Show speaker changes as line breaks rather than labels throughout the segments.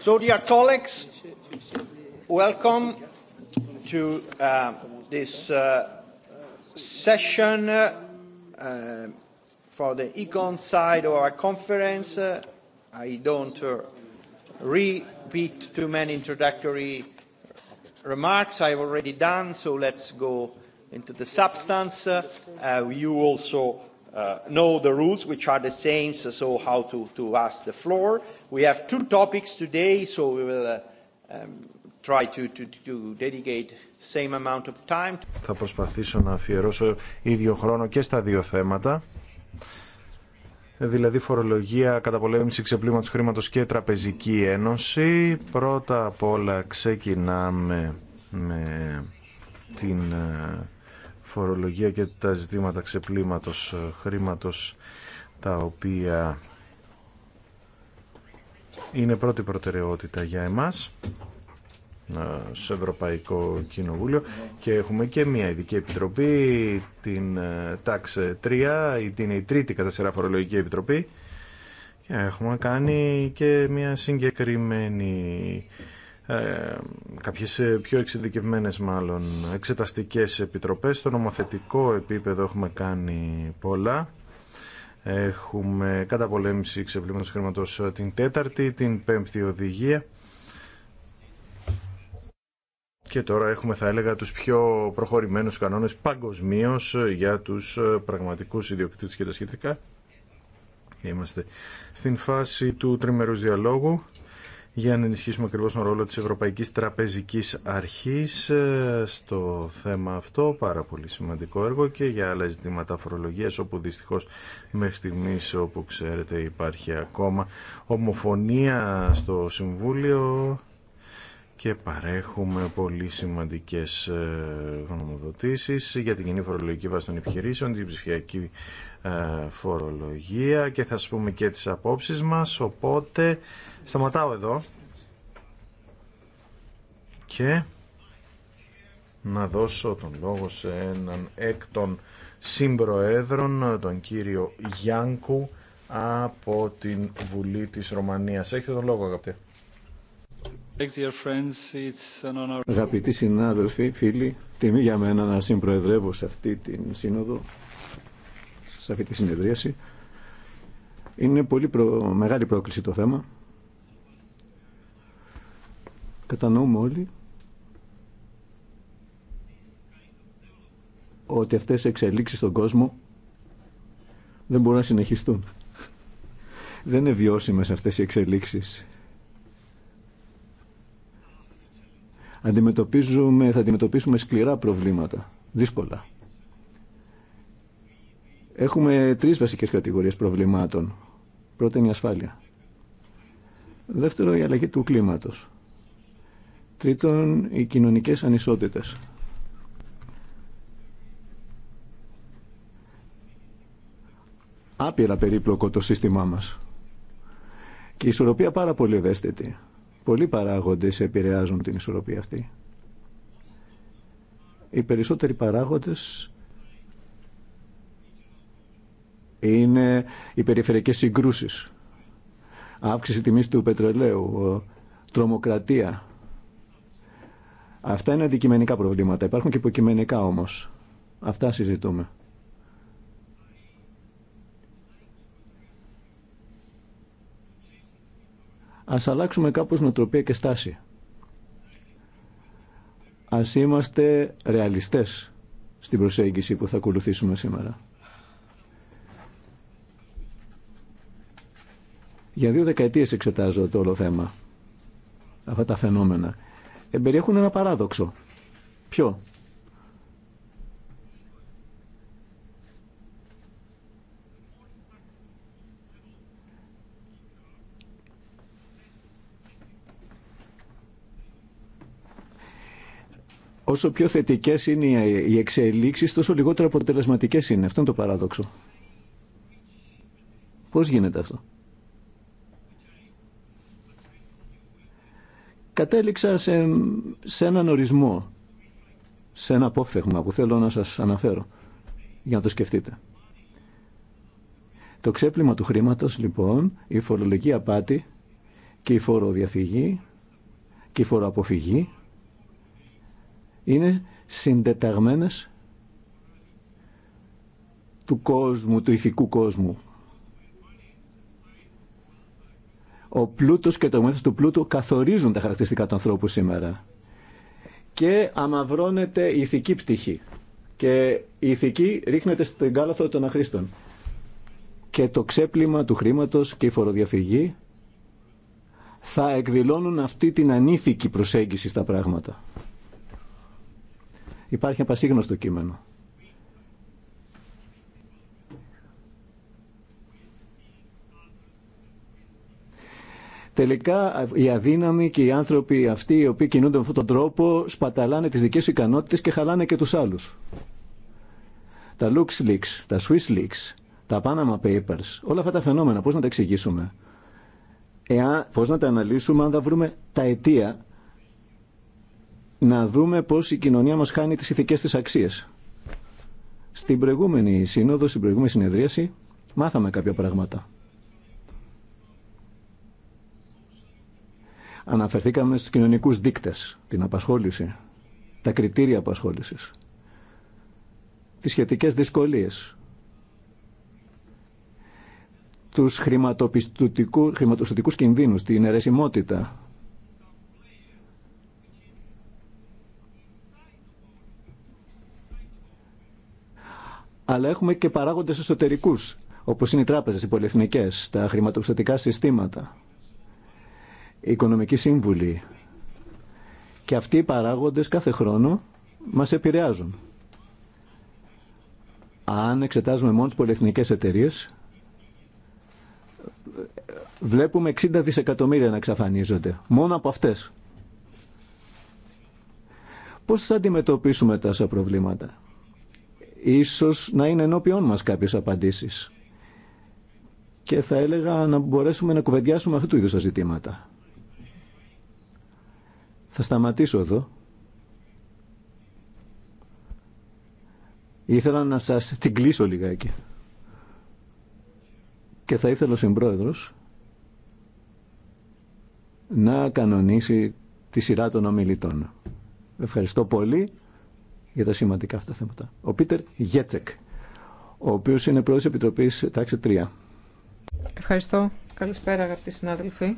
So, dear colleagues, welcome to uh, this uh, session
uh, for the econ side of our conference. Uh, I
don't uh, repeat too many introductory remarks I've already done, so let's go into the substance. Uh, you also Uh, know the rules, which are the same, so how to ask the floor. We have two topics today, so we will uh, um, try to, to, to dedicate same amount of time.
Θα προσπαθήσω να αφιερώσω ίδιο χρόνο και στα δύο θέματα, ε, δηλαδή φορολογία, καταπολέμηση ξεπλήματος χρήματος και τραπεζική ένωση. Πρώτα απ' όλα ξεκινάμε με την ε, φορολογία και τα ζητήματα ξεπλήματος ε, χρήματος τα οποία είναι πρώτη προτεραιότητα για εμάς ε, στο Ευρωπαϊκό Κοινοβούλιο και έχουμε και μια ειδική επιτροπή, την TAX ε, 3, την η τρίτη κατά σειρά φορολογική επιτροπή και έχουμε κάνει και μια συγκεκριμένη ε, κάποιες ε, πιο εξειδικευμένες μάλλον εξεταστικές επιτροπές. Στο νομοθετικό επίπεδο έχουμε κάνει πολλά. Έχουμε καταπολέμηση ξεπλήματος χρήματος ε, την τέταρτη, την πέμπτη οδηγία. Και τώρα έχουμε θα έλεγα τους πιο προχωρημένους κανόνες παγκοσμίω ε, για τους πραγματικούς ιδιοκτήτες και τα σχετικά. Είμαστε στην φάση του τριμερούς διαλόγου για να ενισχύσουμε ακριβώ τον ρόλο της Ευρωπαϊκής Τραπεζικής Αρχής ε, στο θέμα αυτό. Πάρα πολύ σημαντικό έργο και για άλλα ζητήματα φορολογία, όπου δυστυχώς μέχρι στιγμή, όπου ξέρετε υπάρχει ακόμα ομοφωνία στο Συμβούλιο και παρέχουμε πολύ σημαντικές ε, γνωμοδοτήσεις για την κοινή φορολογική βάση των επιχειρήσεων, την ψηφιακή ε, φορολογία και θα σας πούμε και τις απόψεις μας οπότε σταματάω εδώ και να δώσω τον λόγο σε έναν εκ των τον κύριο Γιάνκου από την Βουλή της Ρωμανίας. Έχετε τον λόγο αγαπητέ.
Αγαπητοί
συνάδελφοι, φίλοι, τιμή για μένα να συμπροεδρεύω σε αυτή την σύνοδο σε αυτή τη συνεδρίαση. Είναι πολύ προ... μεγάλη πρόκληση το θέμα. Κατανοούμε όλοι ότι αυτές οι εξελίξεις στον κόσμο δεν μπορούν να συνεχιστούν. Δεν είναι βιώσιμες αυτές οι εξελίξεις. Αντιμετωπίζουμε, θα αντιμετωπίσουμε σκληρά προβλήματα, δύσκολα. Έχουμε τρεις βασικές κατηγορίες προβλημάτων. Πρώτα η ασφάλεια. Δεύτερο, η αλλαγή του κλίματος. Τρίτον, οι κοινωνικές ανισότητες. Άπειρα περίπλοκο το σύστημά μας. Και η ισορροπία πάρα πολύ ευαίσθητη. Πολλοί παράγοντες επηρεάζουν την ισορροπία αυτή. Οι περισσότεροι παράγοντες είναι οι περιφερειακές συγκρούσεις, αύξηση τιμής του πετρελαίου, τρομοκρατία. Αυτά είναι αντικειμενικά προβλήματα. Υπάρχουν και υποκειμενικά όμως. Αυτά συζητούμε. Ας αλλάξουμε κάπως νοοτροπία και στάση. Ας είμαστε ρεαλιστές στην προσέγγιση που θα ακολουθήσουμε σήμερα. Για δύο δεκαετίες εξετάζω το όλο θέμα. Αυτά τα φαινόμενα. Εμπεριέχουν ένα παράδοξο. Ποιο? Όσο πιο θετικέ είναι οι εξελίξει, τόσο λιγότερο αποτελεσματικέ είναι. Αυτό είναι το παράδοξο. Πώ γίνεται αυτό. κατέληξα σε, σε έναν ορισμό, σε ένα απόφθεγμα που θέλω να σας αναφέρω για να το σκεφτείτε. Το ξέπλυμα του χρήματος, λοιπόν, η φορολογική απάτη και η φοροδιαφυγή και η φοροαποφυγή είναι συντεταγμένες του κόσμου, του ηθικού κόσμου Ο πλούτος και το μέθος του πλούτου καθορίζουν τα χαρακτηριστικά του ανθρώπου σήμερα. Και αμαυρώνεται η ηθική πτυχή. Και η ηθική ρίχνεται στην κάλαθο των αχρήστων. Και το ξέπλυμα του χρήματος και η φοροδιαφυγή θα εκδηλώνουν αυτή την ανήθικη προσέγγιση στα πράγματα. Υπάρχει ένα πασίγνωστο κείμενο Τελικά οι αδύναμοι και οι άνθρωποι αυτοί οι οποίοι κινούνται με αυτόν τον τρόπο σπαταλάνε τις δικές σου ικανότητες και χαλάνε και τους άλλους. Τα Lux Leaks, τα Swiss Leaks, τα Panama Papers, όλα αυτά τα φαινόμενα πώς να τα εξηγήσουμε. Εάν, πώς να τα αναλύσουμε αν θα βρούμε τα αιτία να δούμε πώς η κοινωνία μας χάνει τις ηθικές της αξίες. Στην προηγούμενη σύνοδο, στην προηγούμενη συνεδρίαση, μάθαμε κάποια πράγματα. Αναφερθήκαμε στους κοινωνικούς δείκτες, την απασχόληση, τα κριτήρια απασχόλησης, τις σχετικές δυσκολίες, τους χρηματοπιστωτικούς κινδύνους, την αιρεσιμότητα, αλλά έχουμε και παράγοντες εσωτερικούς, όπως είναι οι τράπεζες, οι πολυεθνικές, τα χρηματοπιστωτικά συστήματα οι οικονομικοί σύμβουλοι. Και αυτοί οι παράγοντες κάθε χρόνο μας επηρεάζουν. Αν εξετάζουμε μόνο τις πολυεθνικές εταιρείες, βλέπουμε 60 δισεκατομμύρια να εξαφανίζονται. Μόνο από αυτές. Πώς θα αντιμετωπίσουμε τόσα προβλήματα. Ίσως να είναι ενώπιόν μας κάποιες απαντήσεις. Και θα έλεγα να μπορέσουμε να κουβεντιάσουμε αυτού του είδους τα ζητήματα. Θα σταματήσω εδώ. Ήθελα να σας τσιγκλίσω λιγάκι. Και θα ήθελα ο Συμπρόεδρος να κανονίσει τη σειρά των ομιλητών. Ευχαριστώ πολύ για τα σημαντικά αυτά θέματα. Ο Πίτερ Γέτσεκ, ο οποίος είναι πρόεδρος της Επιτροπής Τάξη 3.
Ευχαριστώ. Καλησπέρα αγαπητοί συνάδελφοι.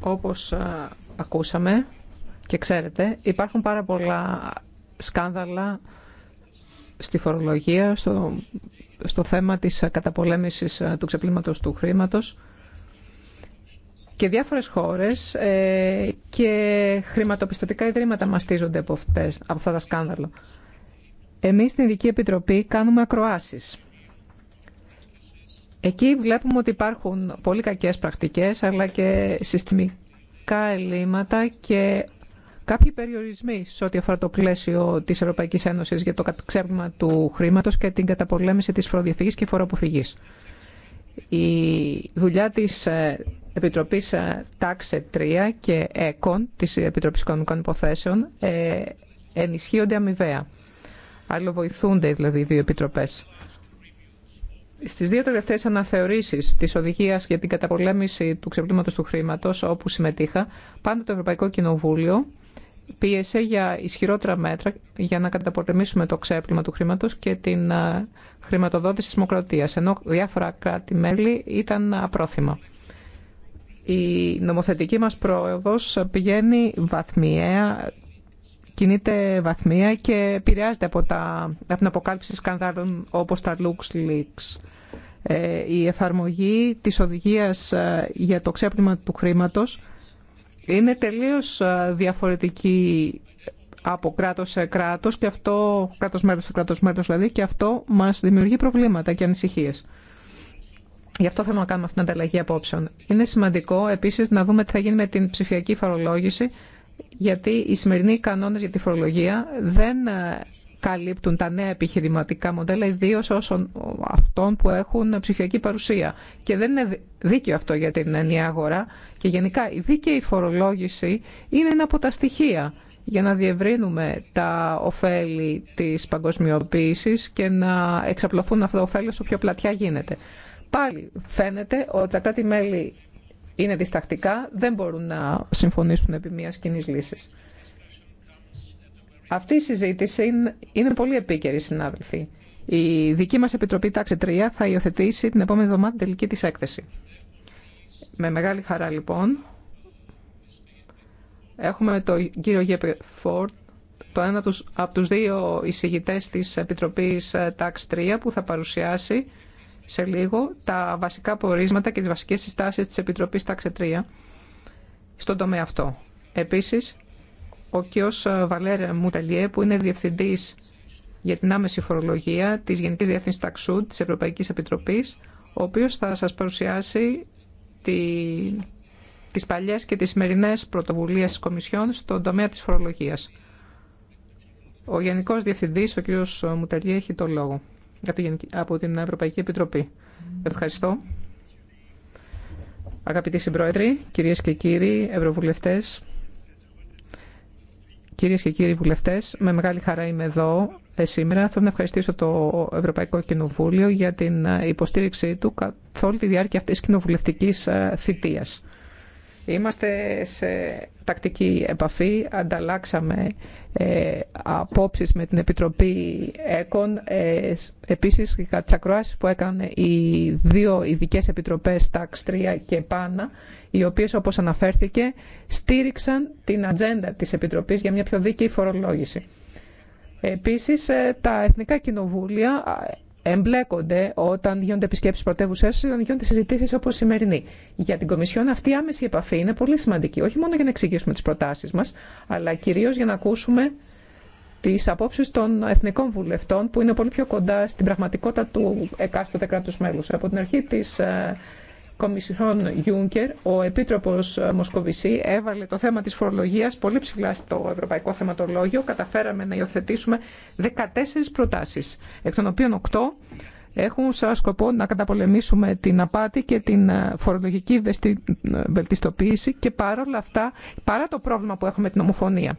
Όπως ακούσαμε και ξέρετε, υπάρχουν πάρα πολλά σκάνδαλα στη φορολογία, στο, στο θέμα της καταπολέμησης ε, του ξεπλήματος του χρήματος και διάφορες χώρες ε, και χρηματοπιστωτικά ιδρύματα μαστίζονται από, αυτές, από αυτά τα σκάνδαλα. Εμείς στην Ειδική Επιτροπή κάνουμε ακροάσεις. Εκεί βλέπουμε ότι υπάρχουν πολύ κακές πρακτικές αλλά και συστημικές ελλείμματα και κάποιοι περιορισμοί σε ό,τι αφορά το πλαίσιο της Ευρωπαϊκής Ένωσης για το ξέπλυμα του χρήματος και την καταπολέμηση της φοροδιαφυγής και φοροαποφυγής. Η δουλειά της ε, Επιτροπής ε, Τάξε 3 και ΕΚΟΝ, της Επιτροπής Οικονομικών Υποθέσεων, ε, ενισχύονται αμοιβαία. βοηθούνται, δηλαδή οι δύο επιτροπές. Στι δύο τελευταίε αναθεωρήσει τη οδηγία για την καταπολέμηση του ξεπλήματο του χρήματο, όπου συμμετείχα, πάντα το Ευρωπαϊκό Κοινοβούλιο πίεσε για ισχυρότερα μέτρα για να καταπολεμήσουμε το ξέπλυμα του χρήματο και την ε, χρηματοδότηση τη δημοκρατία, ενώ διάφορα κράτη-μέλη ήταν απρόθυμα. Η νομοθετική μας πρόοδος πηγαίνει βαθμιαία κινείται βαθμία και επηρεάζεται από, τα, από την αποκάλυψη σκανδάλων όπως τα LuxLeaks. Ε, η εφαρμογή της οδηγίας ε, για το ξέπλυμα του χρήματος είναι τελείως ε, διαφορετική από κράτος σε κράτος και αυτό, κράτος μέρος σε κράτος μέρος δηλαδή, και αυτό μας δημιουργεί προβλήματα και ανησυχίες. Γι' αυτό θέλουμε να κάνουμε αυτήν την ανταλλαγή απόψεων. Είναι σημαντικό επίσης να δούμε τι θα γίνει με την ψηφιακή φορολόγηση γιατί οι σημερινοί κανόνες για τη φορολογία δεν ε, καλύπτουν τα νέα επιχειρηματικά μοντέλα, ιδίω όσων αυτών που έχουν ψηφιακή παρουσία. Και δεν είναι δίκαιο αυτό για την ενιαία αγορά. Και γενικά η δίκαιη φορολόγηση είναι ένα από τα στοιχεία για να διευρύνουμε τα ωφέλη της παγκοσμιοποίησης και να εξαπλωθούν αυτά τα ωφέλη όσο πιο πλατιά γίνεται. Πάλι φαίνεται ότι τα κράτη-μέλη είναι διστακτικά, δεν μπορούν να συμφωνήσουν επί μιας κοινής λύσης. Αυτή η συζήτηση είναι πολύ επίκαιρη, συνάδελφοι. Η δική μας Επιτροπή Τάξη 3 θα υιοθετήσει την επόμενη εβδομάδα την τελική της έκθεση. Με μεγάλη χαρά, λοιπόν, έχουμε τον κύριο Γέπε Φόρτ, το ένα από τους δύο εισηγητές της Επιτροπής ε, Τάξη 3 που θα παρουσιάσει σε λίγο τα βασικά πορίσματα και τις βασικές συστάσεις της Επιτροπής Τάξε 3 στον τομέα αυτό. Επίσης, ο κ. Βαλέρ Μουταλιέ, που είναι Διευθυντής για την άμεση φορολογία της Γενικής Διεύθυνσης Ταξού της Ευρωπαϊκής Επιτροπής, ο οποίος θα σας παρουσιάσει τη, τις παλιές και τις σημερινές πρωτοβουλίες της Κομισιόν στον τομέα της φορολογίας. Ο Γενικός Διευθυντής, ο κ. Μουταλιέ, έχει το λόγο από την Ευρωπαϊκή Επιτροπή. Ευχαριστώ. Αγαπητοί συμπρόεδροι, κυρίες και κύριοι ευρωβουλευτές, κυρίες και κύριοι βουλευτές, με μεγάλη χαρά είμαι εδώ ε, σήμερα. Θέλω να ευχαριστήσω το Ευρωπαϊκό Κοινοβούλιο για την ε, υποστήριξή του καθ' όλη τη διάρκεια αυτής της κοινοβουλευτικής ε, θητείας. Είμαστε σε τακτική επαφή, ανταλλάξαμε ε, απόψεις με την Επιτροπή ΕΚΟΝ. Ε, επίσης, η τις που έκανε οι δύο ειδικές επιτροπές, τα 3 και ΠΑΝΑ, οι οποίες, όπως αναφέρθηκε, στήριξαν την ατζέντα της Επιτροπής για μια πιο δίκαιη φορολόγηση. Επίσης, ε, τα Εθνικά Κοινοβούλια εμπλέκονται όταν γίνονται επισκέψει πρωτεύουσα, όταν γίνονται συζητήσει όπω η σημερινή. Για την Κομισιόν αυτή η άμεση επαφή είναι πολύ σημαντική. Όχι μόνο για να εξηγήσουμε τι προτάσει μα, αλλά κυρίω για να ακούσουμε τι απόψει των εθνικών βουλευτών που είναι πολύ πιο κοντά στην πραγματικότητα του εκάστοτε κράτου μέλου. Από την αρχή τη ε, Κομισιόν Γιούγκερ, ο επίτροπο Μοσκοβισή έβαλε το θέμα της φορολογία πολύ ψηλά στο ευρωπαϊκό θεματολόγιο. Καταφέραμε να υιοθετήσουμε 14 προτάσεις, εκ των οποίων 8 έχουν σαν σκοπό να καταπολεμήσουμε την απάτη και την ε, φορολογική ε, βελτιστοποίηση και παρόλα αυτά, παρά το πρόβλημα που έχουμε την ομοφωνία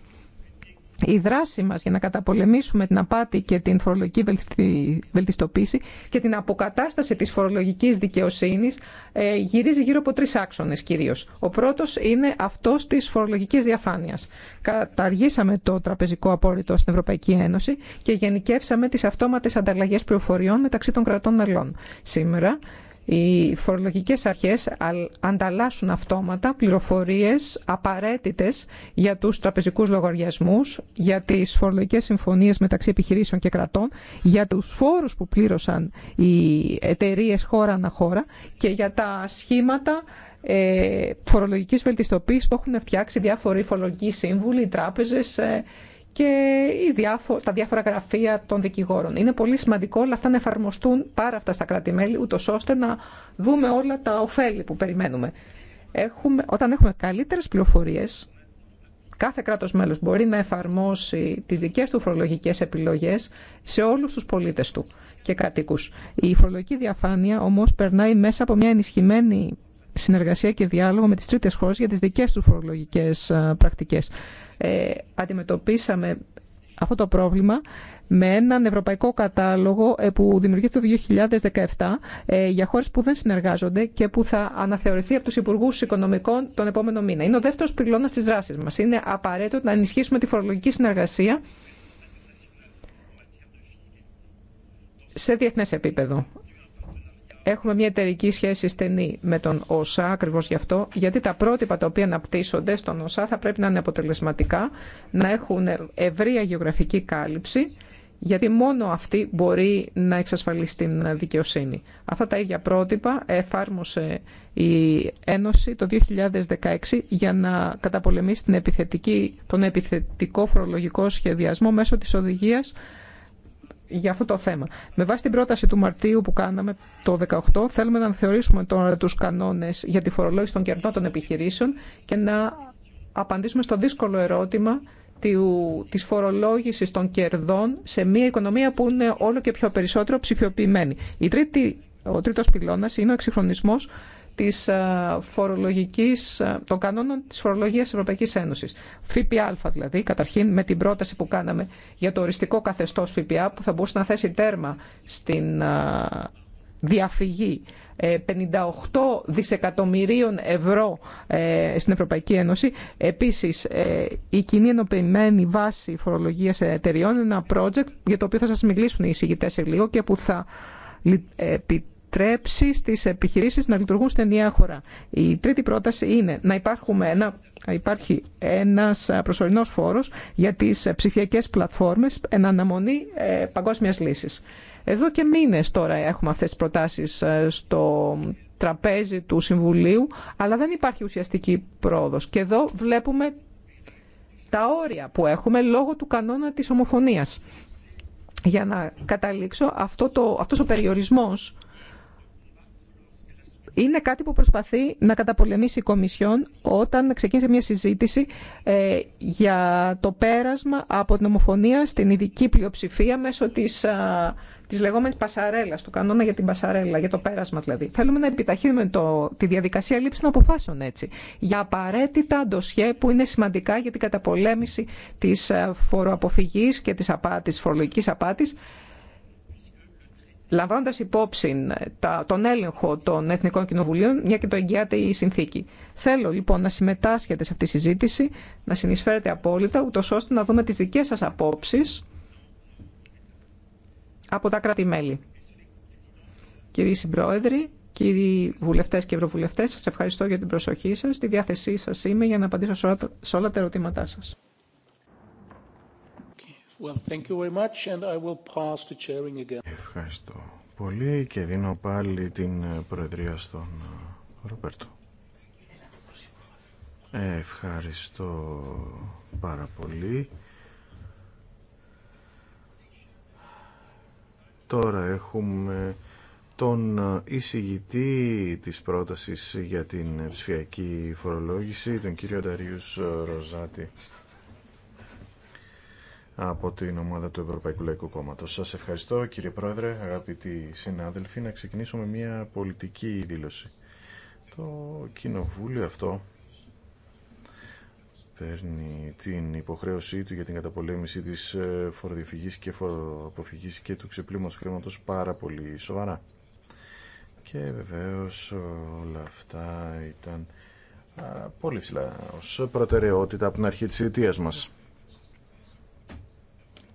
η δράση μας για να καταπολεμήσουμε την απάτη και την φορολογική βελτιστοποίηση και την αποκατάσταση της φορολογικής δικαιοσύνης ε, γυρίζει γύρω από τρεις άξονες κυρίως. Ο πρώτος είναι αυτός της φορολογικής διαφάνειας. Καταργήσαμε το τραπεζικό απόρριτο στην Ευρωπαϊκή Ένωση και γενικεύσαμε τις αυτόματες ανταλλαγές πληροφοριών μεταξύ των κρατών μελών. Σήμερα οι φορολογικές αρχές ανταλλάσσουν αυτόματα πληροφορίες απαραίτητες για τους τραπεζικούς λογαριασμούς, για τις φορολογικές συμφωνίες μεταξύ επιχειρήσεων και κρατών, για τους φόρους που πλήρωσαν οι εταιρείε χώρα ανα χώρα και για τα σχήματα ε, φορολογικής βελτιστοποίησης που έχουν φτιάξει διάφοροι φορολογικοί σύμβουλοι, τράπεζες, ε, και τα διάφορα γραφεία των δικηγόρων. Είναι πολύ σημαντικό όλα αυτά να εφαρμοστούν πάρα αυτά στα κράτη-μέλη, ούτω ώστε να δούμε όλα τα ωφέλη που περιμένουμε. Έχουμε, όταν έχουμε καλύτερε πληροφορίε, κάθε κράτο μέλο μπορεί να εφαρμόσει τι δικέ του φορολογικέ επιλογέ σε όλου του πολίτε του και κατοικού. Η φορολογική διαφάνεια όμω περνάει μέσα από μια ενισχυμένη συνεργασία και διάλογο με τι τρίτε χώρε για τι δικέ του φορολογικέ ε, πρακτικέ. Ε, αντιμετωπίσαμε αυτό το πρόβλημα με έναν ευρωπαϊκό κατάλογο ε, που δημιουργήθηκε το 2017 ε, για χώρες που δεν συνεργάζονται και που θα αναθεωρηθεί από τους Υπουργούς Οικονομικών τον επόμενο μήνα. Είναι ο δεύτερος πυλώνας της δράσης μας. Είναι απαραίτητο να ενισχύσουμε τη φορολογική συνεργασία σε διεθνές επίπεδο. Έχουμε μια εταιρική σχέση στενή με τον ΩΣΑ ακριβώ γι' αυτό, γιατί τα πρότυπα τα οποία αναπτύσσονται στον ΩΣΑ θα πρέπει να είναι αποτελεσματικά, να έχουν ευρεία γεωγραφική κάλυψη, γιατί μόνο αυτή μπορεί να εξασφαλίσει την δικαιοσύνη. Αυτά τα ίδια πρότυπα εφάρμοσε η Ένωση το 2016 για να καταπολεμήσει την επιθετική, τον επιθετικό φορολογικό σχεδιασμό μέσω της οδηγίας για αυτό το θέμα. Με βάση την πρόταση του Μαρτίου που κάναμε το 2018, θέλουμε να θεωρήσουμε τώρα τους κανόνες για τη φορολόγηση των κερδών των επιχειρήσεων και να απαντήσουμε στο δύσκολο ερώτημα της φορολόγηση των κερδών σε μια οικονομία που είναι όλο και πιο περισσότερο ψηφιοποιημένη. Η τρίτη, ο τρίτος πυλώνας είναι ο εξυγχρονισμό της ε, φορολογικής, ε, των κανόνων της φορολογίας της Ευρωπαϊκής Ένωσης. ΦΠΑ δηλαδή, καταρχήν με την πρόταση που κάναμε για το οριστικό καθεστώς ΦΠΑ που θα μπορούσε να θέσει τέρμα στην ε, διαφυγή 58 δισεκατομμυρίων ευρώ στην Ευρωπαϊκή Ένωση. Επίσης, η κοινή ενωπημένη βάση φορολογίας εταιριών είναι ένα project για το οποίο θα σας μιλήσουν οι εισηγητές σε λίγο και που θα επιτρέψει στις επιχειρήσεις να λειτουργούν στην χώρα. Η τρίτη πρόταση είναι να υπάρχουμε ένα υπάρχει ένας προσωρινός φόρος για τις ψηφιακές πλατφόρμες εν αναμονή ε, παγκόσμιας λύσης. Εδώ και μήνες τώρα έχουμε αυτές τις προτάσεις ε, στο τραπέζι του Συμβουλίου, αλλά δεν υπάρχει ουσιαστική πρόοδος. Και εδώ βλέπουμε τα όρια που έχουμε λόγω του κανόνα της ομοφωνίας. Για να καταλήξω, αυτό το, αυτός ο περιορισμός είναι κάτι που προσπαθεί να καταπολεμήσει η Κομισιόν όταν ξεκίνησε μια συζήτηση ε, για το πέρασμα από την ομοφωνία στην ειδική πλειοψηφία μέσω της, της λεγόμενης πασαρέλας, του κανόνα για την πασαρέλα, για το πέρασμα δηλαδή. Θέλουμε να επιταχύνουμε το, τη διαδικασία λήψης των αποφάσεων έτσι, για απαραίτητα ντοσιέ που είναι σημαντικά για την καταπολέμηση της φοροαποφυγής και της, απάτης, φορολογικής απάτης λαμβάνοντας υπόψη ε, τον έλεγχο των Εθνικών Κοινοβουλίων, μια και το εγγυάται η συνθήκη. Θέλω λοιπόν να συμμετάσχετε σε αυτή τη συζήτηση, να συνεισφέρετε απόλυτα, ούτως ώστε να δούμε τις δικές σας απόψεις από τα κράτη-μέλη. Κύριοι συμπρόεδροι, κύριοι βουλευτές και ευρωβουλευτές, σας ευχαριστώ για την προσοχή σας. Στη διάθεσή σας είμαι για να απαντήσω σε όλα τα ερωτήματά σας. Ευχαριστώ
πολύ και δίνω πάλι την ε, προεδρία στον ε, Ροπέρτο. Ευχαριστώ πάρα πολύ. Τώρα έχουμε τον ε, εισηγητή της πρότασης για την ψηφιακή φορολόγηση, τον κύριο Νταρίους Ροζάτη από την ομάδα του Ευρωπαϊκού Λαϊκού Κόμματο. Σας ευχαριστώ κύριε Πρόεδρε, αγαπητοί συνάδελφοι, να ξεκινήσουμε μια πολιτική δήλωση. Το κοινοβούλιο αυτό παίρνει την υποχρέωσή του για την καταπολέμηση της ε, φοροδιαφυγής και φοροαποφυγής και του ξεπλήματος χρήματος πάρα πολύ σοβαρά. Και βεβαίως όλα αυτά ήταν πολύ ψηλά ως προτεραιότητα από την αρχή της ηλικίας μας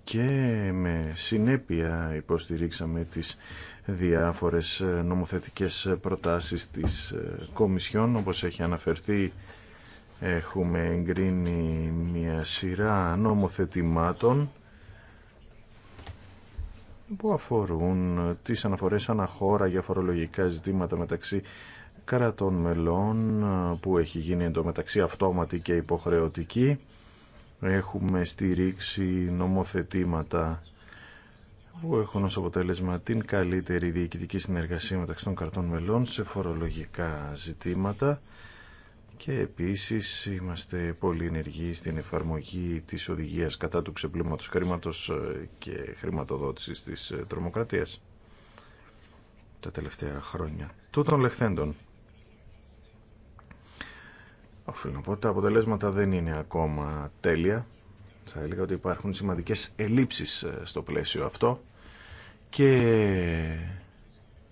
και με συνέπεια υποστηρίξαμε τις διάφορες νομοθετικές προτάσεις της ε, Κομισιόν. Όπως έχει αναφερθεί έχουμε εγκρίνει μια σειρά νομοθετημάτων που αφορούν τις αναφορές αναχώρα για φορολογικά ζητήματα μεταξύ κρατών μελών ε, που έχει γίνει εντωμεταξύ αυτόματη και υποχρεωτική έχουμε στηρίξει νομοθετήματα που έχουν ως αποτέλεσμα την καλύτερη διοικητική συνεργασία μεταξύ των κρατών μελών σε φορολογικά ζητήματα και επίσης είμαστε πολύ ενεργοί στην εφαρμογή της οδηγίας κατά του ξεπλήματος χρήματος ε, και χρηματοδότησης της ε, τρομοκρατίας τα τελευταία χρόνια. Τούτων λεχθέντων Οφείλω να πω, τα αποτελέσματα δεν είναι ακόμα τέλεια. Θα έλεγα ότι υπάρχουν σημαντικές ελλείψεις ε, στο πλαίσιο αυτό και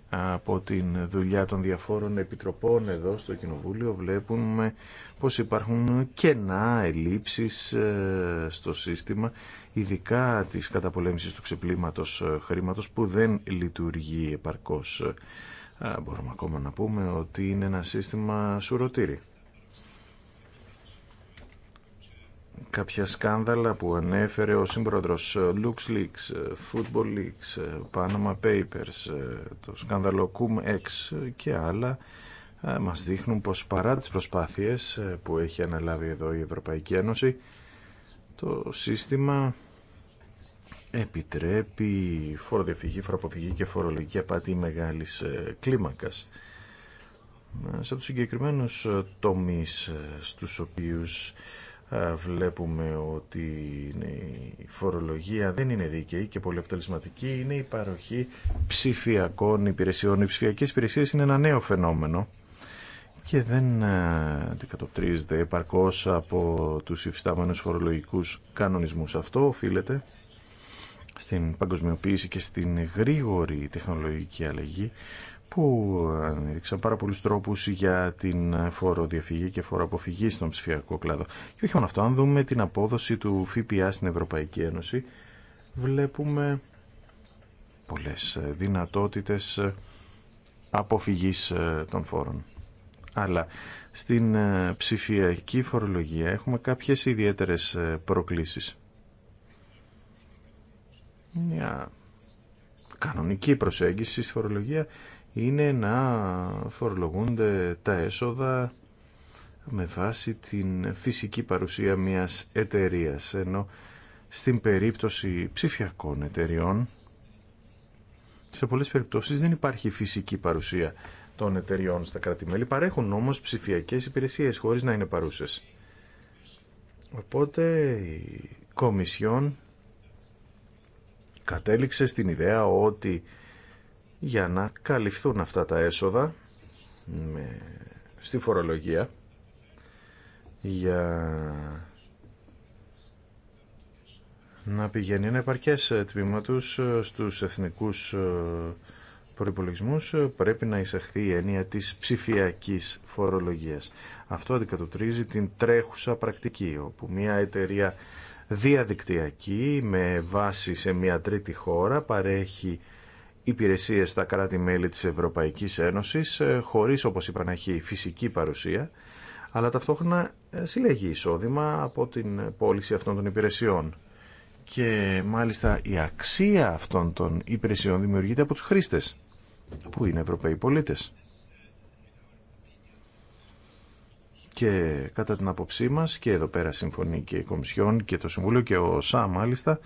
από την δουλειά των διαφόρων επιτροπών εδώ στο Κοινοβούλιο βλέπουμε πως υπάρχουν κενά ελλείψεις ε, στο σύστημα ειδικά της καταπολέμησης του ξεπλήματος ε, χρήματος που δεν λειτουργεί επαρκώς. Μπορούμε ακόμα να πούμε ότι είναι ένα σύστημα σουρωτήρι. κάποια σκάνδαλα που ανέφερε ο σύμπροδρος ε, LuxLeaks, ε, Football Leaks, ε, Panama Papers, το σκάνδαλο CumEx και άλλα μας δείχνουν πως παρά τις προσπάθειες που έχει αναλάβει εδώ η Ευρωπαϊκή Ένωση το σύστημα επιτρέπει φοροδιαφυγή, φοροποφυγή και φορολογική απάτη μεγάλης κλίμακας σε τους συγκεκριμένους τομείς στους οποίους ε, βλέπουμε ότι η φορολογία δεν είναι δίκαιη και πολύ αποτελεσματική είναι η παροχή ψηφιακών υπηρεσιών. Οι ψηφιακές υπηρεσίες είναι ένα νέο φαινόμενο και δεν ε, αντικατοπτρίζεται επαρκώς από τους υφιστάμενους φορολογικούς κανονισμούς. Αυτό οφείλεται στην παγκοσμιοποίηση και στην γρήγορη τεχνολογική αλλαγή που έδειξαν πάρα πολλούς τρόπους για την φοροδιαφυγή και φοροαποφυγή στον ψηφιακό κλάδο. Και όχι μόνο αυτό, αν δούμε την απόδοση του ΦΠΑ στην Ευρωπαϊκή Ένωση, βλέπουμε πολλές δυνατότητες αποφυγής ε, των φόρων. Αλλά στην ε, ψηφιακή φορολογία έχουμε κάποιες ιδιαίτερες ε, προκλήσεις. Μια κανονική προσέγγιση στη φορολογία είναι να φορολογούνται τα έσοδα με βάση την φυσική παρουσία μιας εταιρείας, ενώ στην περίπτωση ψηφιακών εταιριών, σε πολλές περιπτώσεις δεν υπάρχει φυσική παρουσία των εταιριών στα κράτη-μέλη, παρέχουν όμως ψηφιακές υπηρεσίες χωρίς να είναι παρούσες. Οπότε η Κομισιόν κατέληξε στην ιδέα ότι για να καλυφθούν αυτά τα έσοδα με, στη φορολογία για να πηγαίνει να επαρκές τμήμα στους εθνικούς ε, προϋπολογισμούς πρέπει να εισαχθεί η έννοια της ψηφιακής φορολογίας. Αυτό αντικατοπτρίζει την τρέχουσα πρακτική, όπου μια εταιρεία διαδικτυακή με βάση σε μια τρίτη χώρα παρέχει υπηρεσίες στα κράτη-μέλη της Ευρωπαϊκής Ένωσης, ε, χωρίς, όπως είπα, να έχει φυσική παρουσία, αλλά ταυτόχρονα ε, συλλέγει εισόδημα από την πώληση αυτών των υπηρεσιών. Και μάλιστα η αξία αυτών των υπηρεσιών δημιουργείται από τους χρήστες, που είναι Ευρωπαίοι πολίτες. Και κατά την άποψή μας, και εδώ πέρα συμφωνεί και η Κομισιόν και το Συμβούλιο και ο ΣΑ μάλιστα,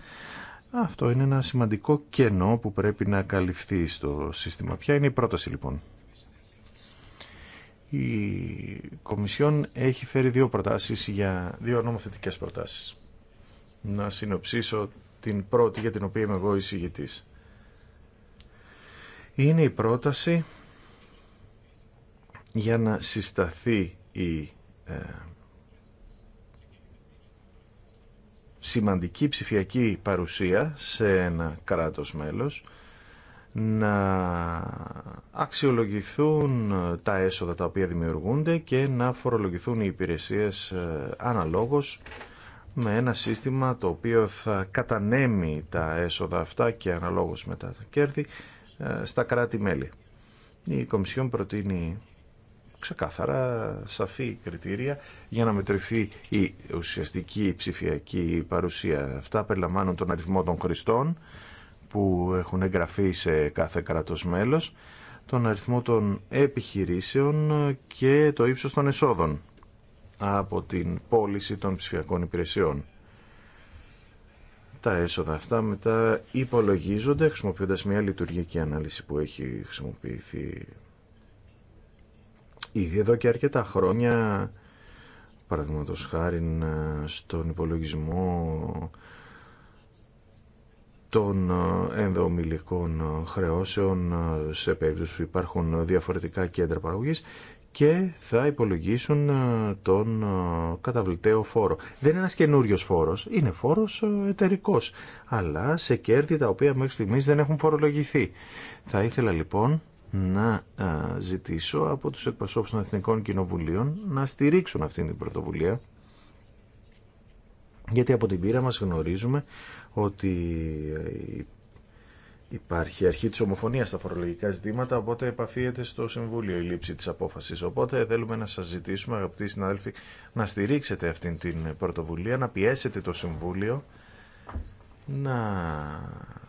αυτό είναι ένα σημαντικό κενό που πρέπει να καλυφθεί στο σύστημα. Ποια είναι η πρόταση λοιπόν. Η Κομισιόν έχει φέρει δύο προτάσεις για δύο νομοθετικές προτάσεις. Να συνοψίσω την πρώτη για την οποία είμαι εγώ εισηγητής. Είναι η πρόταση για να συσταθεί η ε, σημαντική ψηφιακή παρουσία σε ένα κράτος μέλος να αξιολογηθούν τα έσοδα τα οποία δημιουργούνται και να φορολογηθούν οι υπηρεσίες ε, αναλόγως με ένα σύστημα το οποίο θα κατανέμει τα έσοδα αυτά και αναλόγως μετά τα κέρδη ε, στα κράτη-μέλη. Η Κομισιόν προτείνει ξεκάθαρα σαφή κριτήρια για να μετρηθεί η ουσιαστική ψηφιακή παρουσία. Αυτά περιλαμβάνουν τον αριθμό των χρηστών που έχουν εγγραφεί σε κάθε κράτος μέλος, τον αριθμό των επιχειρήσεων και το ύψος των εσόδων από την πώληση των ψηφιακών υπηρεσιών. Τα έσοδα αυτά μετά υπολογίζονται χρησιμοποιώντας μια λειτουργική ανάλυση που έχει χρησιμοποιηθεί Ήδη εδώ και αρκετά χρόνια, παραδείγματο χάρη ε, στον υπολογισμό των ε, ενδομηλικών ε, χρεώσεων σε περίπτωση που υπάρχουν διαφορετικά κέντρα παραγωγής και θα υπολογίσουν τον καταβλητέο φόρο. Δεν είναι ένας καινούριο φόρος, είναι φόρος εταιρικό, αλλά σε κέρδη τα οποία μέχρι στιγμής δεν έχουν φορολογηθεί. Θα ήθελα λοιπόν να ζητήσω από τους εκπροσώπους των Εθνικών Κοινοβουλίων να στηρίξουν αυτή την πρωτοβουλία γιατί από την πείρα μας γνωρίζουμε ότι ε, υπάρχει αρχή της ομοφωνίας στα φορολογικά ζητήματα οπότε επαφίεται στο Συμβούλιο η λήψη της απόφασης οπότε θέλουμε να σας ζητήσουμε αγαπητοί συνάδελφοι να στηρίξετε αυτή την πρωτοβουλία να πιέσετε το Συμβούλιο να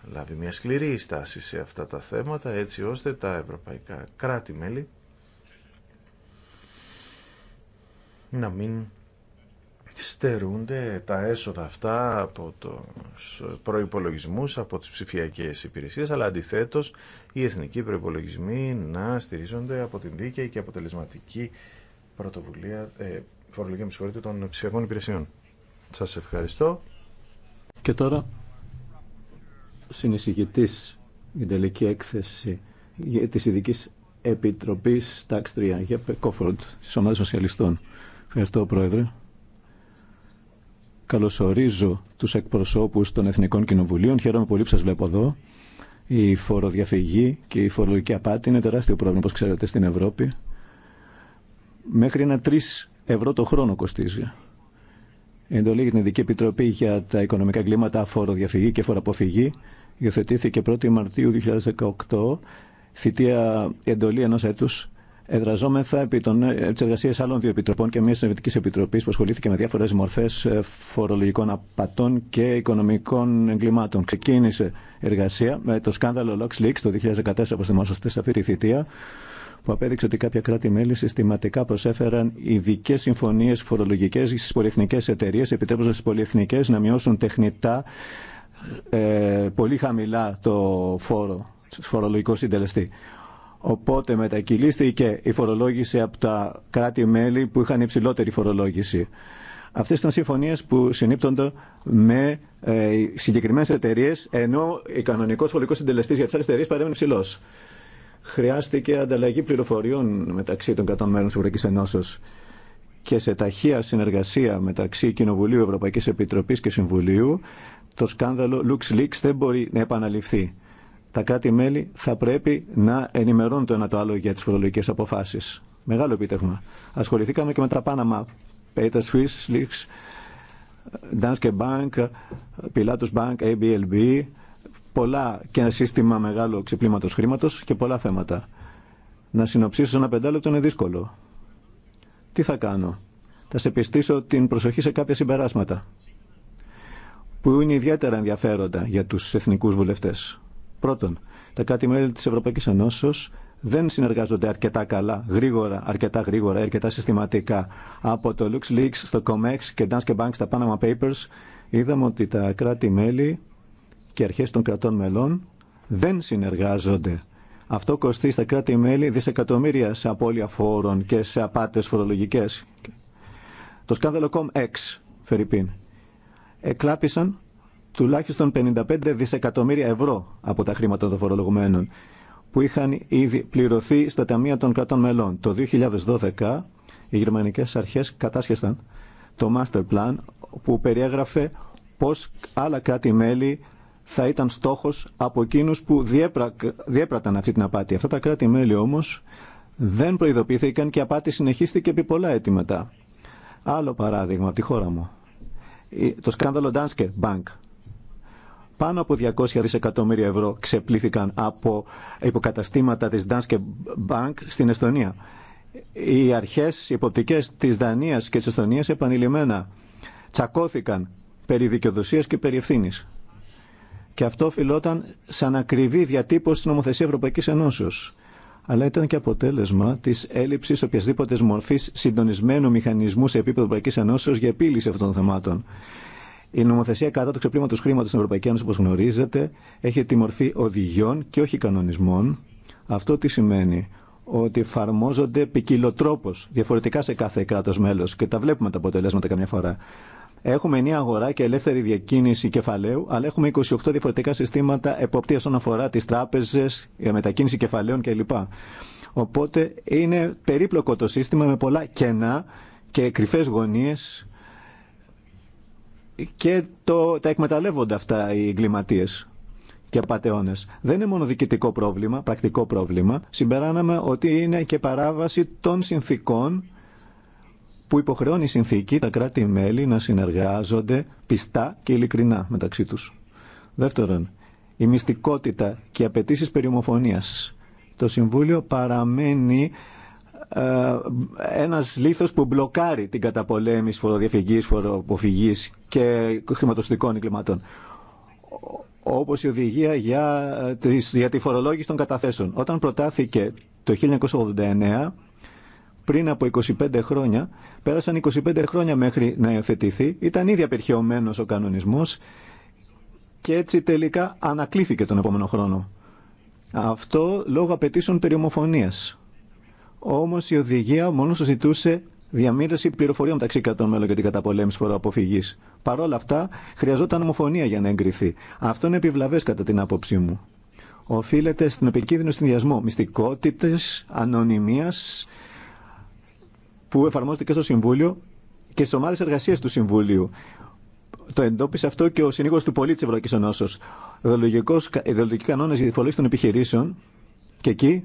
λάβει μια σκληρή στάση σε αυτά τα θέματα έτσι ώστε τα ευρωπαϊκά κράτη-μέλη να μην στερούνται τα έσοδα αυτά από τους προϋπολογισμούς, από τις ψηφιακές υπηρεσίες, αλλά αντιθέτως οι εθνικοί προϋπολογισμοί να στηρίζονται από την δίκαιη και αποτελεσματική πρωτοβουλία, ε, φορολογία, των ψηφιακών υπηρεσιών. Σας ευχαριστώ.
Και τώρα συνεισηγητής για τελική έκθεση της ειδική Επιτροπής Tax 3 για Κόφορντ, της Ομάδας Σοσιαλιστών. Ευχαριστώ, Πρόεδρε. Καλωσορίζω τους εκπροσώπους των Εθνικών Κοινοβουλίων. Χαίρομαι πολύ που σας βλέπω εδώ. Η φοροδιαφυγή και η φορολογική απάτη είναι τεράστιο πρόβλημα, όπως ξέρετε, στην Ευρώπη. Μέχρι ένα 3 ευρώ το χρόνο κοστίζει εντολή για την Ειδική Επιτροπή για τα οικονομικά κλίματα, φοροδιαφυγή και φοροαποφυγή υιοθετήθηκε 1η Μαρτίου 2018, θητεία εντολή ενό έτου Εδραζόμεθα επί των εργασία άλλων δύο επιτροπών και μια συνεργατική επιτροπή που ασχολήθηκε με διάφορε μορφέ ε, φορολογικών απατών και οικονομικών εγκλημάτων. Ξεκίνησε εργασία με το σκάνδαλο LuxLeaks το 2014, όπω θυμόσαστε, σε αυτή τη θητεία που απέδειξε ότι κάποια κράτη-μέλη συστηματικά προσέφεραν ειδικέ συμφωνίε φορολογικέ στι πολυεθνικέ εταιρείε, επιτρέποντα στι πολυεθνικέ να μειώσουν τεχνητά ε, πολύ χαμηλά το φόρο, φορολογικό συντελεστή. Οπότε μετακυλίστηκε η φορολόγηση από τα κράτη-μέλη που είχαν υψηλότερη φορολόγηση. Αυτέ ήταν συμφωνίε που συνήπτονται με ε, συγκεκριμένε εταιρείε, ενώ ο κανονικό φορολογικό συντελεστή για τι άλλε εταιρείε παρέμεινε υψηλό χρειάστηκε ανταλλαγή πληροφοριών μεταξύ των κατών μέλων της Ευρωπαϊκής Ενώσεως και σε ταχεία συνεργασία μεταξύ Κοινοβουλίου, Ευρωπαϊκής Επιτροπής και Συμβουλίου, το σκάνδαλο LuxLeaks δεν μπορεί να επαναληφθεί. Τα κάτι μελη θα πρέπει να ενημερώνουν το ένα το άλλο για τις φορολογικές αποφάσεις. Μεγάλο επίτευγμα. Ασχοληθήκαμε και με τα Panama Papers, Swiss Leaks, Danske Bank, Pilatus Bank, ABLB, πολλά και ένα σύστημα μεγάλο ξεπλήματο χρήματο και πολλά θέματα. Να συνοψίσω ένα πεντάλεπτο είναι δύσκολο. Τι θα κάνω. Θα σε πιστήσω την προσοχή σε κάποια συμπεράσματα που είναι ιδιαίτερα ενδιαφέροντα για του εθνικού βουλευτέ. Πρώτον, τα κράτη-μέλη τη Ευρωπαϊκή Ενώσεω δεν συνεργάζονται αρκετά καλά, γρήγορα, αρκετά γρήγορα, αρκετά συστηματικά. Από το LuxLeaks στο COMEX και Danske Bank στα Panama Papers είδαμε ότι τα κράτη-μέλη και αρχές των κρατών μελών δεν συνεργάζονται. Αυτό κοστίζει στα κράτη-μέλη δισεκατομμύρια σε απώλεια φόρων και σε απάτες φορολογικές. Το σκάνδαλο X, Φερρυπίν, εκλάπησαν τουλάχιστον 55 δισεκατομμύρια ευρώ από τα χρήματα των φορολογουμένων που είχαν ήδη πληρωθεί στα ταμεία των κρατών μελών. Το 2012 οι γερμανικές αρχές κατάσχεσαν το master plan που περιέγραφε πώς άλλα κράτη-μέλη θα ήταν στόχος από εκείνου που διέπρα, διέπραταν αυτή την απάτη. Αυτά τα κράτη-μέλη όμως δεν προειδοποιήθηκαν και η απάτη συνεχίστηκε επί πολλά έτη μετά. Άλλο παράδειγμα από τη χώρα μου. Το σκάνδαλο Danske Bank. Πάνω από 200 δισεκατομμύρια ευρώ ξεπλήθηκαν από υποκαταστήματα της Danske Bank στην Εστονία. Οι αρχές, υποπτικές της Δανίας και της Εστονίας επανειλημμένα τσακώθηκαν περί δικαιοδοσίας και περί ευθύνης. Και αυτό οφειλόταν σαν ακριβή διατύπωση στην νομοθεσία Ευρωπαϊκή Ενώσεω. Αλλά ήταν και αποτέλεσμα τη έλλειψη οποιασδήποτε μορφή συντονισμένου μηχανισμού σε επίπεδο Ευρωπαϊκή Ενώσεω για επίλυση αυτών των θεμάτων. Η νομοθεσία κατά του ξεπλήματο χρήματο στην Ευρωπαϊκή Ένωση, όπω γνωρίζετε, έχει τη μορφή οδηγιών και όχι κανονισμών. Αυτό τι σημαίνει, ότι εφαρμόζονται ποικιλοτρόπω, διαφορετικά σε κάθε κράτο μέλο και τα βλέπουμε τα αποτελέσματα καμιά φορά. Έχουμε μια αγορά και ελεύθερη διακίνηση κεφαλαίου, αλλά έχουμε 28 διαφορετικά συστήματα εποπτεία όσον αφορά τι τράπεζε, μετακίνηση κεφαλαίων κλπ. Οπότε είναι περίπλοκο το σύστημα με πολλά κενά και κρυφές γωνίες και το, τα εκμεταλλεύονται αυτά οι εγκληματίε και απαταιώνε. Δεν είναι μόνο διοικητικό πρόβλημα, πρακτικό πρόβλημα. Συμπεράναμε ότι είναι και παράβαση των συνθήκων που υποχρεώνει η συνθήκη τα κράτη-μέλη να συνεργάζονται πιστά και ειλικρινά μεταξύ τους. Δεύτερον, η μυστικότητα και οι απαιτήσει περιομοφώνιας. Το Συμβούλιο παραμένει ε, ένας λήθος που μπλοκάρει την καταπολέμηση φοροδιαφυγής, φοροποφυγής και χρηματοστικών εγκληματών όπως η οδηγία για, ε, για τη φορολόγηση των καταθέσεων. Όταν προτάθηκε το 1989 πριν από 25 χρόνια, πέρασαν 25 χρόνια μέχρι να υιοθετηθεί, ήταν ήδη απερχαιωμένος ο κανονισμός και έτσι τελικά ανακλήθηκε τον επόμενο χρόνο. Αυτό λόγω απαιτήσεων περιομοφωνίας. Όμως η οδηγία μόνο σου ζητούσε διαμήρωση πληροφοριών μεταξύ κρατών μέλων για την καταπολέμηση φοροαποφυγή. Παρ' όλα αυτά, χρειαζόταν ομοφωνία για να εγκριθεί. Αυτό είναι επιβλαβέ κατά την άποψή μου. Οφείλεται στην επικίνδυνο συνδυασμό μυστικότητε, ανωνυμία που εφαρμόζεται και στο Συμβούλιο και στι ομάδε εργασία του Συμβουλίου. Το εντόπισε αυτό και ο συνήγορο του πολίτη τη Ευρωπαϊκή Ενώσεω. Ιδεολογικοί κανόνε για τη φορολογία των επιχειρήσεων και εκεί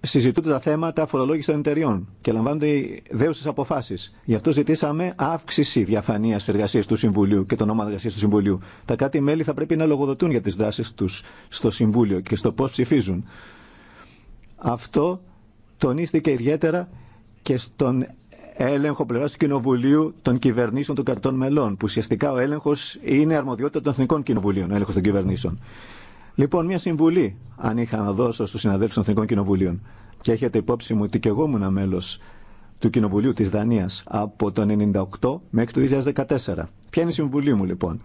συζητούνται τα θέματα φορολόγηση των εταιριών και λαμβάνονται οι δέουσε αποφάσει. Γι' αυτό ζητήσαμε αύξηση διαφανεία τη εργασία του Συμβουλίου και των ομάδων εργασία του Συμβουλίου. Τα κράτη-μέλη θα πρέπει να λογοδοτούν για τι δράσει του στο Συμβούλιο και στο πώ ψηφίζουν. Αυτό τονίστηκε ιδιαίτερα και στον έλεγχο πλευρά του Κοινοβουλίου των κυβερνήσεων των κρατών μελών, που ουσιαστικά ο έλεγχο είναι αρμοδιότητα των Εθνικών Κοινοβουλίων, ο έλεγχο των κυβερνήσεων. Λοιπόν, μια συμβουλή, αν είχα να δώσω στου συναδέλφου των Εθνικών Κοινοβουλίων, και έχετε υπόψη μου ότι και εγώ ήμουν μέλο του Κοινοβουλίου τη Δανία από το 1998 μέχρι το 2014. Ποια είναι η συμβουλή μου, λοιπόν.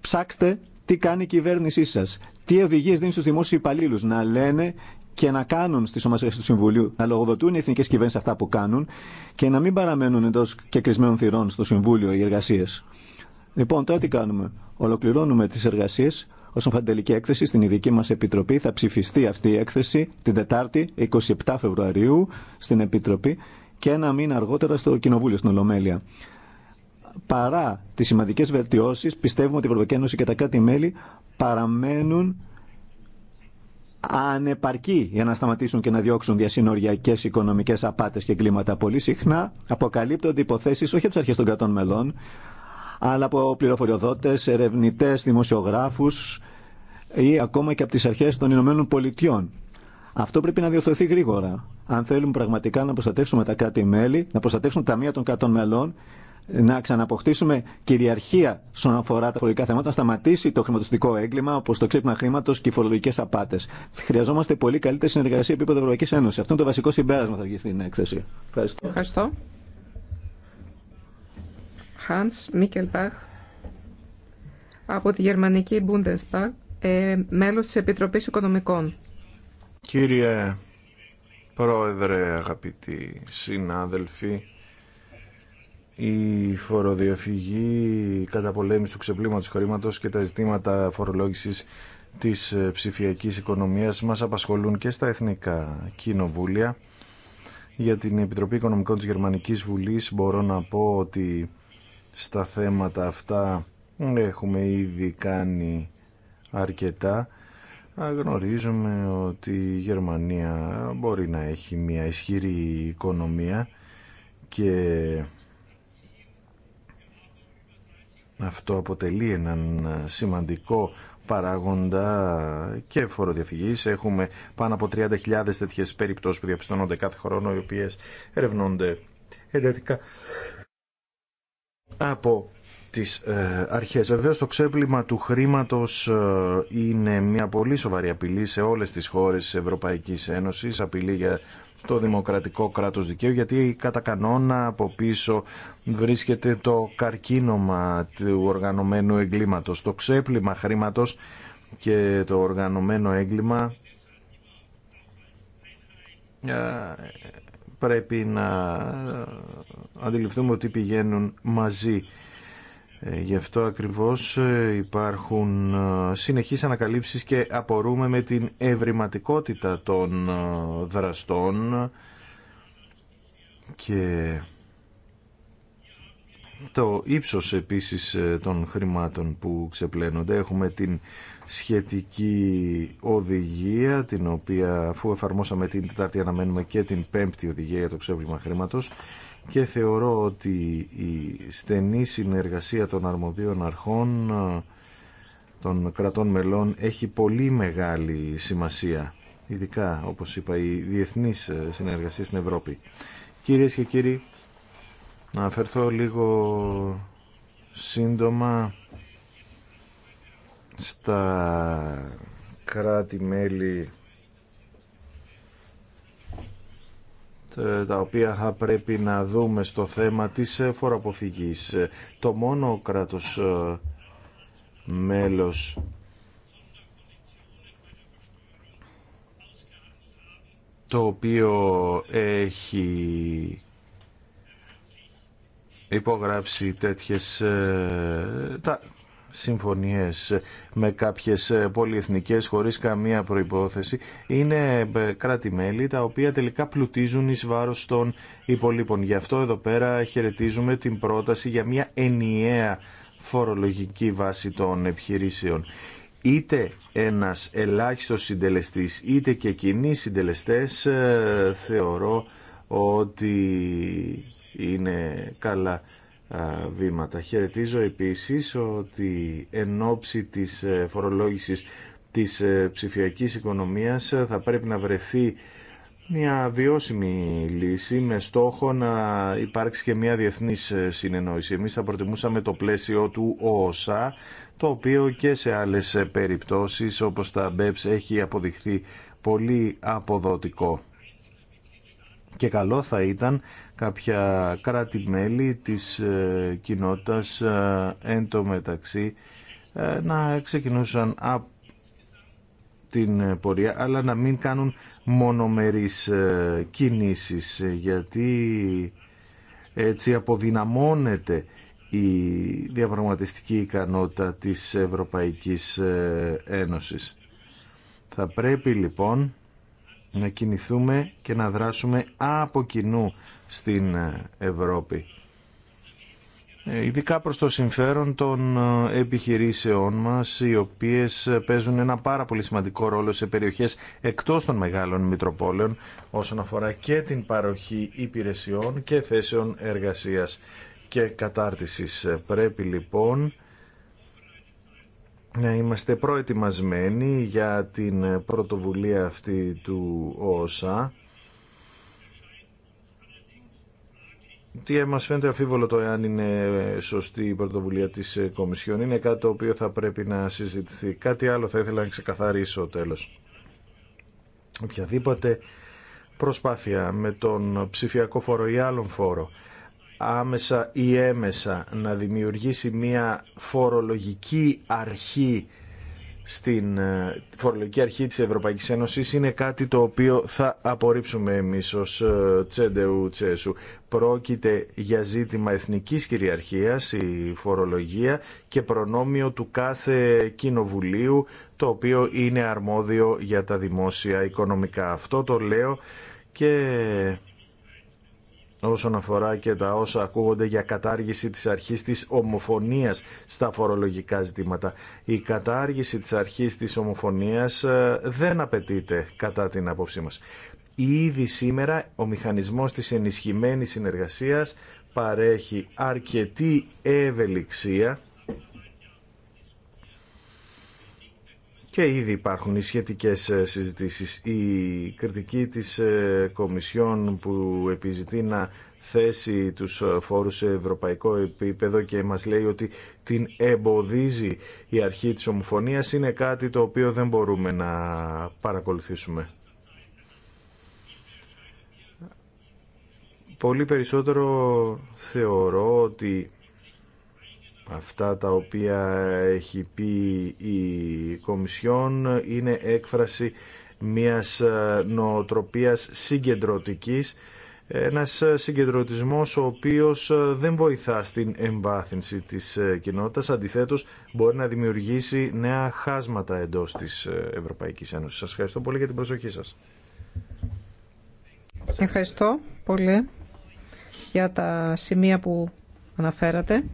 Ψάξτε τι κάνει η κυβέρνησή σα, τι οδηγίε δίνει στου δημόσιου υπαλλήλου να λένε και να κάνουν στι ομάδε του Συμβουλίου, να λογοδοτούν οι εθνικέ κυβέρνησει αυτά που κάνουν και να μην παραμένουν εντό και κλεισμένων θυρών στο Συμβούλιο οι εργασίε. Λοιπόν, τώρα τι κάνουμε. Ολοκληρώνουμε τι εργασίε όσον αφορά έκθεση στην ειδική μα επιτροπή. Θα ψηφιστεί αυτή η έκθεση την Τετάρτη, 27 Φεβρουαρίου, στην Επιτροπή και ένα μήνα αργότερα στο Κοινοβούλιο, στην Ολομέλεια. Παρά τι σημαντικέ βελτιώσει, πιστεύουμε ότι η Ευρωπαϊκή Ένωση και τα κράτη-μέλη παραμένουν ανεπαρκή για να σταματήσουν και να διώξουν διασυνοριακέ οικονομικέ απάτε και κλίματα. Πολύ συχνά αποκαλύπτονται υποθέσει όχι από τι αρχέ των κρατών μελών, αλλά από πληροφοριοδότε, ερευνητέ, δημοσιογράφου ή ακόμα και από τι αρχέ των Ηνωμένων Πολιτειών. Αυτό πρέπει να διορθωθεί γρήγορα. Αν θέλουμε πραγματικά να προστατεύσουμε τα κράτη-μέλη, να προστατεύσουμε τα μία των κρατών μελών να ξαναποκτήσουμε κυριαρχία στον αφορά τα φορολογικά θέματα, να σταματήσει το χρηματοστικό έγκλημα, όπω το ξύπνα χρήματο και οι φορολογικέ απάτε. Χρειαζόμαστε πολύ καλύτερη συνεργασία επίπεδο Ευρωπαϊκή Ένωση. Αυτό είναι το βασικό συμπέρασμα θα βγει στην έκθεση. Ευχαριστώ.
Ευχαριστώ. Hans Mikkelbach από τη γερμανική Bundestag, ε, μέλος της Επιτροπής Οικονομικών.
Κύριε Πρόεδρε, αγαπητοί συνάδελφοι, η φοροδιαφυγή, η καταπολέμηση του ξεπλήματος χρήματος και τα ζητήματα φορολόγησης της ε, ψηφιακής οικονομίας μας απασχολούν και στα εθνικά κοινοβούλια. Για την Επιτροπή Οικονομικών της Γερμανικής Βουλής μπορώ να πω ότι στα θέματα αυτά έχουμε ήδη κάνει αρκετά. Γνωρίζουμε ότι η Γερμανία μπορεί να έχει μια ισχυρή οικονομία και αυτό αποτελεί έναν ε, σημαντικό παράγοντα και φοροδιαφυγής. Έχουμε πάνω από 30.000 τέτοιες περιπτώσεις που διαπιστώνονται κάθε χρόνο, οι οποίες ερευνώνται εντατικά από τις ε, αρχές. Βεβαίως το ξέπλυμα του χρήματος ε, είναι μια πολύ σοβαρή απειλή σε όλες τις χώρες της Ευρωπαϊκής Ένωσης, απειλή για το δημοκρατικό κράτος δικαίου γιατί κατά κανόνα από πίσω βρίσκεται το καρκίνωμα του οργανωμένου εγκλήματος, το ξέπλυμα χρήματος και το οργανωμένο έγκλημα ε, πρέπει να ε, αντιληφθούμε ότι πηγαίνουν μαζί ε, γι' αυτό ακριβώς ε, υπάρχουν ε, συνεχείς ανακαλύψεις και απορούμε με την ευρηματικότητα των δραστών και το ύψος επίσης των χρημάτων που ξεπλένονται. Έχουμε την σχετική οδηγία, την οποία αφού εφαρμόσαμε την Τετάρτη αναμένουμε και την Πέμπτη οδηγία για το ξέπλυμα χρήματος και θεωρώ ότι η στενή συνεργασία των αρμοδίων αρχών ε, των κρατών μελών έχει πολύ μεγάλη σημασία, ειδικά όπως είπα η διεθνής ε, συνεργασία στην Ευρώπη. Κυρίες και κύριοι, να αφαιρθώ λίγο σύντομα στα κράτη-μέλη Ε, τα οποία θα πρέπει να δούμε στο θέμα της ε, φοροαποφυγής. Ε, το μόνο κράτος μέλος το οποίο έχει υπογράψει τέτοιες συμφωνίες με κάποιες πολυεθνικές χωρίς καμία προϋπόθεση είναι ε, κράτη-μέλη τα οποία τελικά πλουτίζουν εις βάρος των υπολείπων. Γι' αυτό εδώ πέρα χαιρετίζουμε την πρόταση για μια ενιαία φορολογική βάση των επιχειρήσεων. Είτε ένας ελάχιστος συντελεστής είτε και κοινοί συντελεστές ε, θεωρώ ότι είναι καλά βήματα. Χαιρετίζω επίσης ότι εν ώψη της ε, φορολόγησης της ε, ψηφιακής οικονομίας ε, θα πρέπει να βρεθεί μια βιώσιμη λύση με στόχο να υπάρξει και μια διεθνής συνεννόηση. Εμείς θα προτιμούσαμε το πλαίσιο του ΟΟΣΑ, το οποίο και σε άλλες περιπτώσεις όπως τα BEPS έχει αποδειχθεί πολύ αποδοτικό. Και καλό θα ήταν κάποια κράτη-μέλη της ε, κοινότητας ε, εν τω μεταξύ ε, να ξεκινούσαν από την πορεία αλλά να μην κάνουν μονομερείς κινήσεις γιατί έτσι αποδυναμώνεται η διαπραγματευτική ικανότητα της Ευρωπαϊκής Ένωσης. Θα πρέπει λοιπόν να κινηθούμε και να δράσουμε από κοινού στην ε, Ευρώπη. Ε, ειδικά προς το συμφέρον των ε, επιχειρήσεών μας, οι οποίες παίζουν ένα πάρα πολύ σημαντικό ρόλο σε περιοχές εκτός των μεγάλων Μητροπόλεων, όσον αφορά και την παροχή υπηρεσιών και θέσεων εργασίας και κατάρτισης. Πρέπει λοιπόν να είμαστε προετοιμασμένοι για την πρωτοβουλία αυτή του ΟΣΑ. Τι μας φαίνεται αφίβολο το εάν είναι σωστή η πρωτοβουλία της Κομισιόν. Είναι κάτι το οποίο θα πρέπει να συζητηθεί. Κάτι άλλο θα ήθελα να ξεκαθαρίσω τέλος. Οποιαδήποτε προσπάθεια με τον ψηφιακό φόρο ή άλλον φόρο άμεσα ή έμεσα να δημιουργήσει μια φορολογική αρχή στην ε, φορολογική αρχή της Ευρωπαϊκής Ένωσης είναι κάτι το οποίο θα απορρίψουμε εμείς ως ε, τσέντεου τσέσου. Πρόκειται για ζήτημα εθνικής κυριαρχίας η φορολογία και προνόμιο του κάθε κοινοβουλίου το οποίο είναι αρμόδιο για τα δημόσια οικονομικά. Αυτό το λέω και όσον αφορά και τα όσα ακούγονται για κατάργηση της αρχής της ομοφωνίας στα φορολογικά ζητήματα. Η κατάργηση της αρχής της ομοφωνίας ε, δεν απαιτείται κατά την απόψή μας. Ήδη σήμερα ο μηχανισμός της ενισχυμένης συνεργασίας παρέχει αρκετή ευελιξία και ήδη υπάρχουν οι ε, συζητήσεις. Η κριτική της ε, Κομισιόν που επιζητεί να θέσει τους ε, φόρους σε ευρωπαϊκό επίπεδο και μας λέει ότι την εμποδίζει η αρχή της ομοφωνίας είναι κάτι το οποίο δεν μπορούμε να παρακολουθήσουμε. Πολύ περισσότερο θεωρώ ότι Αυτά τα οποία έχει πει η Κομισιόν είναι έκφραση μιας ε, νοοτροπίας συγκεντρωτικής, ένας ε, συγκεντρωτισμός ο οποίος ε, δεν βοηθά στην εμβάθυνση της κοινότητας, αντιθέτως μπορεί να δημιουργήσει νέα χάσματα εντός της Ευρωπαϊκής Ένωσης. Σας ευχαριστώ πολύ για την προσοχή σας.
Ευχαριστώ πολύ για τα σημεία που αναφέρατε.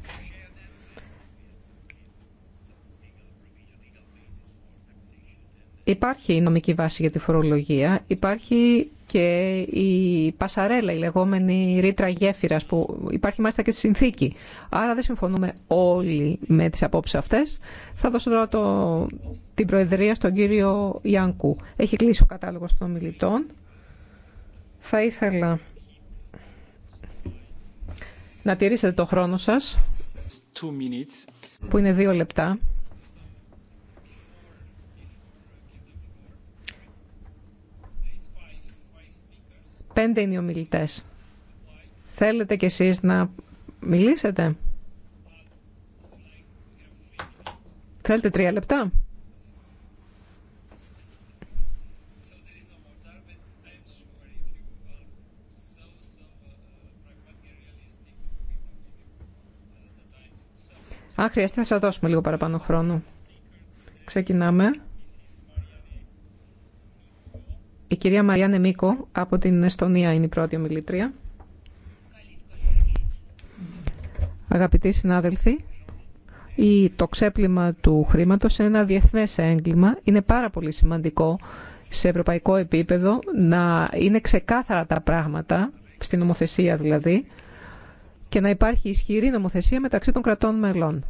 Υπάρχει η νομική βάση για τη φορολογία, υπάρχει και η πασαρέλα, η λεγόμενη ρήτρα γέφυρα που υπάρχει μάλιστα και στη συνθήκη. Άρα δεν συμφωνούμε όλοι με τι απόψει αυτέ. Θα δώσω τώρα το, την προεδρία στον κύριο Ιάνκου. Έχει κλείσει ο κατάλογο των μιλητών. Θα ήθελα να τηρήσετε το χρόνο σας, που είναι δύο λεπτά. Πέντε είναι οι ομιλητές. Θέλετε κι εσείς να μιλήσετε. Θέλετε τρία λεπτά. Αν χρειαστεί θα σας δώσουμε λίγο παραπάνω χρόνο. Ξεκινάμε. Η κυρία Μαριάννε Μίκο από την Εστονία είναι η πρώτη ομιλήτρια. Αγαπητοί συνάδελφοι, η, το ξέπλυμα του χρήματος είναι ένα διεθνές έγκλημα. Είναι πάρα πολύ σημαντικό σε ευρωπαϊκό επίπεδο να είναι ξεκάθαρα τα πράγματα, στην νομοθεσία δηλαδή, και να υπάρχει ισχυρή νομοθεσία μεταξύ των κρατών μελών.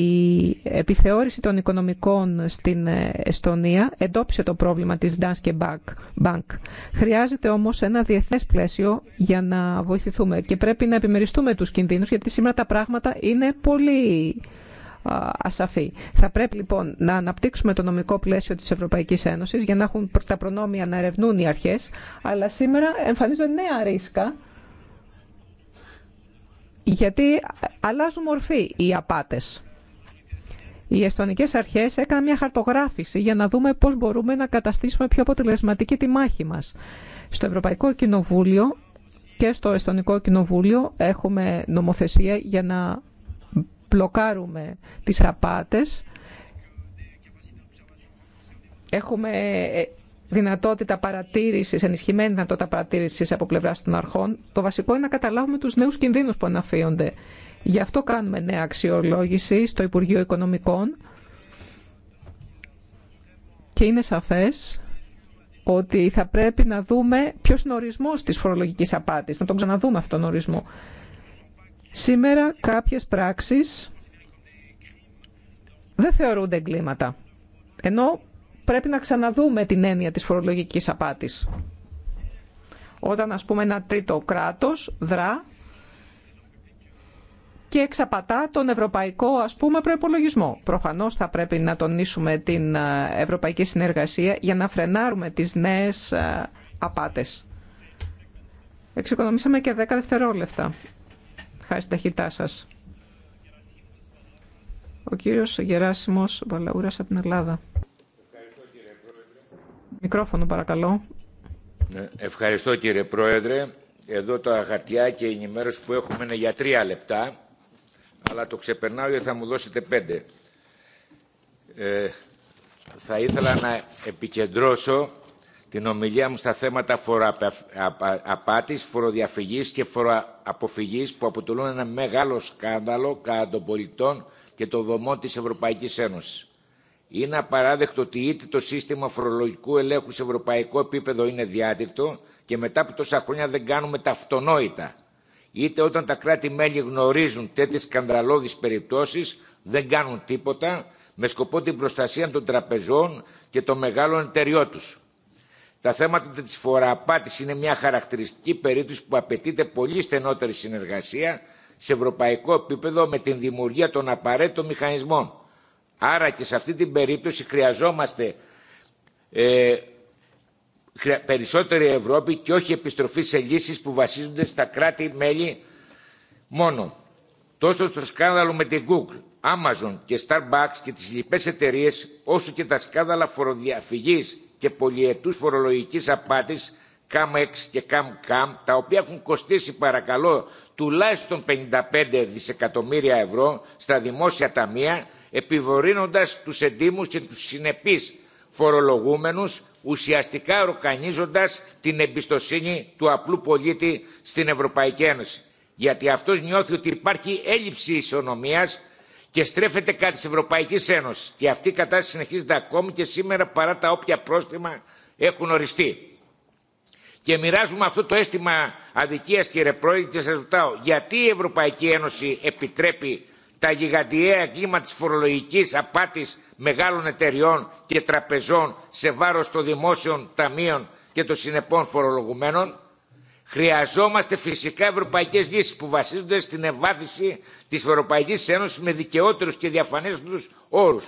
Η επιθεώρηση των οικονομικών στην Εστονία εντόπισε το πρόβλημα της Danske Bank. Χρειάζεται όμως ένα διεθνές πλαίσιο για να βοηθηθούμε και πρέπει να επιμεριστούμε τους κινδύνους γιατί σήμερα τα πράγματα είναι πολύ ασαφή. Θα πρέπει λοιπόν να αναπτύξουμε το νομικό πλαίσιο της Ευρωπαϊκής Ένωσης για να έχουν τα προνόμια να ερευνούν οι αρχές, αλλά σήμερα εμφανίζονται νέα ρίσκα γιατί αλλάζουν μορφή οι απάτες. Οι εστονικές αρχές έκαναν μια χαρτογράφηση για να δούμε πώς μπορούμε να καταστήσουμε πιο αποτελεσματική τη μάχη μας. Στο Ευρωπαϊκό Κοινοβούλιο και στο Εστονικό Κοινοβούλιο έχουμε νομοθεσία για να μπλοκάρουμε τις απάτε. Έχουμε ε, δυνατότητα παρατήρησης, ενισχυμένη δυνατότητα παρατήρησης από πλευράς των αρχών. Το βασικό είναι να καταλάβουμε τους νέους κινδύνους που αναφύονται Γι' αυτό κάνουμε νέα αξιολόγηση στο Υπουργείο Οικονομικών και είναι σαφές ότι θα πρέπει να δούμε ποιος είναι ο ορισμός της φορολογικής απάτης, να τον ξαναδούμε αυτόν τον ορισμό. Σήμερα κάποιες πράξεις δεν θεωρούνται εγκλήματα, ενώ πρέπει να ξαναδούμε την έννοια της φορολογικής απάτης. Όταν, ας πούμε, ένα τρίτο κράτος δρά και εξαπατά τον ευρωπαϊκό ας πούμε προϋπολογισμό. Προφανώς θα πρέπει να τονίσουμε την ε, ευρωπαϊκή συνεργασία για να φρενάρουμε τις νέες ε, απάτες. Εξοικονομήσαμε και 10 δευτερόλεπτα. Χάρη στην ταχύτητά σας. Ο κύριος Γεράσιμος Βαλαούρας από την Ελλάδα. Μικρόφωνο παρακαλώ.
Ναι, ευχαριστώ κύριε Πρόεδρε. Εδώ τα χαρτιά και η ενημέρωση που έχουμε είναι για τρία λεπτά αλλά το ξεπερνάω γιατί θα μου δώσετε πέντε. Ε, θα ήθελα να επικεντρώσω την ομιλία μου στα θέματα φοροαπάτης, φοροδιαφυγής και φοροαποφυγής που αποτελούν ένα μεγάλο σκάνδαλο κατά των πολιτών και των δομών της Ευρωπαϊκής Ένωσης. Είναι απαράδεκτο ότι είτε το σύστημα φορολογικού ελέγχου σε ευρωπαϊκό επίπεδο είναι διάδεικτο και μετά από τόσα χρόνια δεν κάνουμε τα αυτονόητα είτε όταν τα κράτη-μέλη γνωρίζουν τέτοιες σκανδαλώδεις περιπτώσεις δεν κάνουν τίποτα με σκοπό την προστασία των τραπεζών και των μεγάλων εταιριών τους. Τα θέματα της φοροαπάτης είναι μια χαρακτηριστική περίπτωση που απαιτείται πολύ στενότερη συνεργασία σε ευρωπαϊκό επίπεδο με την δημιουργία των απαραίτητων μηχανισμών. Άρα και σε αυτή την περίπτωση χρειαζόμαστε ε, περισσότερη Ευρώπη και όχι επιστροφή σε λύσεις που βασίζονται στα κράτη-μέλη μόνο. Τόσο στο σκάνδαλο με την Google, Amazon και Starbucks και τις λοιπές εταιρείε, όσο και τα σκάνδαλα φοροδιαφυγής και πολυετούς φορολογικής απάτη CAMEX και CAMCAM, τα οποία έχουν κοστίσει παρακαλώ τουλάχιστον 55 δισεκατομμύρια ευρώ στα δημόσια ταμεία, επιβορύνοντας τους εντύμους και τους συνεπείς φορολογούμενους ουσιαστικά ροκανίζοντας την εμπιστοσύνη του απλού πολίτη στην Ευρωπαϊκή Ένωση. Γιατί αυτός νιώθει ότι υπάρχει έλλειψη ισονομίας και στρέφεται κατά της Ευρωπαϊκής Ένωσης. Και αυτή η κατάσταση συνεχίζεται ακόμη και σήμερα παρά τα όποια πρόστιμα έχουν οριστεί. Και μοιράζουμε αυτό το αίσθημα αδικίας κύριε Πρόεδρε και σας ρωτάω γιατί η Ευρωπαϊκή Ένωση επιτρέπει τα γιγαντιαία κλίμα της φορολογικής απάτης μεγάλων εταιριών και τραπεζών σε βάρος των δημόσιων ταμείων και των συνεπών φορολογουμένων. Χρειαζόμαστε φυσικά ευρωπαϊκές λύσεις που βασίζονται στην ευάθυνση της Ευρωπαϊκής Ένωσης με δικαιότερους και διαφανέστερους όρους.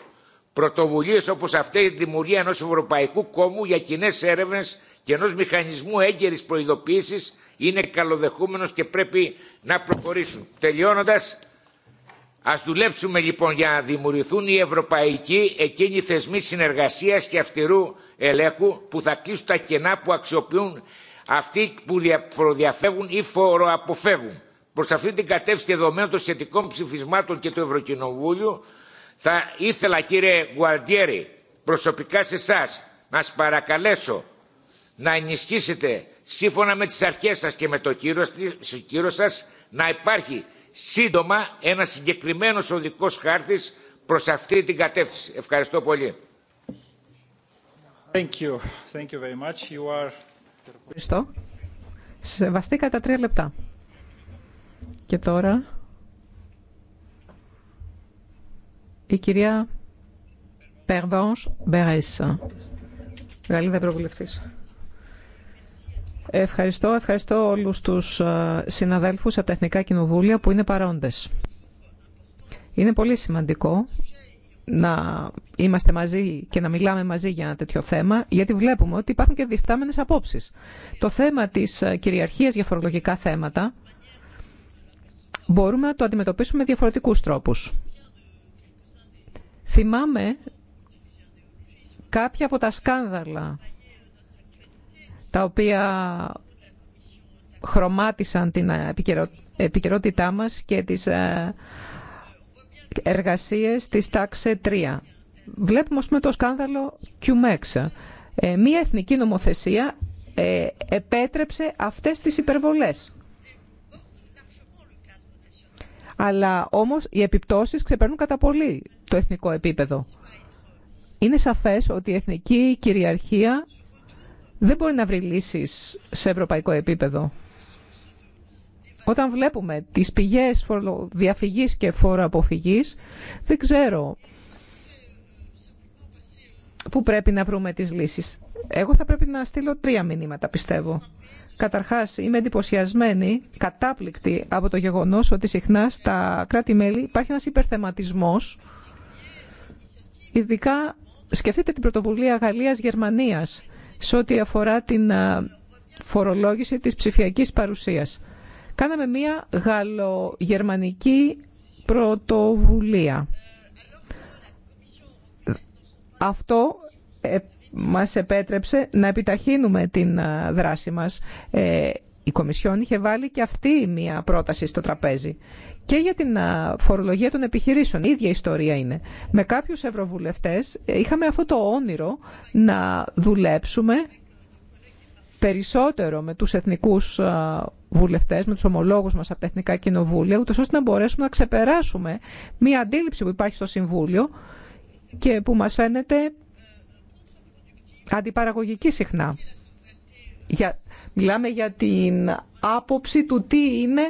Πρωτοβουλίες όπως αυτή η δημιουργία ενός ευρωπαϊκού κόμμου για κοινέ έρευνε και ενός μηχανισμού έγκαιρης προειδοποίησης είναι καλοδεχούμενος και πρέπει να προχωρήσουν. Τελειώνοντας, Ας δουλέψουμε λοιπόν για να δημιουργηθούν οι ευρωπαϊκοί εκείνοι θεσμοί συνεργασίας και αυστηρού ελέγχου που θα κλείσουν τα κενά που αξιοποιούν αυτοί που φοροδιαφεύγουν ή φοροαποφεύγουν. Προ αυτή την κατεύθυνση δεδομένων των σχετικών ψηφισμάτων και του Ευρωκοινοβούλου, θα ήθελα κύριε Γουαλτιέρη, προσωπικά σε εσά να σα παρακαλέσω να ενισχύσετε σύμφωνα με τις αρχές σας και με το κύριο σας να υπάρχει σύντομα ένα συγκεκριμένο οδικός χάρτης προς αυτή την κατεύθυνση. Ευχαριστώ πολύ.
Thank you. Thank you very You are...
Ευχαριστώ. Σεβαστήκα τα τρία λεπτά. Και τώρα η κυρία Περβάνς Μπερέσα, Γαλλίδα Ευρωβουλευτής. Ευχαριστώ, ευχαριστώ όλους τους ε, συναδέλφους από τα Εθνικά Κοινοβούλια που είναι παρόντες. Είναι πολύ σημαντικό να είμαστε μαζί και να μιλάμε μαζί για ένα τέτοιο θέμα, γιατί βλέπουμε ότι υπάρχουν και διστάμενες απόψεις. Το θέμα της ε, κυριαρχίας για φορολογικά θέματα μπορούμε να το αντιμετωπίσουμε με διαφορετικούς τρόπους. Θυμάμαι κάποια από τα σκάνδαλα τα οποία χρωμάτισαν την ε, επικαιρότητά μας και τις ε, εργασίες της τάξε 3. Βλέπουμε, ας πούμε, το σκάνδαλο QMEX. Ε, μία εθνική νομοθεσία επέτρεψε αυτές τις υπερβολές. Αλλά όμως οι επιπτώσεις ξεπερνούν κατά πολύ το εθνικό επίπεδο. Είναι σαφές ότι η εθνική κυριαρχία δεν μπορεί να βρει λύσει σε ευρωπαϊκό επίπεδο. Όταν βλέπουμε τις πηγές διαφυγής και φόρο-αποφυγής, δεν ξέρω πού πρέπει να βρούμε τις λύσεις. Εγώ θα πρέπει να στείλω τρία μηνύματα, πιστεύω. Καταρχάς, είμαι εντυπωσιασμένη, κατάπληκτη από το γεγονός ότι συχνά στα κράτη-μέλη υπάρχει ένας υπερθεματισμός, ειδικά σκεφτείτε την πρωτοβουλία Γαλλίας-Γερμανίας, σε ό,τι αφορά την φορολόγηση της ψηφιακής παρουσίας. Κάναμε μία γαλλογερμανική πρωτοβουλία. Αυτό ε, μας επέτρεψε να επιταχύνουμε την δράση μας. Ε, η Κομισιόν είχε βάλει και αυτή μία πρόταση στο τραπέζι και για την φορολογία των επιχειρήσεων. Η ίδια ιστορία είναι. Με κάποιους ευρωβουλευτές ε, είχαμε αυτό το όνειρο να δουλέψουμε περισσότερο με τους εθνικούς βουλευτές, με τους ομολόγους μας από τα Εθνικά Κοινοβούλια, ούτως ώστε να μπορέσουμε να ξεπεράσουμε μία αντίληψη που υπάρχει στο Συμβούλιο και που μας φαίνεται αντιπαραγωγική συχνά. Για, μιλάμε για την άποψη του τι είναι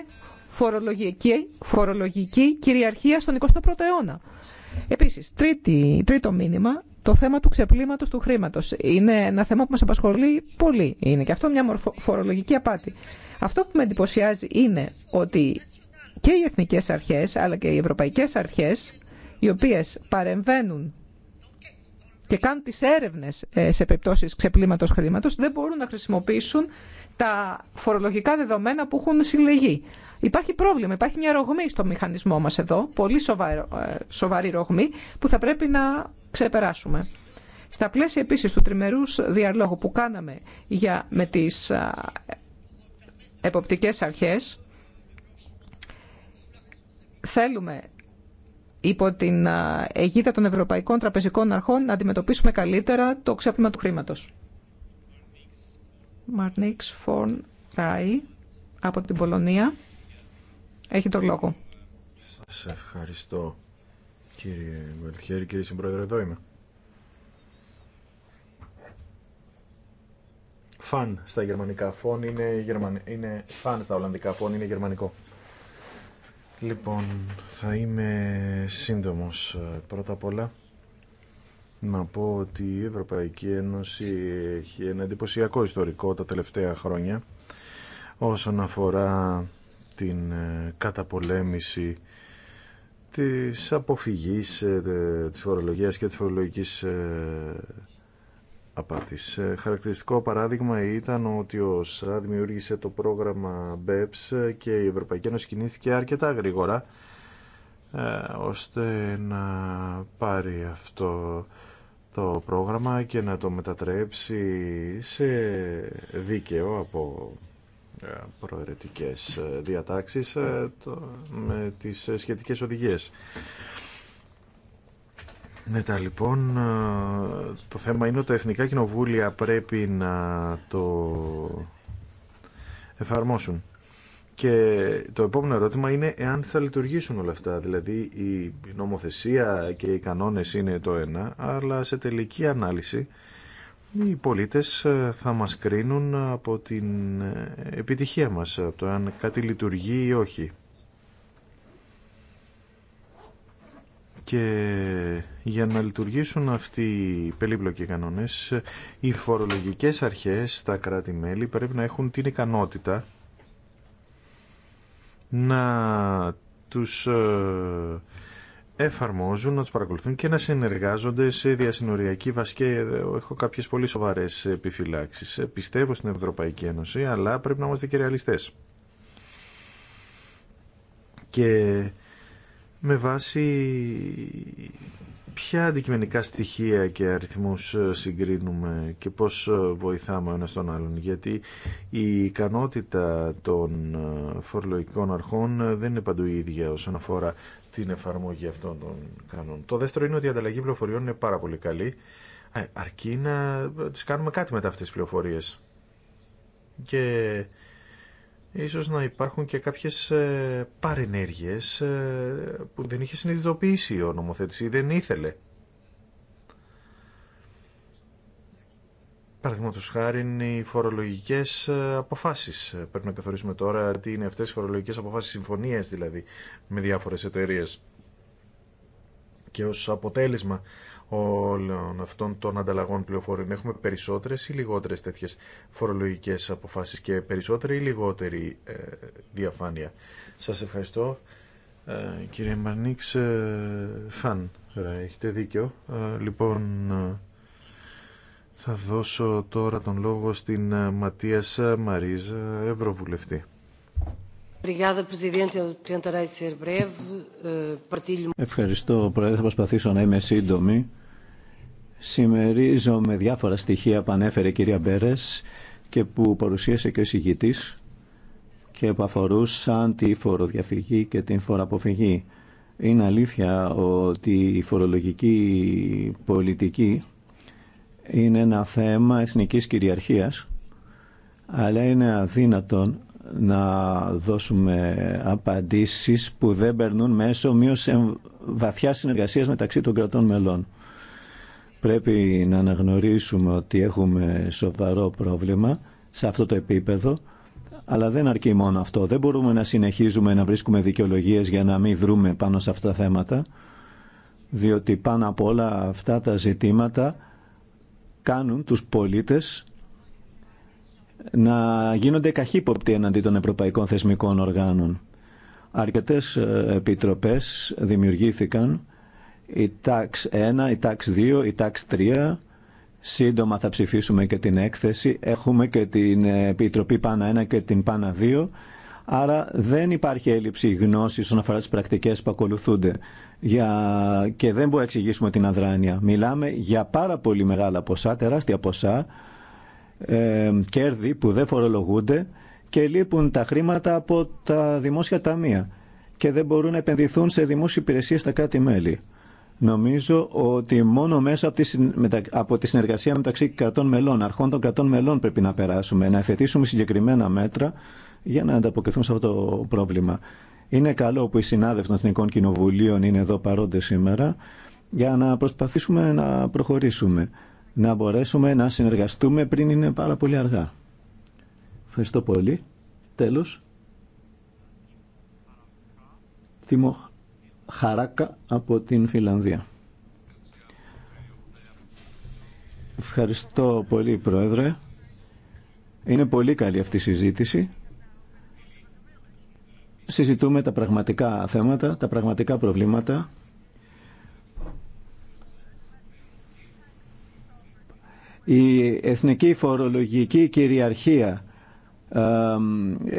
φορολογική, φορολογική κυριαρχία στον 21ο αιώνα. Επίσης, τρίτο μήνυμα, το θέμα του ξεπλήματος του χρήματος. Είναι ένα θέμα που μας απασχολεί πολύ. Είναι και αυτό μια φορολογική απάτη. Αυτό που με εντυπωσιάζει είναι ότι και οι εθνικές αρχές, αλλά και οι ευρωπαϊκές αρχές, οι οποίες παρεμβαίνουν και κάνουν τις έρευνες ε, σε περιπτώσεις ξεπλήματος χρήματος, δεν μπορούν να χρησιμοποιήσουν τα φορολογικά δεδομένα που έχουν συλλεγεί. Υπάρχει πρόβλημα, υπάρχει μια ρογμή στο μηχανισμό μας εδώ, πολύ ε, σοβαρή ρογμή που θα πρέπει να ξεπεράσουμε. Στα πλαίσια επίσης του τριμερούς διαλόγου που κάναμε για, με τις εποπτικές αρχές, θέλουμε υπό την αιγίδα των Ευρωπαϊκών Τραπεζικών Αρχών να αντιμετωπίσουμε καλύτερα το ξέπλυμα του χρήματος. Μαρνίξ Ράι από την Πολωνία. Έχει τον λόγο.
Σας ευχαριστώ κύριε Βελτιέρη, κύριε Συμπρόεδρε, εδώ είμαι. Φαν στα γερμανικά. Φων είναι, γερμαν... είναι φαν στα ολλανδικά. Φων είναι γερμανικό. Λοιπόν, θα είμαι σύντομος. Πρώτα απ' όλα, να πω ότι η Ευρωπαϊκή Ένωση έχει ένα εντυπωσιακό ιστορικό τα τελευταία χρόνια όσον αφορά την ε, καταπολέμηση της αποφυγής ε, της φορολογίας και της φορολογικής ε, απάτης. Χαρακτηριστικό παράδειγμα ήταν ότι ο ΣΑ δημιούργησε το πρόγραμμα BEPS και η Ευρωπαϊκή Ένωση κινήθηκε αρκετά γρήγορα ώστε να πάρει αυτό το πρόγραμμα και να το μετατρέψει σε δίκαιο από ε, προαιρετικές ε, διατάξεις ε, με τις σχετικές οδηγίες. Μετά λοιπόν, το θέμα είναι ότι τα Εθνικά Κοινοβούλια πρέπει να το εφαρμόσουν. Και το επόμενο ερώτημα είναι εάν θα λειτουργήσουν όλα αυτά. Δηλαδή η νομοθεσία και οι κανόνες είναι το ένα, αλλά σε τελική ανάλυση οι πολίτες ε, θα μας κρίνουν από την ε, επιτυχία μας, από το αν κάτι λειτουργεί ή όχι. Και για να λειτουργήσουν αυτοί οι περίπλοκοι κανόνες, οι φορολογικές αρχές στα κράτη-μέλη πρέπει να έχουν την ικανότητα να τους ε, εφαρμόζουν, να τους παρακολουθούν και να συνεργάζονται σε διασυνοριακή βασική. Ε, έχω κάποιες πολύ σοβαρές επιφυλάξεις. Ε, πιστεύω στην Ευρωπαϊκή Ένωση, αλλά πρέπει να είμαστε και ρεαλιστέ. Και με βάση ποια αντικειμενικά στοιχεία και αριθμούς ε, συγκρίνουμε και πώς βοηθάμε ο ένας τον άλλον. Γιατί η ικανότητα των φορολογικών αρχών δεν είναι παντού η ίδια όσον αφορά την εφαρμογή αυτών των κανόνων. Το δεύτερο είναι ότι η ανταλλαγή πληροφοριών είναι πάρα πολύ καλή, αρκεί να ε, τις κάνουμε κάτι μετά αυτές τις πληροφορίες. Και ίσως να υπάρχουν και κάποιες ε, παρενέργειες ε, που δεν είχε συνειδητοποιήσει ο νομοθέτης ή δεν ήθελε Παραδείγματο χάρη οι φορολογικέ ε, αποφάσει. Ε, πρέπει να καθορίσουμε τώρα τι είναι αυτέ οι φορολογικέ αποφάσει, συμφωνίε δηλαδή με διάφορε εταιρείε. Και ω αποτέλεσμα όλων αυτών των ανταλλαγών πληροφοριών έχουμε περισσότερε ή λιγότερε τέτοιε φορολογικέ αποφάσει και περισσότερη ή λιγότερη ε, διαφάνεια. Σα ευχαριστώ. Κύριε φαν, έχετε δίκιο. Λοιπόν. Θα δώσω τώρα τον λόγο στην ε, Ματία ε, Μαρίζα, Ευρωβουλευτή.
Eh,
Ευχαριστώ, Πρόεδρε. Θα προσπαθήσω να είμαι σύντομη. Σημερίζω με διάφορα στοιχεία που ανέφερε η κυρία Μπέρες και που παρουσίασε και ο συγητής και που αφορούσαν τη φοροδιαφυγή και την φοροαποφυγή. Είναι αλήθεια ότι η φορολογική πολιτική είναι ένα θέμα εθνικής κυριαρχίας, αλλά είναι αδύνατον να δώσουμε απαντήσεις που δεν περνούν μέσω μιας βαθιά συνεργασίας μεταξύ των κρατών μελών. Πρέπει να αναγνωρίσουμε ότι έχουμε σοβαρό πρόβλημα σε αυτό το επίπεδο, αλλά δεν αρκεί μόνο αυτό. Δεν μπορούμε να συνεχίζουμε να βρίσκουμε δικαιολογίες για να μην δρούμε πάνω σε αυτά τα θέματα, διότι πάνω από όλα αυτά τα ζητήματα κάνουν τους πολίτες να γίνονται καχύποπτοι εναντί των ευρωπαϊκών θεσμικών οργάνων. Αρκετές ε, επιτροπές δημιουργήθηκαν, η TAX 1, η TAX 2, η TAX 3, σύντομα θα ψηφίσουμε και την έκθεση, έχουμε και την ε, Επιτροπή Πάνα 1 και την Πάνα 2, άρα δεν υπάρχει έλλειψη γνώσης όσον αφορά τις πρακτικές που ακολουθούνται για... και δεν μπορούμε να εξηγήσουμε την αδράνεια. Μιλάμε για πάρα πολύ μεγάλα ποσά, τεράστια ποσά, ε, κέρδη που δεν φορολογούνται και λείπουν τα χρήματα από τα δημόσια ταμεία και δεν μπορούν να επενδυθούν σε δημόσιες υπηρεσίες στα κράτη-μέλη. Νομίζω ότι μόνο μέσα από τη, από τη συνεργασία μεταξύ κρατών μελών, αρχών των κρατών μελών πρέπει να περάσουμε, να θετήσουμε συγκεκριμένα μέτρα για να ανταποκριθούν σε αυτό το πρόβλημα. Είναι καλό που οι συνάδελφοι των Εθνικών Κοινοβουλίων είναι εδώ παρόντες σήμερα για να προσπαθήσουμε να προχωρήσουμε, να μπορέσουμε να συνεργαστούμε πριν είναι πάρα πολύ αργά. Ευχαριστώ πολύ. Τέλος. Τίμο Χαράκα από την Φιλανδία. Ευχαριστώ πολύ, Πρόεδρε. Είναι πολύ καλή αυτή η συζήτηση συζητούμε τα πραγματικά θέματα, τα πραγματικά προβλήματα. Η εθνική φορολογική κυριαρχία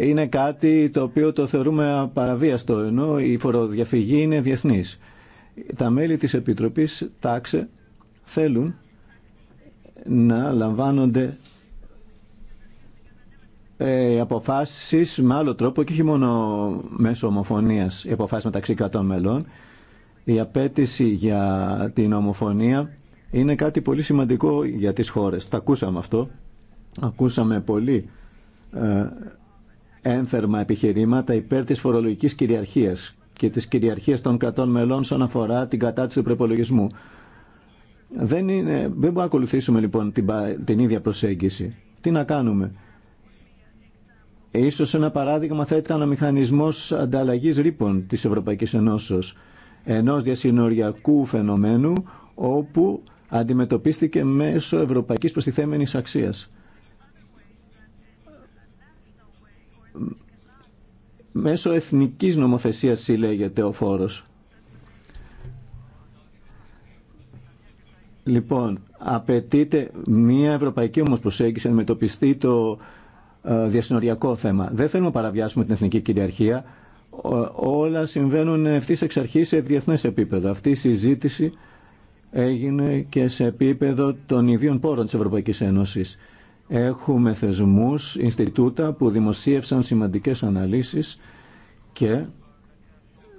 είναι κάτι το οποίο το θεωρούμε παραβίαστο, ενώ η φοροδιαφυγή είναι διεθνής. Τα μέλη της Επιτροπής ΤΑΞΕ θέλουν να λαμβάνονται ε, αποφάσει με άλλο τρόπο και όχι μόνο μέσω ομοφωνία, οι αποφάσει μεταξύ κρατών μελών. Η απέτηση για την ομοφωνία είναι κάτι πολύ σημαντικό για τις χώρες. Τα ακούσαμε αυτό. Ακούσαμε πολύ ε, ένθερμα επιχειρήματα υπέρ της φορολογικής κυριαρχίας και της κυριαρχίας των κρατών μελών σαν αφορά την κατάρτιση του προπολογισμού. Δεν, δεν μπορούμε να ακολουθήσουμε λοιπόν την, την ίδια προσέγγιση. Τι να κάνουμε. Ίσως ένα παράδειγμα θα ήταν ο μηχανισμός ανταλλαγής ρήπων της Ευρωπαϊκής Ενώσεως, ενός διασυνοριακού φαινομένου όπου αντιμετωπίστηκε μέσω ευρωπαϊκής προστιθέμενης αξίας. Μέσω εθνικής νομοθεσίας συλλέγεται ο φόρος. Λοιπόν, απαιτείται μια ευρωπαϊκή όμως προσέγγιση να αντιμετωπιστεί το ε, διασυνοριακό θέμα. Δεν θέλουμε να παραβιάσουμε την εθνική κυριαρχία. Όλα συμβαίνουν ευθύ εξ αρχή σε διεθνέ επίπεδο. Αυτή η συζήτηση έγινε και σε επίπεδο των ιδίων πόρων τη ευρωπαϊκή Ένωσης. Έχουμε θεσμούς, Ινστιτούτα που δημοσίευσαν σημαντικές αναλύσεις και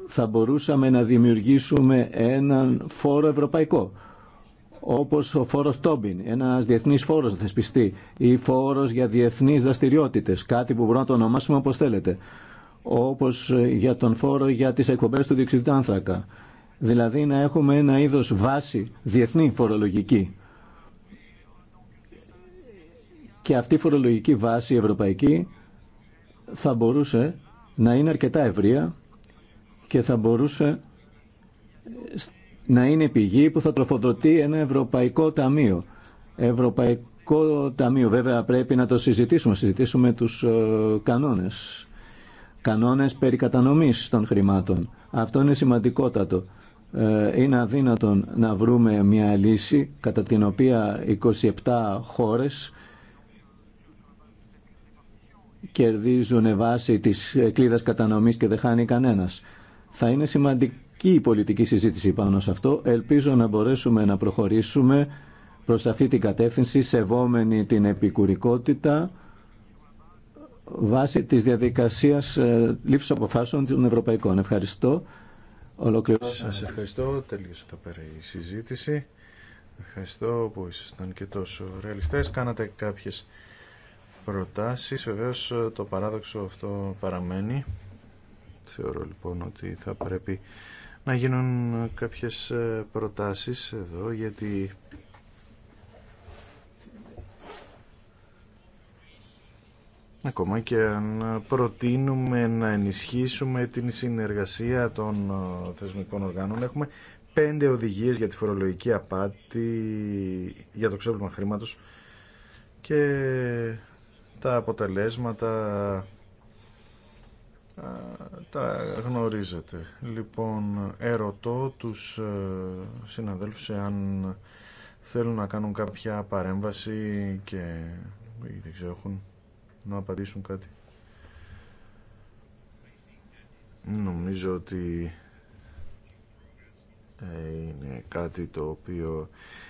θα μπορούσαμε να δημιουργήσουμε έναν φόρο ευρωπαϊκό όπως ο φόρος Τόμπιν, ένας διεθνής φόρος να θεσπιστεί ή φόρος για διεθνείς δραστηριότητες, κάτι που μπορούμε να το ονομάσουμε όπως θέλετε, όπως για τον φόρο για τις εκπομπές του διοξιδίου άνθρακα. Δηλαδή να έχουμε ένα είδος βάση διεθνή φορολογική. Και αυτή η φορολογική βάση ευρωπαϊκή θα μπορούσε να είναι αρκετά ευρεία και θα μπορούσε να είναι πηγή που θα τροφοδοτεί ένα Ευρωπαϊκό Ταμείο. Ευρωπαϊκό Ταμείο βέβαια πρέπει να το συζητήσουμε, συζητήσουμε τους ε, κανόνες. Κανόνες περί κατανομής των χρημάτων. Αυτό είναι σημαντικότατο. Ε, είναι αδύνατον να βρούμε μια λύση κατά την οποία 27 χώρες κερδίζουν βάση της κλίδας κατανομής και δεν χάνει κανένας. Θα είναι σημαντικό και η πολιτική συζήτηση πάνω σε αυτό. Ελπίζω να μπορέσουμε να προχωρήσουμε προς αυτή την κατεύθυνση, σεβόμενη την επικουρικότητα βάσει της διαδικασίας ε, λήψης αποφάσεων των Ευρωπαϊκών. Ευχαριστώ. Ολοκληρώσαμε. Σας
ευχαριστώ. Τελείωσε τα πέρα η συζήτηση. Ευχαριστώ που ήσασταν και τόσο ρεαλιστές. Κάνατε κάποιες προτάσεις. Βεβαίως ε, το παράδοξο αυτό παραμένει. Θεωρώ λοιπόν ότι θα πρέπει να γίνουν κάποιες ε, προτάσεις εδώ γιατί ακόμα και αν προτείνουμε να ενισχύσουμε την συνεργασία των ε, θεσμικών οργάνων έχουμε πέντε οδηγίες για τη φορολογική απάτη για το ξέπλυμα χρήματος και τα αποτελέσματα τα γνωρίζετε. Λοιπόν, ερωτώ τους ε, συναδέλφους εάν θέλουν να κάνουν κάποια παρέμβαση και δεν ξέρω, έχουν να απαντήσουν κάτι. Νομίζω ότι ε, είναι κάτι το οποίο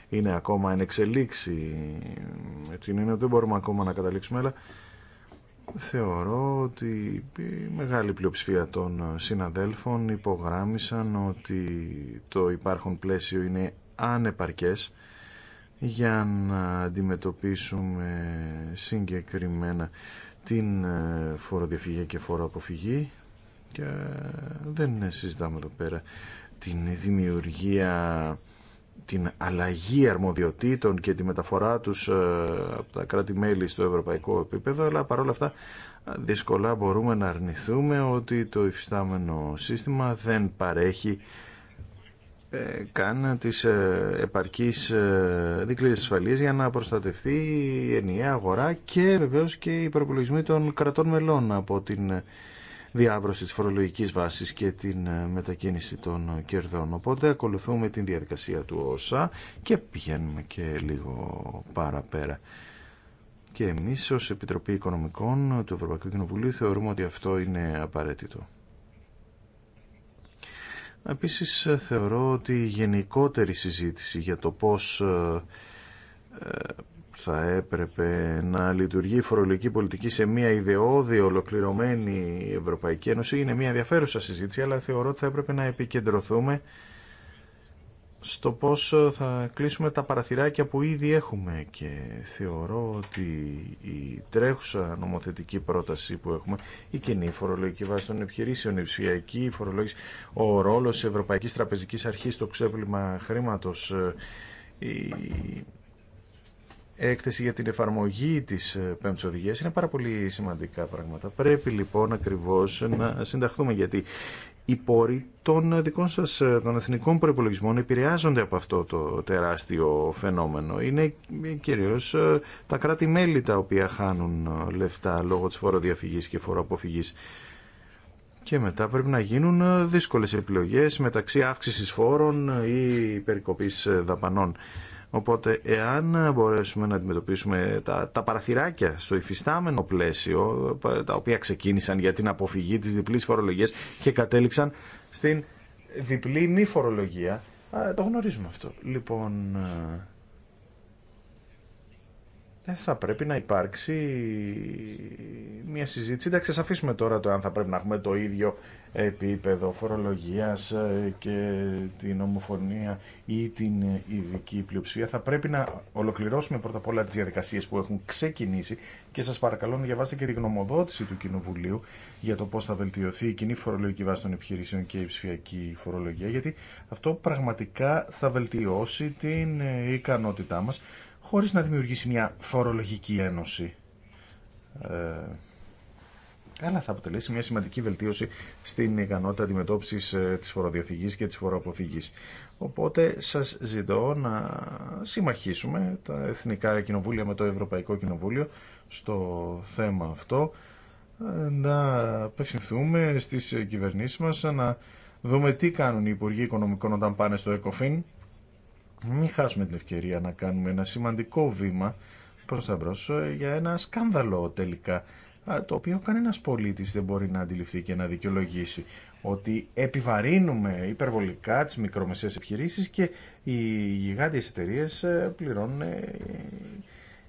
είναι ακόμα εν εξελίξη. Έτσι είναι ότι δεν μπορούμε ακόμα να καταλήξουμε, αλλά Θεωρώ ότι η μεγάλη πλειοψηφία των συναδέλφων υπογράμμισαν ότι το υπάρχον πλαίσιο είναι ανεπαρκές για να αντιμετωπίσουμε συγκεκριμένα την ε, φοροδιαφυγή και φοροαποφυγή και δεν συζητάμε εδώ πέρα την δημιουργία την αλλαγή αρμοδιοτήτων και τη μεταφορά τους ε, από τα κράτη-μέλη στο ευρωπαϊκό επίπεδο, αλλά παρόλα αυτά δύσκολα μπορούμε να αρνηθούμε ότι το υφιστάμενο σύστημα δεν παρέχει ε, καν τις ε, επαρκείς δίκλειες ασφαλείας για να προστατευτεί η ενιαία αγορά και βεβαίως και οι προπολογισμοί των κρατών μελών από την διάβρωση της φορολογικής βάσης και την ε, μετακίνηση των ε, κερδών. Οπότε ακολουθούμε την διαδικασία του ΩΣΑ και πηγαίνουμε και λίγο παραπέρα. Και εμείς ως Επιτροπή Οικονομικών του Ευρωπαϊκού Κοινοβουλίου θεωρούμε ότι αυτό είναι απαραίτητο. Επίσης ε, θεωρώ ότι η γενικότερη συζήτηση για το πώς θα έπρεπε να λειτουργεί η φορολογική πολιτική σε μια ιδεώδη ολοκληρωμένη Ευρωπαϊκή Ένωση είναι μια ενδιαφέρουσα συζήτηση αλλά θεωρώ ότι θα έπρεπε να επικεντρωθούμε στο πώς θα κλείσουμε τα παραθυράκια που ήδη έχουμε και θεωρώ ότι η τρέχουσα νομοθετική πρόταση που έχουμε, η κοινή φορολογική βάση των επιχειρήσεων, η ψηφιακή φορολογική, ο ρόλος Ευρωπαϊκής Τραπεζικής Αρχής στο ξέπλυμα χρήματος, έκθεση για την εφαρμογή της ε, πέμπτης οδηγίας είναι πάρα πολύ σημαντικά πράγματα. Πρέπει λοιπόν ακριβώς να συνταχθούμε γιατί οι πόροι των δικών σας ε, των εθνικών προπολογισμών επηρεάζονται από αυτό το τεράστιο φαινόμενο. Είναι ε, κυρίως τα κράτη-μέλη τα οποία χάνουν λεφτά λόγω της φοροδιαφυγής και φοροαποφυγής. Και μετά πρέπει να γίνουν δύσκολες επιλογές μεταξύ αύξησης φόρων ή περικοπής δαπανών. Οπότε εάν μπορέσουμε να αντιμετωπίσουμε τα, τα παραθυράκια στο υφιστάμενο πλαίσιο, τα οποία ξεκίνησαν για την αποφυγή της διπλής φορολογίας και κατέληξαν στην διπλή μη φορολογία, το γνωρίζουμε αυτό. Λοιπόν, ε, θα πρέπει να υπάρξει μια συζήτηση. Εντάξει, ας αφήσουμε τώρα το αν θα πρέπει να έχουμε το ίδιο επίπεδο φορολογίας ε, και την ομοφωνία ή την ειδική πλειοψηφία. Θα πρέπει να ολοκληρώσουμε πρώτα απ' όλα τις διαδικασίες που έχουν ξεκινήσει και σας παρακαλώ να διαβάσετε και τη γνωμοδότηση του Κοινοβουλίου για το πώς θα βελτιωθεί η κοινή φορολογική βάση των επιχειρήσεων και η ψηφιακή φορολογία γιατί αυτό πραγματικά θα βελτιώσει την ε, ικανότητά μας χωρίς να δημιουργήσει μια φορολογική ένωση. Ε, αλλά θα αποτελέσει μια σημαντική βελτίωση στην ικανότητα αντιμετώπιση ε, τη φοροδιαφυγή και τη φοροαποφυγής. Οπότε σα ζητώ να συμμαχίσουμε τα Εθνικά Κοινοβούλια με το Ευρωπαϊκό Κοινοβούλιο στο θέμα αυτό, ε, να απευθυνθούμε στι κυβερνήσει μα, να δούμε τι κάνουν οι Υπουργοί Οικονομικών όταν πάνε στο ΕΚΟΦΗΝ μην χάσουμε την ευκαιρία να κάνουμε ένα σημαντικό βήμα προς τα μπρος ε, για ένα σκάνδαλο τελικά το οποίο κανένας πολίτης δεν μπορεί να αντιληφθεί και να δικαιολογήσει ότι επιβαρύνουμε υπερβολικά τις μικρομεσαίες επιχειρήσεις και οι γιγάντιες εταιρείε ε, πληρώνουν ε,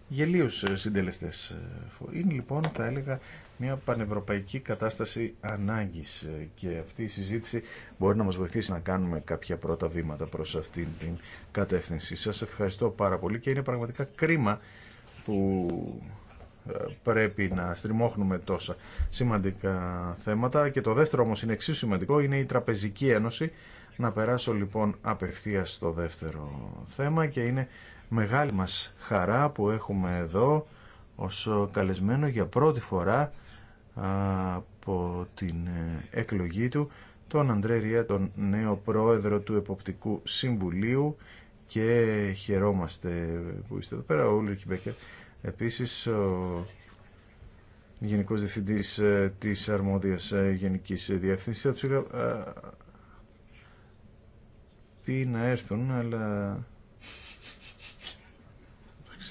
γελίους συντελεστές. Είναι λοιπόν, τα έλεγα, μια πανευρωπαϊκή κατάσταση ανάγκης και αυτή η συζήτηση μπορεί να μας βοηθήσει να κάνουμε κάποια πρώτα βήματα προς αυτήν την κατεύθυνση. Σας ευχαριστώ πάρα πολύ και είναι πραγματικά κρίμα που ε, πρέπει να στριμώχνουμε τόσα σημαντικά θέματα και το δεύτερο όμως είναι εξίσου σημαντικό είναι η Τραπεζική Ένωση να περάσω λοιπόν απευθείας στο δεύτερο θέμα και είναι μεγάλη μας χαρά που έχουμε εδώ ως καλεσμένο για πρώτη φορά από την ε, εκλογή του τον Αντρέ τον νέο πρόεδρο του Εποπτικού Συμβουλίου και χαιρόμαστε που είστε εδώ πέρα, ο Ούλρικ Μπέκερ. Επίσης, ο Γενικός Διευθυντής ε, της Αρμόδιας ε, Γενικής Διεύθυνσης. Θα τους είχα πει να έρθουν, αλλά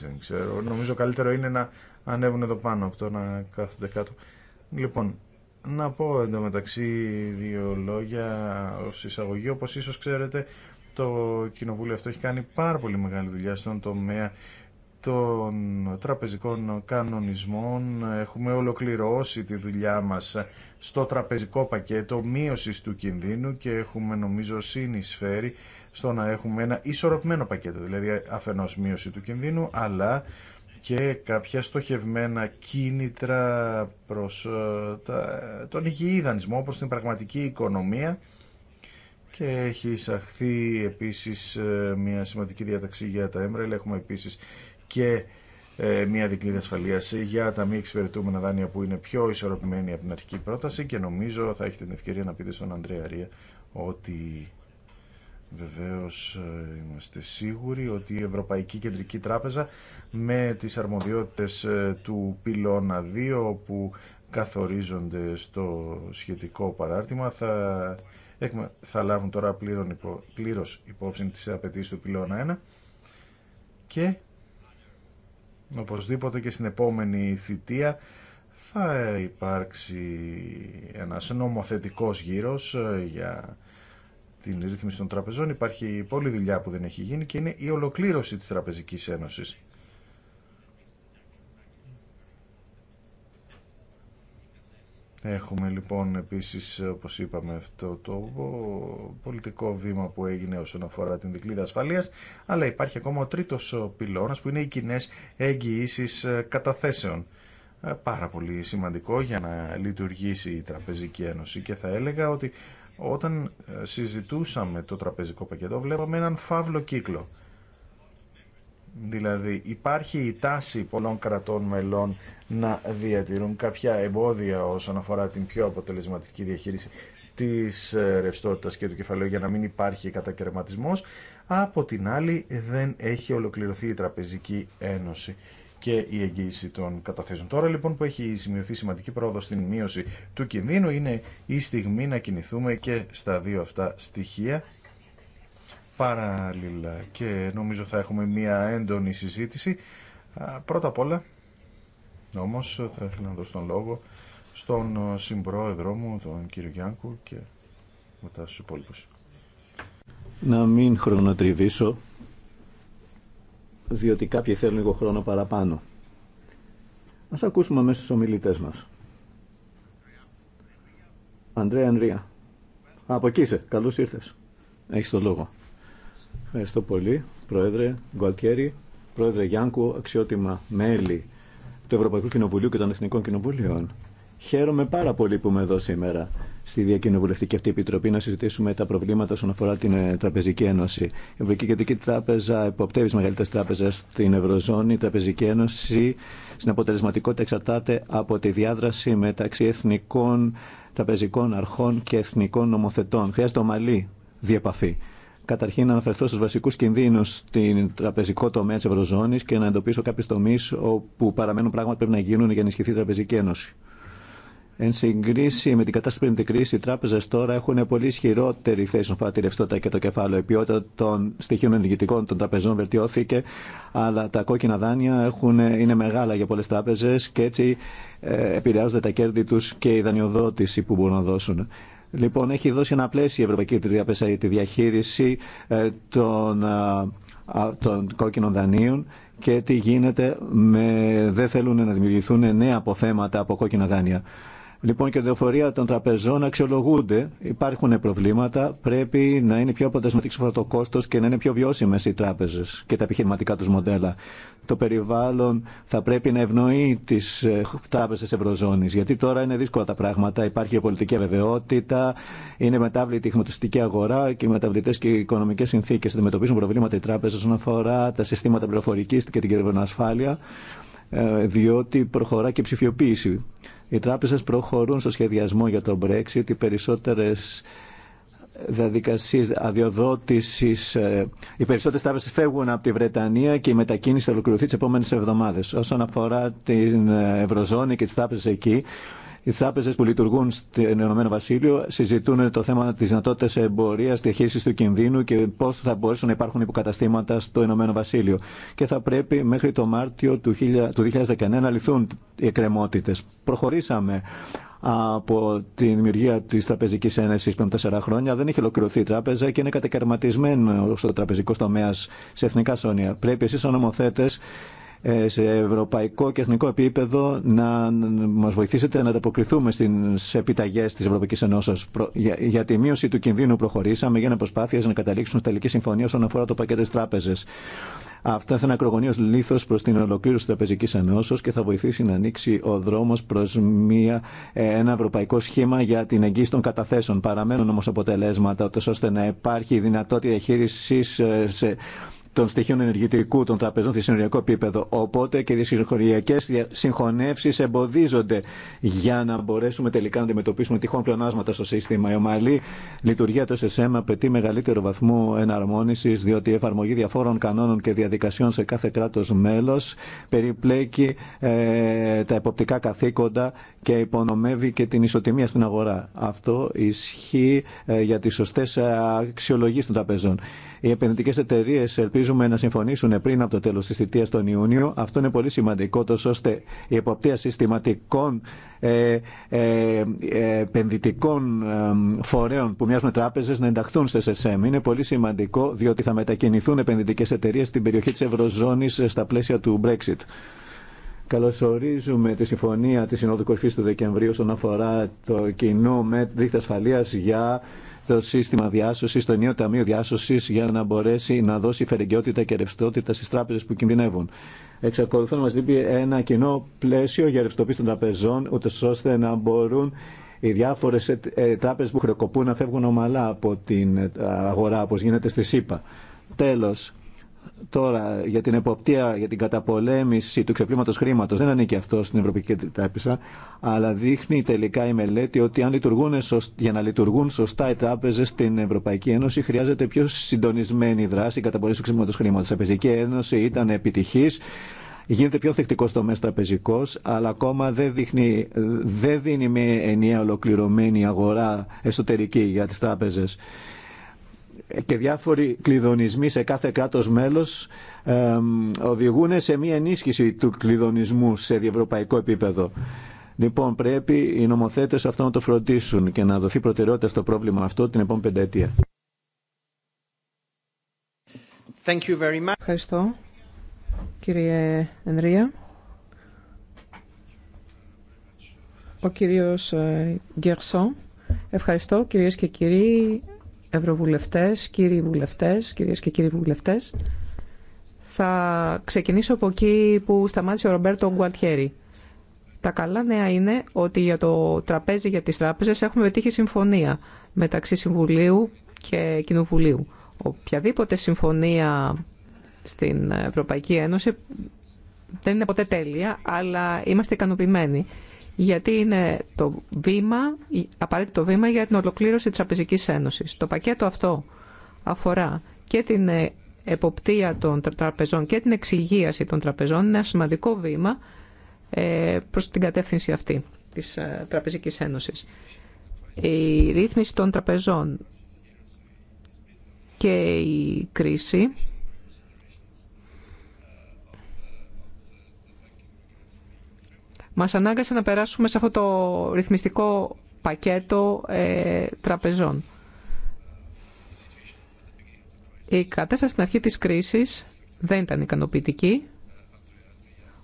δεν ξέρω. Νομίζω καλύτερο είναι να ανέβουν εδώ πάνω από το να κάθονται κάτω. Λοιπόν, να πω εντωμεταξύ δύο λόγια ως εισαγωγή. όπω ίσως ξέρετε, το κοινοβούλιο αυτό έχει κάνει πάρα πολύ μεγάλη δουλειά στον τομέα των τραπεζικών κανονισμών. Έχουμε ολοκληρώσει τη δουλειά μας στο τραπεζικό πακέτο μείωσης του κινδύνου και έχουμε νομίζω συνεισφέρει στο να έχουμε ένα ισορροπημένο πακέτο, δηλαδή αφενός μείωση του κινδύνου, αλλά και κάποια στοχευμένα κίνητρα προς ε, τον υγιή δανεισμό, προς την πραγματική οικονομία και έχει εισαχθεί επίσης ε, μια σημαντική διαταξή για τα έμπρελ. Έχουμε επίσης και ε, μια δικλίδα ασφαλείας για τα μη εξυπηρετούμενα δάνεια που είναι πιο ισορροπημένη από την αρχική πρόταση και νομίζω θα έχετε την ευκαιρία να πείτε στον Ανδρέα Ρία ότι Βεβαίως ε, είμαστε σίγουροι ότι η Ευρωπαϊκή Κεντρική Τράπεζα με τις αρμοδιότητες ε, του πυλώνα 2 που καθορίζονται στο σχετικό παράρτημα θα, θα λάβουν τώρα πλήρων, πλήρως υπόψη τις απαιτήσει του πυλώνα 1 και οπωσδήποτε και στην επόμενη θητεία θα υπάρξει ένας νομοθετικός γύρος ε, για την ρύθμιση των τραπεζών. Υπάρχει πολλή δουλειά που δεν έχει γίνει και είναι η ολοκλήρωση της Τραπεζικής Ένωσης. Έχουμε λοιπόν επίσης, όπως είπαμε, αυτό το πολιτικό βήμα που έγινε όσον αφορά την δικλίδα ασφαλείας, αλλά υπάρχει ακόμα ο τρίτος πυλώνας που είναι οι κοινέ εγγυήσει ε, καταθέσεων. Ε, πάρα πολύ σημαντικό για να λειτουργήσει η Τραπεζική Ένωση και θα έλεγα ότι όταν ε, συζητούσαμε το τραπεζικό πακέτο βλέπαμε έναν φαύλο κύκλο. Δηλαδή υπάρχει η τάση πολλών κρατών μελών να διατηρούν κάποια εμπόδια όσον αφορά την πιο αποτελεσματική διαχείριση της ε, ρευστότητα και του κεφαλαίου για να μην υπάρχει κατακαιρματισμός. Από την άλλη δεν έχει ολοκληρωθεί η Τραπεζική Ένωση και η εγγύηση των καταθέσεων. Τώρα λοιπόν που έχει σημειωθεί σημαντική πρόοδο στην μείωση του κινδύνου είναι η στιγμή να κινηθούμε και στα δύο αυτά στοιχεία παράλληλα και νομίζω θα έχουμε μία έντονη συζήτηση. Πρώτα απ' όλα όμως θα ήθελα να δώσω τον λόγο στον συμπρόεδρό μου, τον κύριο Γιάνκου και μετά στους υπόλοιπους.
Να μην χρονοτριβήσω διότι κάποιοι θέλουν λίγο χρόνο παραπάνω. Ας ακούσουμε μέσα στους ομιλητές μας. Ανδρέα Ανδρία. Από εκεί είσαι. Καλώς ήρθες. Έχεις το λόγο. Ευχαριστώ πολύ, Πρόεδρε Γκουαλτιέρη, Πρόεδρε Γιάνκου, αξιότιμα μέλη του Ευρωπαϊκού Κοινοβουλίου και των Εθνικών Κοινοβουλίων. Χαίρομαι πάρα πολύ που είμαι εδώ σήμερα στη Διακοινοβουλευτική αυτή επιτροπή να συζητήσουμε τα προβλήματα όσον αφορά την ε, Τραπεζική Ένωση. Η Ευρωπαϊκή Κεντρική Τράπεζα υποπτεύει τι μεγαλύτερε τράπεζε στην Ευρωζώνη. Η Τραπεζική Ένωση στην αποτελεσματικότητα εξαρτάται από τη διάδραση μεταξύ εθνικών τραπεζικών αρχών και εθνικών νομοθετών. Χρειάζεται ομαλή διεπαφή. Καταρχήν, να αναφερθώ στου βασικού κινδύνου στην τραπεζικό τομέα τη Ευρωζώνη και να εντοπίσω κάποιε τομεί όπου παραμένουν πράγματα πρέπει να γίνουν για να ενισχυθεί η Τραπεζική Ένωση. Εν συγκρίση με την κατάσταση πριν την κρίση, οι τράπεζε τώρα έχουν πολύ ισχυρότερη θέση όσον αφορά τη ρευστότητα και το κεφάλαιο. Η ποιότητα των στοιχείων ενεργητικών των τραπεζών βελτιώθηκε, αλλά τα κόκκινα δάνεια έχουν, είναι μεγάλα για πολλέ τράπεζε και έτσι ε, επηρεάζονται τα κέρδη του και η δανειοδότηση που μπορούν να δώσουν. Λοιπόν, έχει δώσει ένα πλαίσιο η Ευρωπαϊκή Τράπεζα για τη διαχείριση ε, των, ε, των κόκκινων δανείων και τι γίνεται με δεν θέλουν να δημιουργηθούν νέα αποθέματα από κόκκινα δάνεια. Λοιπόν, η κερδοφορία των τραπεζών αξιολογούνται. Υπάρχουν προβλήματα. Πρέπει να είναι πιο αποτελεσματικό το κόστο και να είναι πιο βιώσιμε οι τράπεζε και τα επιχειρηματικά του μοντέλα. Το περιβάλλον θα πρέπει να ευνοεί τι ε, τράπεζε Ευρωζώνη. Γιατί τώρα είναι δύσκολα τα πράγματα. Υπάρχει πολιτική αβεβαιότητα, είναι μετάβλητη η χρηματοστική αγορά και οι μεταβλητέ και οι οικονομικέ συνθήκε αντιμετωπίζουν προβλήματα οι τράπεζε όσον αφορά τα συστήματα πληροφορική και την ασφάλεια. Ε, διότι προχωρά και ψηφιοποίηση. Οι τράπεζες προχωρούν στο σχεδιασμό για το Brexit, οι περισσότερες διαδικασίες ε, Οι περισσότερες τράπεζες φεύγουν από τη Βρετανία και η μετακίνηση θα ολοκληρωθεί τις επόμενες εβδομάδες. Όσον αφορά την ε, Ευρωζώνη και τις τράπεζες εκεί, οι τράπεζε που λειτουργούν στην Ηνωμένο Βασίλειο συζητούν το θέμα τη δυνατότητα εμπορία, διαχείριση του κινδύνου και πώ θα μπορέσουν να υπάρχουν υποκαταστήματα στο Ηνωμένο Βασίλειο. Και θα πρέπει μέχρι το Μάρτιο του 2019 να λυθούν οι εκκρεμότητε. Προχωρήσαμε από τη δημιουργία τη Τραπεζική Ένωση πριν τέσσερα χρόνια. Δεν έχει ολοκληρωθεί η τράπεζα και είναι κατακαιρματισμένο ο τραπεζικό τομέα σε εθνικά σώνια. Πρέπει εσεί, ω νομοθέτε, ε, σε ευρωπαϊκό και εθνικό επίπεδο να μα βοηθήσετε να ανταποκριθούμε στι επιταγέ τη Ευρωπαϊκή Ενώσεω Για, τη μείωση του κινδύνου προχωρήσαμε για να προσπάθειε να καταλήξουν στη τελική συμφωνία όσον αφορά το πακέτο τη τράπεζα. Αυτό θα είναι ακρογωνίω λίθο προ την ολοκλήρωση τη Τραπεζική Ενώσεω και θα βοηθήσει να ανοίξει ο δρόμο προ ε, ένα ευρωπαϊκό σχήμα για την εγγύηση των καταθέσεων. Παραμένουν όμω αποτελέσματα, ώστε να υπάρχει δυνατότητα διαχείριση ε, σε των στοιχείων ενεργητικού των τραπεζών σε συνοριακό επίπεδο. Οπότε και οι συγχωριακέ συγχωνεύσει εμποδίζονται για να μπορέσουμε τελικά να αντιμετωπίσουμε τυχόν πλεονάσματα στο σύστημα. Η ομαλή λειτουργία του SSM απαιτεί μεγαλύτερο βαθμό εναρμόνιση, διότι η εφαρμογή διαφόρων κανόνων και διαδικασιών σε κάθε κράτο μέλο περιπλέκει ε, τα εποπτικά καθήκοντα και υπονομεύει και την ισοτιμία στην αγορά. Αυτό ισχύει ε, για τι σωστέ ε, αξιολογίε των τραπεζών. Οι επενδυτικέ εταιρείε, ελπίζουμε να συμφωνήσουν πριν από το τέλο τη θητεία τον Ιούνιο. Αυτό είναι πολύ σημαντικό, τόσο ώστε η εποπτεία συστηματικών ε, ε, ε επενδυτικών ε, φορέων που μοιάζουν τράπεζε να ενταχθούν στο SSM. Είναι πολύ σημαντικό, διότι θα μετακινηθούν επενδυτικέ εταιρείε στην περιοχή τη Ευρωζώνη ε, στα πλαίσια του Brexit. Καλωσορίζουμε τη συμφωνία τη Συνόδου Κορφή του Δεκεμβρίου όσον αφορά το κοινό με δίκτυα ασφαλεία για το σύστημα διάσωση, το ενίο ταμείο διάσωση για να μπορέσει να δώσει φερεγκιότητα και ρευστότητα στι τράπεζε που κινδυνεύουν. Εξακολουθώ να μα δείπει ένα κοινό πλαίσιο για ρευστοποίηση των τραπεζών, ούτω ώστε να μπορούν οι διάφορε ε, τράπεζε που χρεοκοπούν να φεύγουν ομαλά από την ε, αγορά, όπω γίνεται στη ΣΥΠΑ. Τέλο, Τώρα, για την εποπτεία, για την καταπολέμηση του ξεπλήματος χρήματος, δεν ανήκει αυτό στην Ευρωπαϊκή Τράπεζα, αλλά δείχνει τελικά η μελέτη ότι αν λειτουργούν για να λειτουργούν σωστά οι τράπεζες στην Ευρωπαϊκή Ένωση χρειάζεται πιο συντονισμένη δράση η καταπολέμηση του ξεπλήματος χρήματος. Η Τραπεζική Ένωση ήταν επιτυχής, γίνεται πιο θεκτικό τομέα τραπεζικό, αλλά ακόμα δεν, δείχνει, δεν δίνει μια ενιαία ολοκληρωμένη αγορά εσωτερική για τι τράπεζε και διάφοροι κλειδονισμοί σε κάθε κράτος μέλος ε, οδηγούν σε μία ενίσχυση του κλειδονισμού σε διευρωπαϊκό επίπεδο. Λοιπόν, πρέπει οι νομοθέτες αυτό να το φροντίσουν και να δοθεί προτεραιότητα στο πρόβλημα αυτό την επόμενη πενταετία.
Ευχαριστώ, κύριε Ενρία. Ο κύριος ε, Γκερσόν. Ευχαριστώ, κυρίες και κύριοι ευρωβουλευτές, κύριοι βουλευτές, κυρίες και κύριοι βουλευτές. Θα ξεκινήσω από εκεί που σταμάτησε ο Ρομπέρτο Γκουαλτιέρη. Τα καλά νέα είναι ότι για το τραπέζι για τις τράπεζες έχουμε πετύχει συμφωνία μεταξύ Συμβουλίου και Κοινοβουλίου. Οποιαδήποτε συμφωνία στην Ευρωπαϊκή Ένωση δεν είναι ποτέ τέλεια, αλλά είμαστε ικανοποιημένοι γιατί είναι το βήμα, απαραίτητο βήμα για την ολοκλήρωση της Τραπεζικής Ένωσης. Το πακέτο αυτό αφορά και την εποπτεία των τραπεζών και την εξυγίαση των τραπεζών. Είναι ένα σημαντικό βήμα ε, προς την κατεύθυνση αυτή της ε, Τραπεζικής Ένωσης. Η ρύθμιση των τραπεζών και η κρίση μας ανάγκασε να περάσουμε σε αυτό το ρυθμιστικό πακέτο ε, τραπεζών. Η κατάσταση στην αρχή της κρίσης δεν ήταν ικανοποιητική,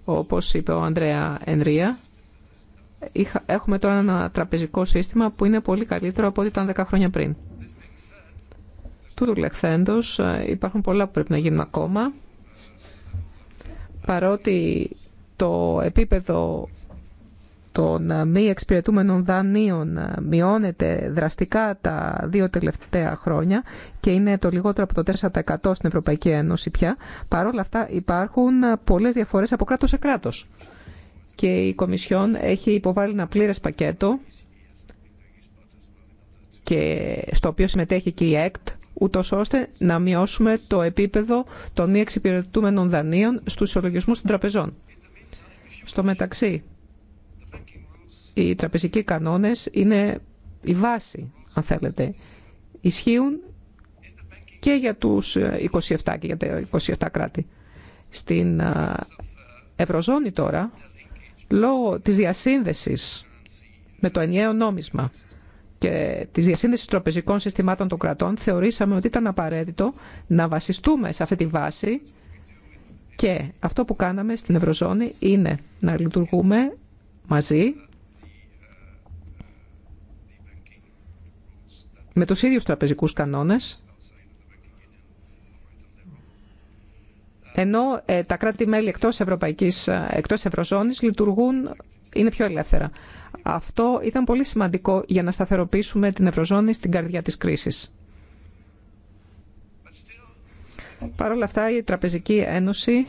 όπως είπε ο Ανδρέα Ενρία. Έχουμε τώρα ένα τραπεζικό σύστημα που είναι πολύ καλύτερο από ό,τι ήταν 10 χρόνια πριν. Τούτου λεχθέντος ε, υπάρχουν πολλά που πρέπει να γίνουν ακόμα. Παρότι το επίπεδο των μη εξυπηρετούμενων δανείων μειώνεται δραστικά τα δύο τελευταία χρόνια και είναι το λιγότερο από το 4% στην Ευρωπαϊκή Ένωση πια, όλα αυτά υπάρχουν πολλές διαφορές από κράτος σε κράτος. Και η Κομισιόν έχει υποβάλει ένα πλήρες πακέτο και στο οποίο συμμετέχει και η ΕΚΤ, ούτω ώστε να μειώσουμε το επίπεδο των μη εξυπηρετούμενων δανείων στους ισολογισμούς των τραπεζών. Στο μεταξύ, οι τραπεζικοί κανόνες είναι η βάση, αν θέλετε. Ισχύουν και για τους 27 και για τα 27 κράτη. Στην Ευρωζώνη τώρα, λόγω της διασύνδεσης με το ενιαίο νόμισμα και της διασύνδεσης τραπεζικών συστημάτων των κρατών, θεωρήσαμε ότι ήταν απαραίτητο να βασιστούμε σε αυτή τη βάση και αυτό που κάναμε στην Ευρωζώνη είναι να λειτουργούμε μαζί με τους ίδιους τραπεζικούς κανόνες, ενώ ε, τα κράτη-μέλη εκτός, Ευρωπαϊκής, ε, εκτός Ευρωζώνης λειτουργούν, είναι πιο ελεύθερα. Αυτό ήταν πολύ σημαντικό για να σταθεροποιήσουμε την Ευρωζώνη στην καρδιά της κρίσης. Παρ' όλα αυτά η Τραπεζική Ένωση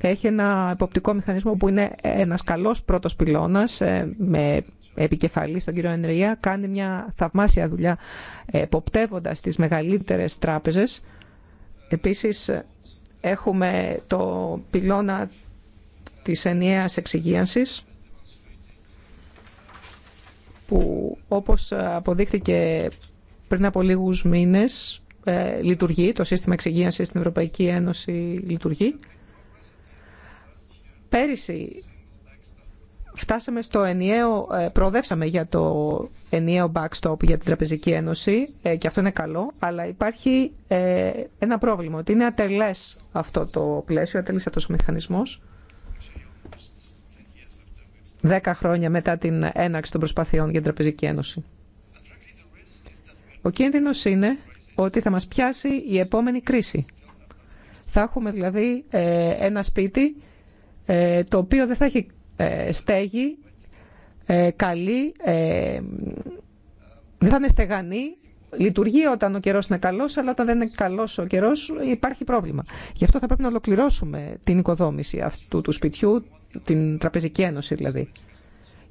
έχει ένα εποπτικό μηχανισμό που είναι ένας καλός πρώτος πυλώνας ε, με επικεφαλή στον κύριο Ενρία. Κάνει μια θαυμάσια δουλειά ε, εποπτεύοντας τις μεγαλύτερες τράπεζες. Επίσης έχουμε το πυλώνα της ενιαίας εξυγίανσης που όπως αποδείχθηκε πριν από λίγους μήνες ε, το σύστημα εξυγείασης στην Ευρωπαϊκή Ένωση λειτουργεί. Πέρυσι φτάσαμε στο ενιαίο, ε, προοδεύσαμε για το ενιαίο backstop για την Τραπεζική Ένωση ε, και αυτό είναι καλό, αλλά υπάρχει ε, ένα πρόβλημα, ότι είναι ατελές αυτό το πλαίσιο, ατελής αυτός ο μηχανισμός. Δέκα χρόνια μετά την έναρξη των προσπαθειών για την Τραπεζική Ένωση. Ο κίνδυνος είναι ότι θα μας πιάσει η επόμενη κρίση. Θα έχουμε δηλαδή ε, ένα σπίτι ε, το οποίο δεν θα έχει ε, στέγη καλή, δεν θα είναι στεγανή, λειτουργεί όταν ο καιρός είναι καλός, αλλά όταν δεν είναι καλός ο καιρός υπάρχει πρόβλημα. Γι' αυτό θα πρέπει να ολοκληρώσουμε την οικοδόμηση αυτού του σπιτιού, την Τραπεζική Ένωση δηλαδή.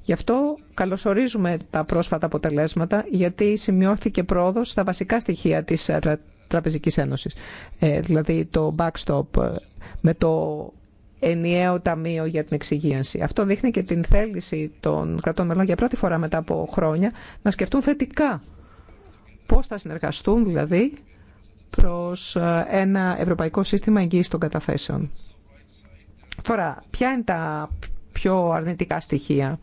Γι' αυτό καλωσορίζουμε τα πρόσφατα αποτελέσματα, γιατί σημειώθηκε πρόοδο στα βασικά στοιχεία της ε, Τραπεζικής Ένωσης. Ε, δηλαδή το backstop ε, με το ενιαίο ταμείο για την εξυγίανση. Αυτό δείχνει και την θέληση των κρατών μελών για πρώτη φορά μετά από χρόνια να σκεφτούν θετικά πώς θα συνεργαστούν δηλαδή προς ε, ένα ευρωπαϊκό σύστημα εγγύησης των καταθέσεων. Τώρα, ποια είναι τα πιο αρνητικά στοιχεία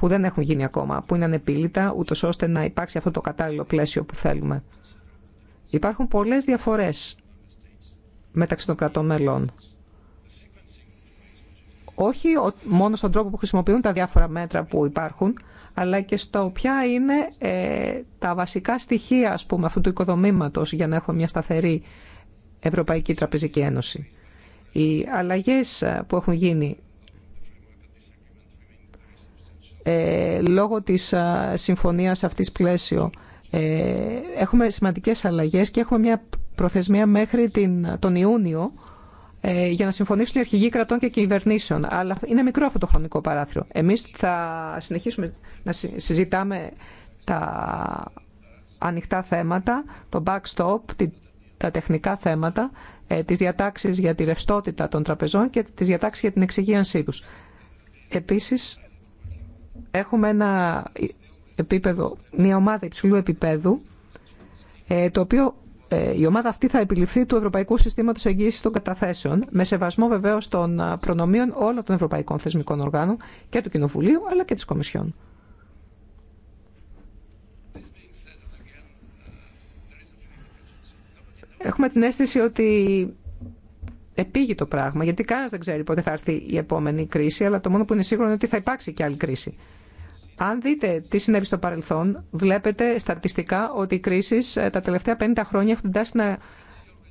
που δεν έχουν γίνει ακόμα, που είναι ανεπίλητα, ούτω ώστε να υπάρξει αυτό το κατάλληλο πλαίσιο που θέλουμε. Υπάρχουν πολλές διαφορές μεταξύ των κρατών μελών. Όχι μόνο στον τρόπο που χρησιμοποιούν τα διάφορα μέτρα που υπάρχουν, αλλά και στο ποια είναι ε, τα βασικά στοιχεία ας πούμε, αυτού του οικοδομήματος για να έχουμε μια σταθερή Ευρωπαϊκή Τραπεζική Ένωση. Οι αλλαγές ε, που έχουν γίνει ε, λόγω της συμφωνίας αυτής πλαίσιο ε, έχουμε σημαντικές αλλαγές και έχουμε μια προθεσμία μέχρι την, τον Ιούνιο ε, για να συμφωνήσουν οι αρχηγοί κρατών και κυβερνήσεων. Αλλά είναι μικρό αυτό το χρονικό παράθυρο. Εμείς θα συνεχίσουμε να συζητάμε τα ανοιχτά θέματα, το backstop, τα τεχνικά θέματα, τις διατάξεις για τη ρευστότητα των τραπεζών και τις διατάξεις για την εξυγίανσή τους. Επίσης, Έχουμε ένα επίπεδο, μια ομάδα υψηλού επίπεδου, ε, το οποίο ε, η ομάδα αυτή θα επιληφθεί του Ευρωπαϊκού Συστήματος Εγγύησης των Καταθέσεων, με σεβασμό βεβαίως των προνομίων όλων των ευρωπαϊκών θεσμικών οργάνων και του Κοινοβουλίου, αλλά και της Κομισιόν. Έχουμε την αίσθηση ότι επήγει το πράγμα, γιατί κανένα δεν ξέρει πότε θα έρθει η επόμενη κρίση, αλλά το μόνο που είναι σίγουρο είναι ότι θα υπάρξει και άλλη κρίση. Αν δείτε τι συνέβη στο παρελθόν, βλέπετε στατιστικά ότι οι κρίσεις ε, τα τελευταία 50 χρόνια έχουν τάσει να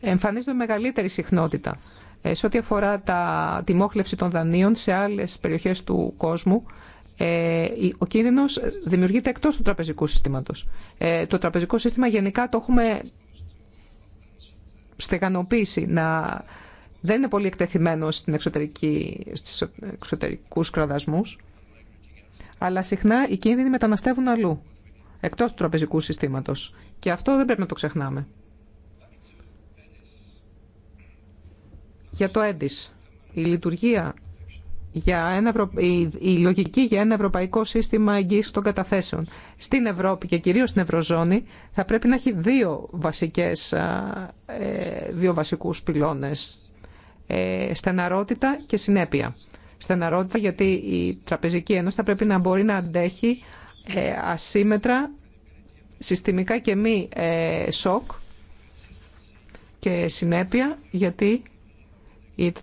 εμφανίζονται μεγαλύτερη συχνότητα. Ε, σε ό,τι αφορά τα, τη μόχλευση των δανείων σε άλλες περιοχές του κόσμου, ε, ο κίνδυνο δημιουργείται εκτός του τραπεζικού συστήματος. το τραπεζικό σύστημα γενικά το έχουμε στεγανοποίησει. να δεν είναι πολύ εκτεθειμένο στην εξωτερική, στις αλλά συχνά οι κίνδυνοι μεταναστεύουν αλλού, εκτός του τραπεζικού συστήματος. Και αυτό δεν πρέπει να το ξεχνάμε. Για το έντις, η λειτουργία, για ένα η... λογική για ένα ευρωπαϊκό σύστημα εγγύηση των καταθέσεων στην Ευρώπη και κυρίως στην Ευρωζώνη θα πρέπει να έχει δύο, βασικές, ε, δύο βασικούς πυλώνες ε, στεναρότητα και συνέπεια στεναρότητα γιατί η Τραπεζική Ένωση θα πρέπει να μπορεί να αντέχει ε, ασύμετρα, συστημικά και μη ε, σοκ και συνέπεια γιατί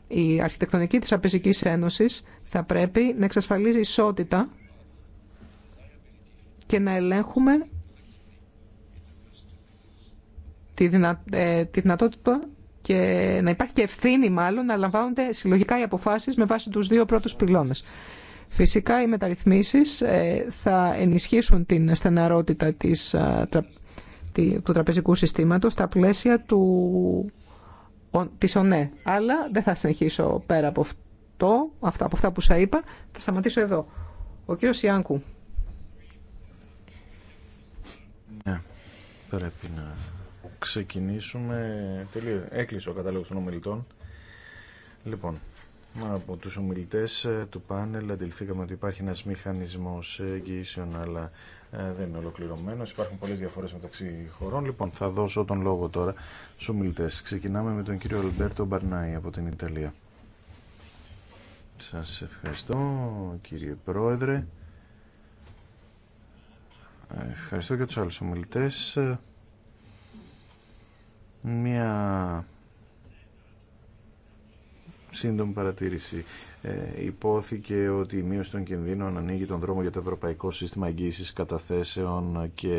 η αρχιτεκτονική της Τραπεζικής Ένωσης θα πρέπει να εξασφαλίζει ισότητα και να ελέγχουμε τη ε, δυνατότητα και να υπάρχει και ευθύνη μάλλον να λαμβάνονται συλλογικά οι αποφάσεις με βάση τους δύο πρώτους πυλώνες. Φυσικά οι μεταρρυθμίσεις ε, θα ενισχύσουν την στεναρότητα της, ε, του τραπεζικού συστήματος στα πλαίσια του, της ΟΝΕ. Αλλά δεν θα συνεχίσω πέρα από αυτό, αυτά, από αυτά που σας είπα. Θα σταματήσω εδώ. Ο κύριος Ιάνκου.
Ναι, ξεκινήσουμε. Τελείω. Έκλεισε ο κατάλογο των ομιλητών. Λοιπόν, από του ομιλητέ ε, του πάνελ αντιληφθήκαμε ότι υπάρχει ένα μηχανισμό εγγυήσεων αλλά ε, δεν είναι ολοκληρωμένο. Υπάρχουν πολλέ διαφορέ μεταξύ χωρών. Λοιπόν, θα δώσω τον λόγο τώρα στου ομιλητέ. Ξεκινάμε με τον κύριο Αλμπέρτο Μπαρνάη από την Ιταλία. Σα ευχαριστώ κύριε Πρόεδρε. Ε, ευχαριστώ και τους άλλους ομιλητές. Μία σύντομη παρατήρηση. Ε, υπόθηκε ότι η μείωση των κινδύνων ανοίγει τον δρόμο για το Ευρωπαϊκό Σύστημα Εγγύησης Καταθέσεων και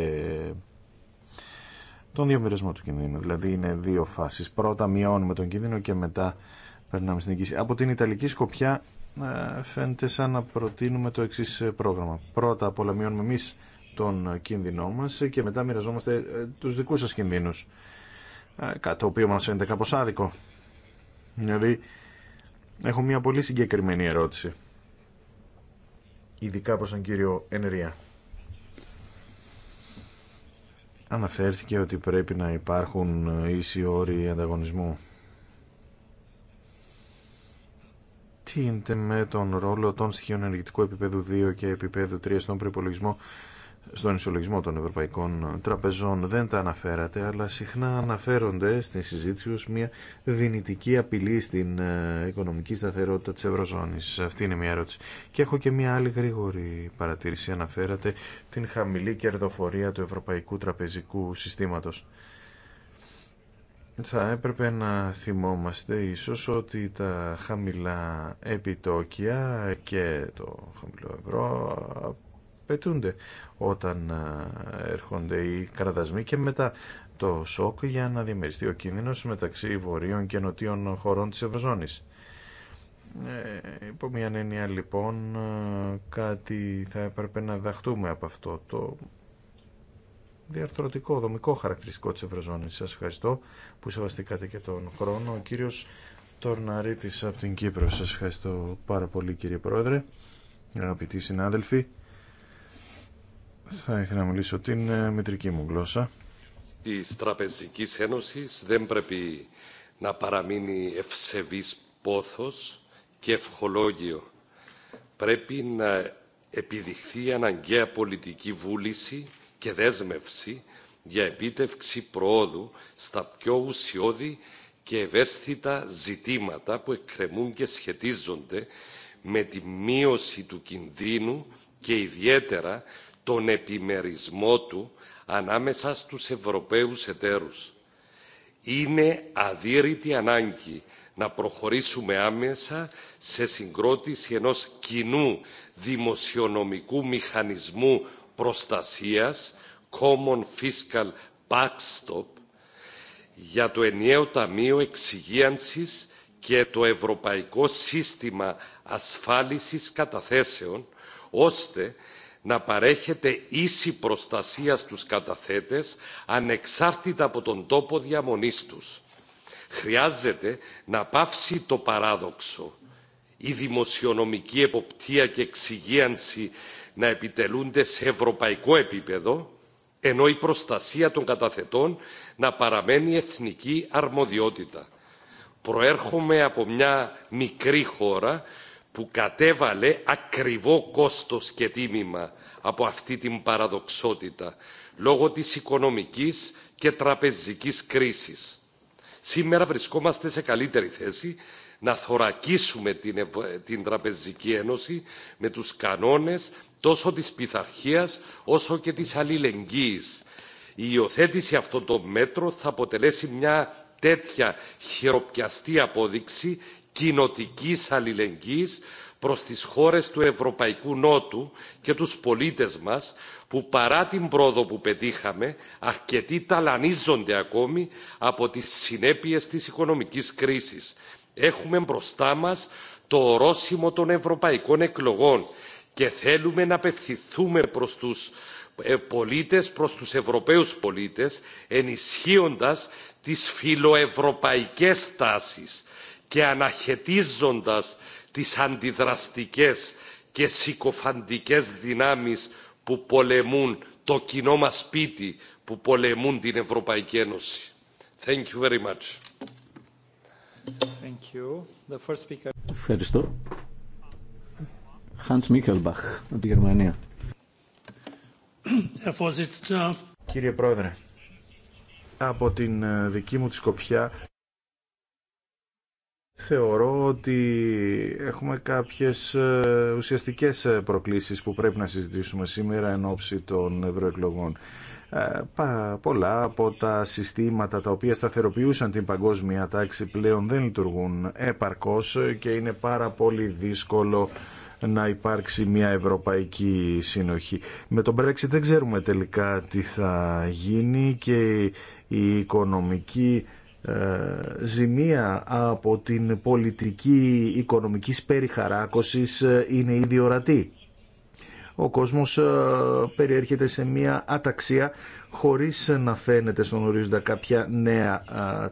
τον διαμερισμό του κινδύνου. Δηλαδή είναι δύο φάσεις. Πρώτα μειώνουμε τον κίνδυνο και μετά περνάμε στην εγγύηση. Από την Ιταλική σκοπιά ε, φαίνεται σαν να προτείνουμε το εξή πρόγραμμα. Πρώτα μειώνουμε εμεί τον κίνδυνό μας και μετά μοιραζόμαστε ε, τους δικούς σας κινδύνους. Κάτι το οποίο μας φαίνεται κάπως άδικο. Δηλαδή, έχω μια πολύ συγκεκριμένη ερώτηση. Ειδικά προς τον κύριο Ενερία. Αναφέρθηκε ότι πρέπει να υπάρχουν ίσοι όροι ανταγωνισμού. Τι είναι με τον ρόλο των στοιχείων ενεργητικού επίπεδου 2 και επίπεδου 3 στον προπολογισμό στον ισολογισμό των Ευρωπαϊκών Τραπεζών δεν τα αναφέρατε, αλλά συχνά αναφέρονται στην συζήτηση ως μια δυνητική απειλή στην ε, οικονομική σταθερότητα της Ευρωζώνης. Αυτή είναι μια ερώτηση. Και έχω και μια άλλη γρήγορη παρατήρηση. Αναφέρατε την χαμηλή κερδοφορία του Ευρωπαϊκού Τραπεζικού Συστήματος. Θα έπρεπε να θυμόμαστε ίσως ότι τα χαμηλά επιτόκια και το χαμηλό ευρώ πετούνται όταν ε, έρχονται οι κραδασμοί και μετά το σοκ για να διαμεριστεί ο κίνδυνος μεταξύ βορείων και νοτίων χωρών της Ευρωζώνης. Ε, υπό μια έννοια λοιπόν ε, κάτι θα έπρεπε να δαχτούμε από αυτό το διαρθρωτικό, δομικό χαρακτηριστικό της Ευρωζώνης. Σας ευχαριστώ που σεβαστήκατε και τον χρόνο. Ο κύριος Τορναρίτης από την Κύπρο. Σας ευχαριστώ πάρα πολύ κύριε Πρόεδρε, αγαπητοί συνάδελφοι. Θα ήθελα να μιλήσω την ε, μητρική μου γλώσσα.
Τη Τραπεζική Ένωση δεν πρέπει να παραμείνει ευσεβή πόθος και ευχολόγιο. Πρέπει να επιδειχθεί αναγκαία πολιτική βούληση και δέσμευση για επίτευξη προόδου στα πιο ουσιώδη και ευαίσθητα ζητήματα που εκκρεμούν και σχετίζονται με τη μείωση του κινδύνου και ιδιαίτερα τον επιμερισμό του ανάμεσα στους Ευρωπαίους εταίρους. Είναι αδύρυτη ανάγκη να προχωρήσουμε άμεσα σε συγκρότηση ενός κοινού δημοσιονομικού μηχανισμού προστασίας, Common Fiscal Backstop, για το ενιαίο Ταμείο Εξυγίανσης και το Ευρωπαϊκό Σύστημα Ασφάλισης Καταθέσεων, ώστε να παρέχεται ίση προστασία στους καταθέτες ανεξάρτητα από τον τόπο διαμονής τους. Χρειάζεται να πάυσει το παράδοξο η δημοσιονομική εποπτεία και εξυγίανση να επιτελούνται σε ευρωπαϊκό επίπεδο, ενώ η προστασία των καταθετών να παραμένει εθνική αρμοδιότητα. Προέρχομαι από μια μικρή χώρα που κατέβαλε ακριβό κόστος και τίμημα από αυτή την παραδοξότητα λόγω της οικονομικής και τραπεζικής κρίσης. Σήμερα βρισκόμαστε σε καλύτερη θέση να θωρακίσουμε την, την Τραπεζική Ένωση με τους κανόνες τόσο της πειθαρχία όσο και της αλληλεγγύης. Η υιοθέτηση αυτών των μέτρων θα αποτελέσει μια τέτοια χειροπιαστή απόδειξη κοινοτικής αλληλεγγύης προς τις χώρες του Ευρωπαϊκού Νότου και τους πολίτες μας που παρά την πρόοδο που πετύχαμε αρκετοί ταλανίζονται ακόμη από τις συνέπειες της οικονομικής κρίσης. Έχουμε μπροστά μας το ορόσημο των ευρωπαϊκών εκλογών και θέλουμε να απευθυνθούμε προς τους ε, πολίτες, προς τους Ευρωπαίους πολίτες ενισχύοντας τις φιλοευρωπαϊκές τάσεις και αναχαιτίζοντας τις αντιδραστικές και συκοφαντικές δυνάμεις που πολεμούν το κοινό μας σπίτι, που πολεμούν την Ευρωπαϊκή Ένωση. Thank you very much. Thank you. The first speaker... Ευχαριστώ.
Hans Michelbach από τη Γερμανία.
Κύριε Πρόεδρε,
από την ε,
δική μου τη σκοπιά Θεωρώ ότι έχουμε κάποιες ε, ουσιαστικές ε, προκλήσεις που πρέπει να συζητήσουμε σήμερα εν ώψη των ευρωεκλογών. Ε, πολλά από τα συστήματα τα οποία σταθεροποιούσαν την παγκόσμια τάξη πλέον δεν λειτουργούν επαρκώς και είναι πάρα πολύ δύσκολο να υπάρξει μια ευρωπαϊκή συνοχή. Με τον Brexit δεν ξέρουμε τελικά τι θα γίνει και η οικονομική ε, ζημία από την πολιτική οικονομικής περιχαράκωσης ε, είναι ήδη ορατή. Ο κόσμος ε, περιέρχεται σε μία αταξία χωρίς να φαίνεται στον ορίζοντα κάποια νέα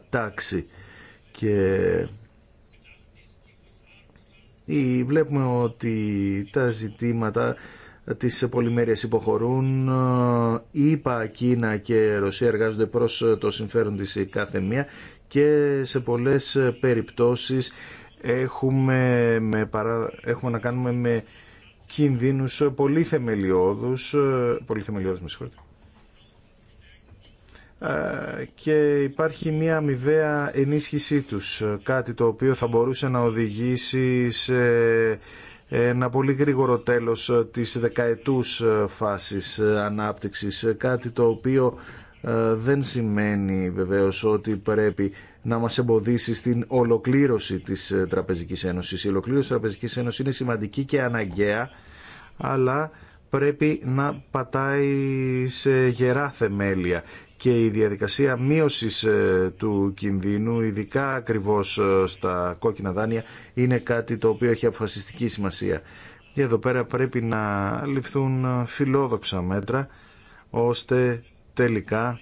τάξη. Και βλέπουμε ότι τα ζητήματα τις πολυμέρειες υποχωρούν. Είπα, Κίνα και Ρωσία εργάζονται προς ε, το συμφέρον της κάθε μία και σε πολλές ε, περιπτώσεις έχουμε, με παρά... έχουμε να κάνουμε με κινδύνους ε, πολύ θεμελιώδους, πολύ θεμελιώδους με και υπάρχει μια αμοιβαία ενίσχυσή τους, κάτι το οποίο θα μπορούσε να οδηγήσει σε ένα πολύ γρήγορο τέλος ε, της δεκαετούς ε, φάσης ε, ανάπτυξης, κάτι το οποίο δεν σημαίνει βεβαίως ότι πρέπει να μας εμποδίσει στην ολοκλήρωση της Τραπεζικής Ένωσης. Η ολοκλήρωση της Τραπεζικής Ένωσης είναι σημαντική και αναγκαία, αλλά πρέπει να πατάει σε γερά θεμέλια και η διαδικασία μείωσης ε, του κινδύνου, ειδικά ακριβώς ε, στα κόκκινα δάνεια, είναι κάτι το οποίο έχει αποφασιστική σημασία. Και εδώ πέρα πρέπει να ληφθούν ε, φιλόδοξα μέτρα, ώστε τελικά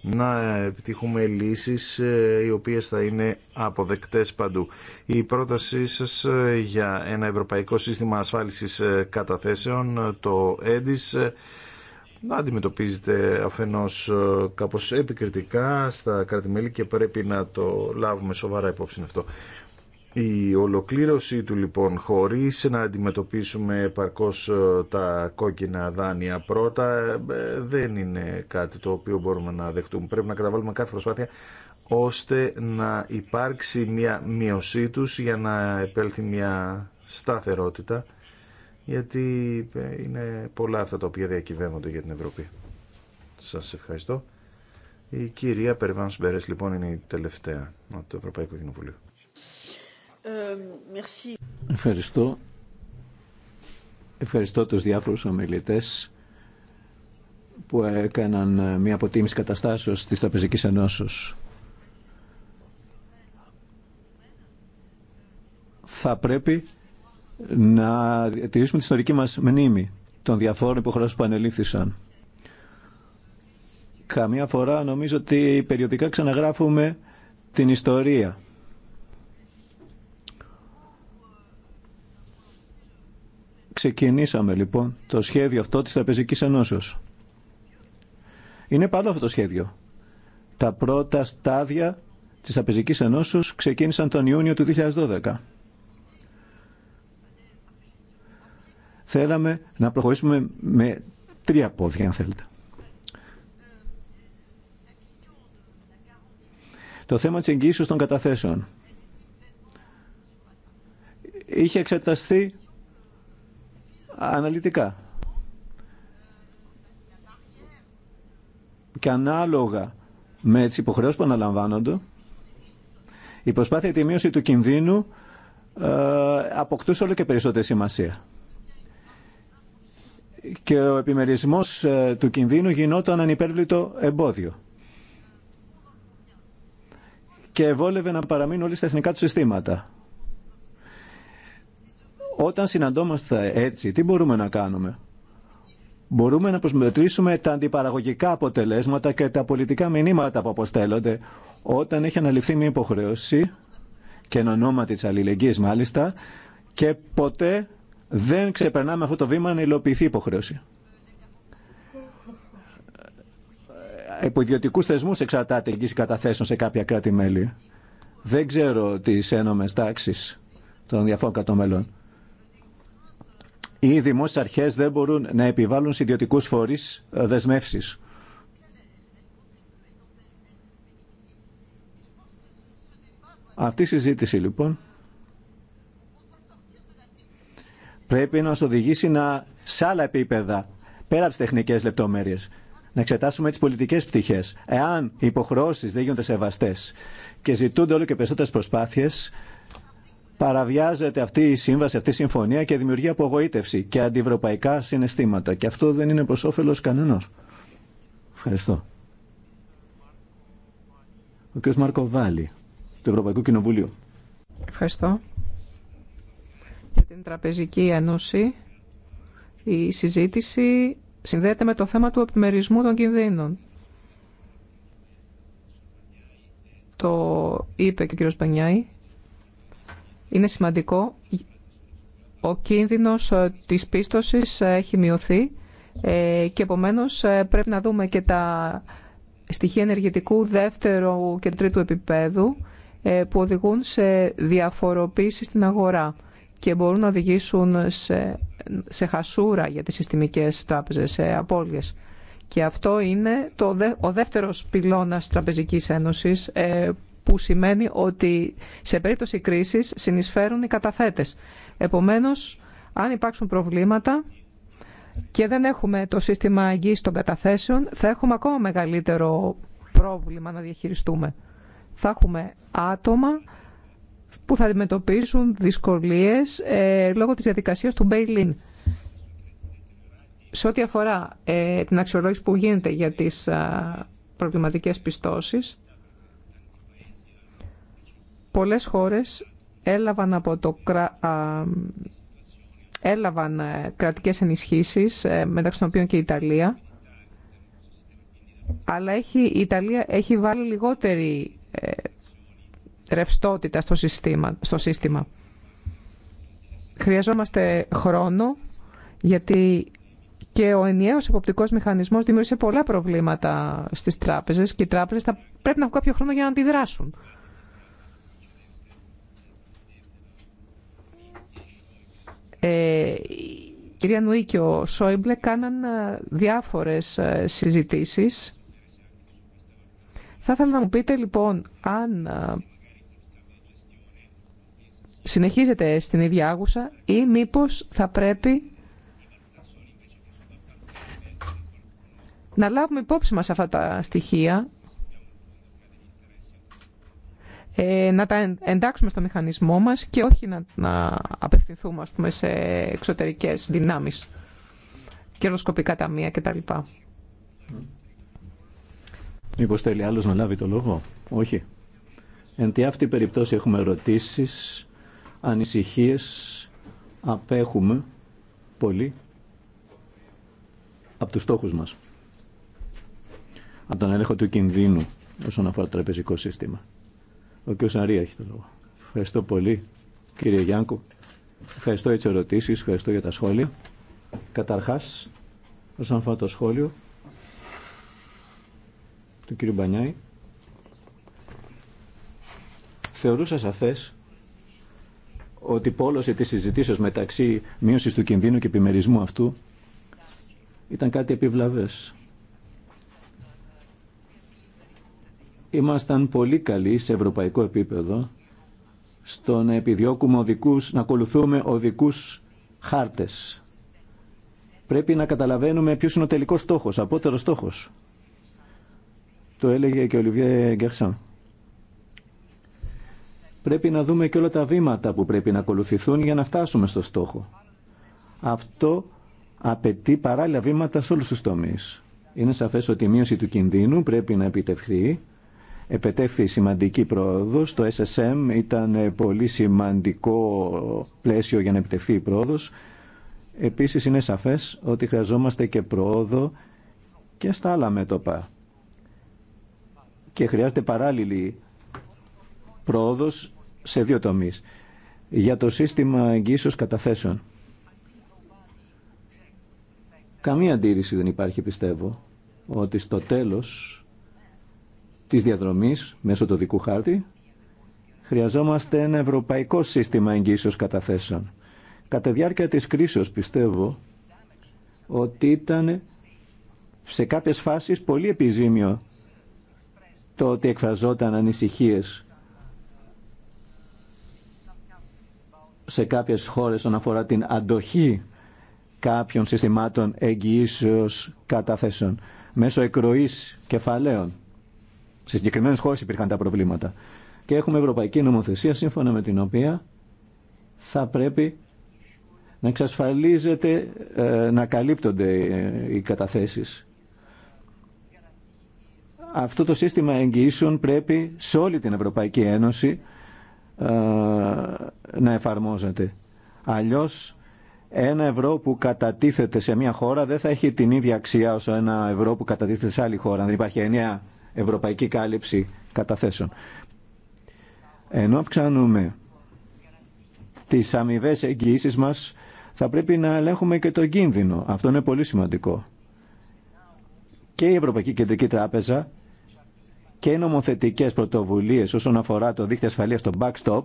να επιτύχουμε λύσεις οι οποίες θα είναι αποδεκτές παντού. Η πρότασή σας για ένα ευρωπαϊκό σύστημα ασφάλισης καταθέσεων, το ΕΔΙΣ, να αντιμετωπίζεται αφενός ε, κάπως επικριτικά στα κρατη και πρέπει να το λάβουμε σοβαρά υπόψη αυτό. Η ολοκλήρωση του λοιπόν χωρίς να αντιμετωπίσουμε επαρκώς ε, τα κόκκινα δάνεια πρώτα ε, δεν είναι κάτι το οποίο μπορούμε να δεχτούμε. Πρέπει να καταβάλουμε κάθε προσπάθεια ώστε να υπάρξει μια μείωσή τους για να επέλθει μια σταθερότητα γιατί ε, είναι πολλά αυτά τα οποία διακυβεύονται για την Ευρώπη. Σας ευχαριστώ. Η κυρία Περβάν Μπερές λοιπόν είναι η τελευταία από το Ευρωπαϊκό Κοινοβουλίο. Ε,
ευχαριστώ. Ευχαριστώ τους διάφορους ομιλητές που έκαναν ε, μια αποτίμηση καταστάσεως της Τραπεζικής Ενώσεως. Θα πρέπει να διατηρήσουμε την ιστορική μας μνήμη των διαφόρων υποχρεώσεων που ανελήφθησαν. Καμία φορά νομίζω ότι περιοδικά ξαναγράφουμε την ιστορία. Ξεκινήσαμε λοιπόν το σχέδιο αυτό της Τραπεζικής Ενώσεως. Είναι πάνω αυτό το σχέδιο. Τα πρώτα στάδια της Τραπεζικής Ενώσεως ξεκίνησαν τον Ιούνιο του 2012. θέλαμε να προχωρήσουμε με τρία πόδια, αν θέλετε. Το θέμα της εγγύησης των καταθέσεων. Είχε εξεταστεί αναλυτικά. Και ανάλογα με τις υποχρεώσεις που αναλαμβάνονται, η προσπάθεια τη μείωση του κινδύνου ε, αποκτούσε όλο και περισσότερη σημασία και ο επιμερισμός ε, του κινδύνου γινόταν ανυπέρβλητο εμπόδιο. Και βόλευε να παραμείνουν όλοι στα εθνικά του συστήματα. Όταν συναντόμαστε έτσι, τι μπορούμε να κάνουμε. Μπορούμε να προσμετρήσουμε τα αντιπαραγωγικά αποτελέσματα και τα πολιτικά μηνύματα που αποστέλλονται όταν έχει αναλυφθεί μια υποχρέωση και εν ονόματι της αλληλεγγύης μάλιστα και ποτέ δεν ξεπερνάμε αυτό το βήμα να υλοποιηθεί η υποχρέωση. Επό ιδιωτικού θεσμού εξαρτάται εγγύηση καταθέσεων σε κάποια κράτη-μέλη. Δεν ξέρω τι ένομε τάξει των διαφόρων κατομέλων. Οι δημόσιε αρχέ δεν μπορούν να επιβάλλουν σε ιδιωτικού φορεί ε, δεσμεύσει. Αυτή η συζήτηση λοιπόν πρέπει να μα οδηγήσει να, σε άλλα επίπεδα, πέρα από τις τεχνικές λεπτομέρειες. Να εξετάσουμε τις πολιτικές πτυχές. Εάν οι υποχρεώσει δεν γίνονται σεβαστές και ζητούνται όλο και περισσότερε προσπάθειες, παραβιάζεται αυτή η σύμβαση, αυτή η συμφωνία και δημιουργεί απογοήτευση και αντιευρωπαϊκά συναισθήματα. Και αυτό δεν είναι προ όφελο κανένα. Ευχαριστώ. Ο κ. Μάρκο του Ευρωπαϊκού Κοινοβουλίου.
Ευχαριστώ για την Τραπεζική Ένωση η συζήτηση συνδέεται με το θέμα του επιμερισμού των κινδύνων. Το είπε και ο κ. Μπανιάη. Είναι σημαντικό. Ο κίνδυνος ε, της πίστοσης ε, έχει μειωθεί ε, και επομένως πρέπει να δούμε και τα στοιχεία ενεργητικού δεύτερου και τρίτου επίπεδου που οδηγούν σε διαφοροποίηση στην αγορά και μπορούν να οδηγήσουν σε, χασούρα για τις συστημικές τράπεζες, σε απώλειες. Και αυτό είναι το, ο δεύτερος πυλώνας Τραπεζικής Ένωσης ε, που σημαίνει ότι σε περίπτωση κρίσης συνεισφέρουν οι καταθέτες. Επομένως, αν υπάρξουν προβλήματα και δεν έχουμε το σύστημα αγγής των καταθέσεων, θα έχουμε ακόμα μεγαλύτερο πρόβλημα να διαχειριστούμε. Θα έχουμε άτομα που θα αντιμετωπίσουν δυσκολίες ε, λόγω της διαδικασίας του Μπέιλιν. Σε ό,τι αφορά ε, την αξιολόγηση που γίνεται για τις α, προβληματικές πιστώσεις, πολλές χώρες έλαβαν, από το, έλαβαν ε, κρατικές ενισχύσεις, ε, μεταξύ των οποίων και η Ιταλία, αλλά η Ιταλία έχει βάλει λιγότερη ρευστότητα στο σύστημα. Στο σύστημα. Χρειαζόμαστε χρόνο γιατί και ο ενιαίος εποπτικός μηχανισμός δημιούργησε πολλά προβλήματα στις τράπεζες και οι τράπεζες θα πρέπει να έχουν κάποιο χρόνο για να αντιδράσουν. η ε, κυρία Νουή και ο Σόιμπλε κάναν ε, διάφορες ε, συζητήσεις. Θα ήθελα να μου πείτε λοιπόν αν συνεχίζεται στην ίδια άγουσα ή μήπως θα πρέπει να λάβουμε υπόψη μας αυτά τα στοιχεία, ε, να τα εντάξουμε στο μηχανισμό μας και όχι να, να απευθυνθούμε ας σε εξωτερικές δυνάμεις, κερδοσκοπικά ταμεία κτλ.
Μήπως θέλει άλλος να λάβει το λόγο. Όχι. Εν τη αυτή περιπτώσει έχουμε ερωτήσεις ανησυχίες απέχουμε πολύ από τους στόχους μας. Από τον έλεγχο του κινδύνου όσον αφορά το τραπεζικό σύστημα. Ο κ. Σαρία έχει το λόγο. Ευχαριστώ πολύ κύριε Γιάνκο. Ευχαριστώ για τις ερωτήσεις, ευχαριστώ για τα σχόλια. Καταρχάς, όσον αφορά το σχόλιο του κ. Μπανιάη, θεωρούσα σαφές ότι η πόλωση της μεταξύ μείωσης του κινδύνου και επιμερισμού αυτού ήταν κάτι επιβλαβές. Ήμασταν πολύ καλοί σε ευρωπαϊκό επίπεδο στο να επιδιώκουμε οδικούς, να ακολουθούμε οδικούς χάρτες. Πρέπει να καταλαβαίνουμε ποιος είναι ο τελικός στόχος, απότερος στόχος. Το έλεγε και ο Λιβιέ Γκέρσαν πρέπει να δούμε και όλα τα βήματα που πρέπει να ακολουθηθούν για να φτάσουμε στο στόχο. Αυτό απαιτεί παράλληλα βήματα σε όλους τους τομείς. Είναι σαφές ότι η μείωση του κινδύνου πρέπει να επιτευχθεί. Επετεύχθη σημαντική πρόοδος. Το SSM ήταν πολύ σημαντικό πλαίσιο για να επιτευχθεί η πρόοδος. Επίσης είναι σαφές ότι χρειαζόμαστε και πρόοδο και στα άλλα μέτωπα. Και χρειάζεται παράλληλη πρόοδος σε δύο τομείς. Για το σύστημα εγγύσεως καταθέσεων. Καμία αντίρρηση δεν υπάρχει, πιστεύω, ότι στο τέλος της διαδρομής, μέσω του δικού χάρτη, χρειαζόμαστε ένα ευρωπαϊκό σύστημα εγγύσεως καταθέσεων. Κατά διάρκεια της κρίσεως, πιστεύω, ότι ήταν σε κάποιες φάσεις πολύ επιζήμιο το ότι εκφραζόταν ανησυχίες σε κάποιες χώρες όσον αφορά την αντοχή κάποιων συστημάτων εγγυήσεως καταθέσεων μέσω εκροής κεφαλαίων. Σε συγκεκριμένες χώρες υπήρχαν τα προβλήματα. Και έχουμε ευρωπαϊκή νομοθεσία σύμφωνα με την οποία θα πρέπει να εξασφαλίζεται ε, να καλύπτονται ε, οι καταθέσεις. Αυτό το σύστημα εγγυήσεων πρέπει σε όλη την Ευρωπαϊκή Ένωση ε, να εφαρμόζεται. Αλλιώς ένα ευρώ που κατατίθεται σε μια χώρα δεν θα έχει την ίδια αξία όσο ένα ευρώ που κατατίθεται σε άλλη χώρα. Αν δεν υπάρχει ενιαία ευρωπαϊκή κάλυψη καταθέσεων. Ενώ αυξάνουμε τις αμοιβέ εγγυήσει μας, θα πρέπει να ελέγχουμε και τον κίνδυνο. Αυτό είναι πολύ σημαντικό. Και η Ευρωπαϊκή Κεντρική Τράπεζα και οι νομοθετικές πρωτοβουλίες όσον αφορά το δίκτυο ασφαλείας στο backstop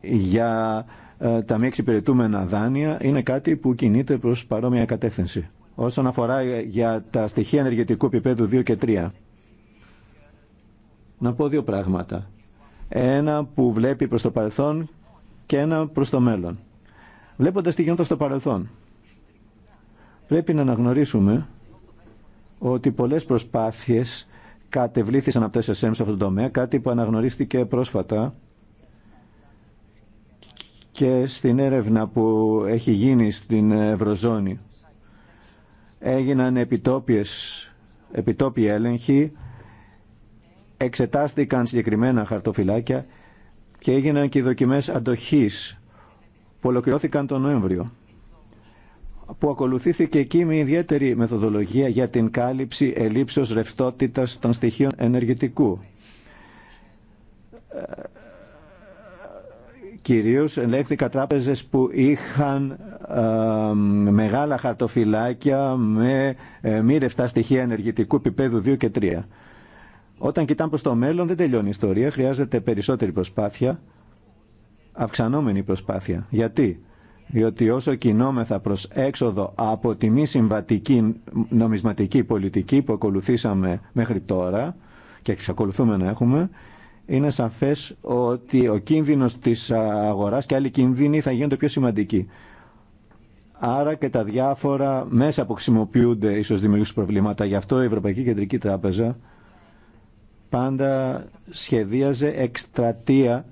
για ε, τα μη εξυπηρετούμενα δάνεια είναι κάτι που κινείται προς παρόμοια κατεύθυνση. Όσον αφορά ε, για τα στοιχεία ενεργετικού επίπεδου 2 και 3, να πω δύο πράγματα. Ένα που βλέπει προς το παρελθόν και ένα προς το μέλλον. Βλέποντας τι γινόταν στο παρελθόν, πρέπει να αναγνωρίσουμε ότι πολλέ προσπάθειες κατεβλήθησαν από το SSM σε αυτό το τομέα, κάτι που αναγνωρίστηκε πρόσφατα και στην έρευνα που έχει γίνει στην Ευρωζώνη. Έγιναν επιτόπιες, επιτόπιοι έλεγχοι, εξετάστηκαν συγκεκριμένα χαρτοφυλάκια και έγιναν και δοκιμές αντοχής που ολοκληρώθηκαν τον Νοέμβριο που ακολουθήθηκε εκεί με ιδιαίτερη μεθοδολογία για την κάλυψη ελήψεως ρευστότητας των στοιχείων ενεργητικού. Κυρίως ελέγχθηκα τράπεζες που είχαν ε, μεγάλα χαρτοφυλάκια με ε, μη ρευστά στοιχεία ενεργητικού επίπεδου 2 και 3. Όταν κοιτάμε προς το μέλλον δεν τελειώνει η ιστορία, χρειάζεται περισσότερη προσπάθεια, αυξανόμενη προσπάθεια. Γιατί? διότι όσο κινόμεθα προς έξοδο από τη μη συμβατική νομισματική πολιτική που ακολουθήσαμε μέχρι τώρα και εξακολουθούμε να έχουμε, είναι σαφές ότι ο κίνδυνος της αγοράς και άλλοι κίνδυνοι θα γίνονται πιο σημαντικοί. Άρα και τα διάφορα μέσα που χρησιμοποιούνται ίσως δημιουργούν προβλήματα. Γι' αυτό η Ευρωπαϊκή Κεντρική Τράπεζα πάντα σχεδίαζε εκστρατεία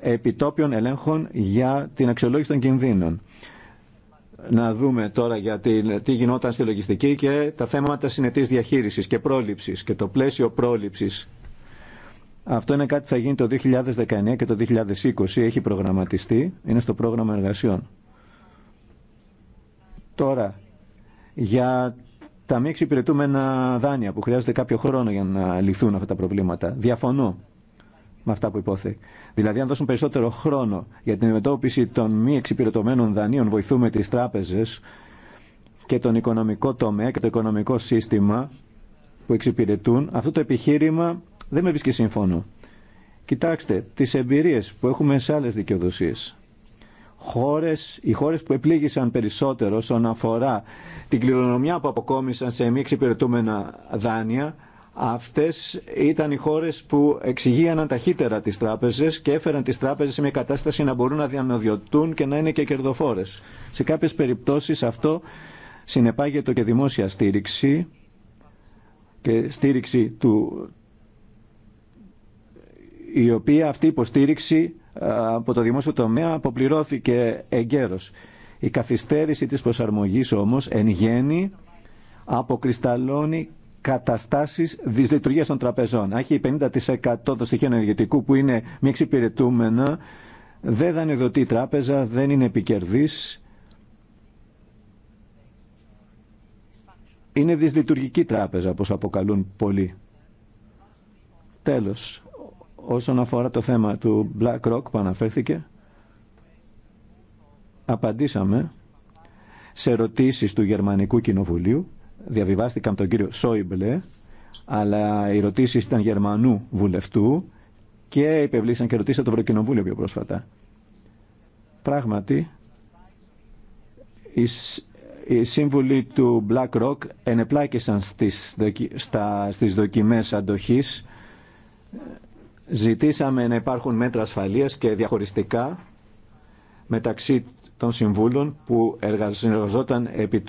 επιτόπιων ελέγχων για την αξιολόγηση των κινδύνων. Να δούμε τώρα για τι γινόταν στη λογιστική και τα θέματα συνετής διαχείρισης και πρόληψης και το πλαίσιο πρόληψης. Αυτό είναι κάτι που θα γίνει το 2019 και το 2020, έχει προγραμματιστεί, είναι στο πρόγραμμα εργασιών. Τώρα, για τα μη εξυπηρετούμενα δάνεια που χρειάζεται κάποιο χρόνο για να λυθούν αυτά τα προβλήματα. Διαφωνώ με αυτά που υπόθεται. Δηλαδή, αν δώσουν περισσότερο χρόνο για την αντιμετώπιση των μη εξυπηρετωμένων δανείων, βοηθούμε τι τράπεζε και τον οικονομικό τομέα και το οικονομικό σύστημα που εξυπηρετούν, αυτό το επιχείρημα δεν με βρίσκει σύμφωνο. Κοιτάξτε τι εμπειρίε που έχουμε σε άλλε δικαιοδοσίε. Χώρες, οι χώρε που επλήγησαν περισσότερο όσον αφορά την κληρονομιά που αποκόμισαν σε μη εξυπηρετούμενα δάνεια Αυτές ήταν οι χώρες που εξηγίαναν ταχύτερα τις τράπεζες και έφεραν τις τράπεζες σε μια κατάσταση να μπορούν να διανοδιωτούν και να είναι και κερδοφόρες. Σε κάποιες περιπτώσεις αυτό συνεπάγεται και δημόσια στήριξη και στήριξη του, η οποία αυτή η υποστήριξη ε, από το δημόσιο τομέα αποπληρώθηκε εγκαίρως. Η καθυστέρηση της προσαρμογής όμως εν γέννη αποκρισταλώνει καταστάσεις δυσλειτουργία των τραπεζών. έχει 50% των στοιχείων ενεργητικού που είναι μη εξυπηρετούμενα, δεν δανειοδοτεί η τράπεζα, δεν είναι επικερδής, είναι δυσλειτουργική τράπεζα, όπως αποκαλούν πολλοί. Τέλος, όσον αφορά το θέμα του BlackRock που αναφέρθηκε, απαντήσαμε σε ερωτήσεις του Γερμανικού Κοινοβουλίου διαβιβάστηκαν τον κύριο Σόιμπλε, αλλά οι ερωτήσει ήταν Γερμανού βουλευτού και υπευλήσαν και ρωτήσαν το Ευρωκοινοβούλιο πιο πρόσφατα. Πράγματι, οι σύμβουλοι του BlackRock ενεπλάκησαν στις, στα... στις δοκιμές αντοχής. Ζητήσαμε να υπάρχουν μέτρα ασφαλείας και διαχωριστικά μεταξύ των συμβούλων που εργαζόταν επί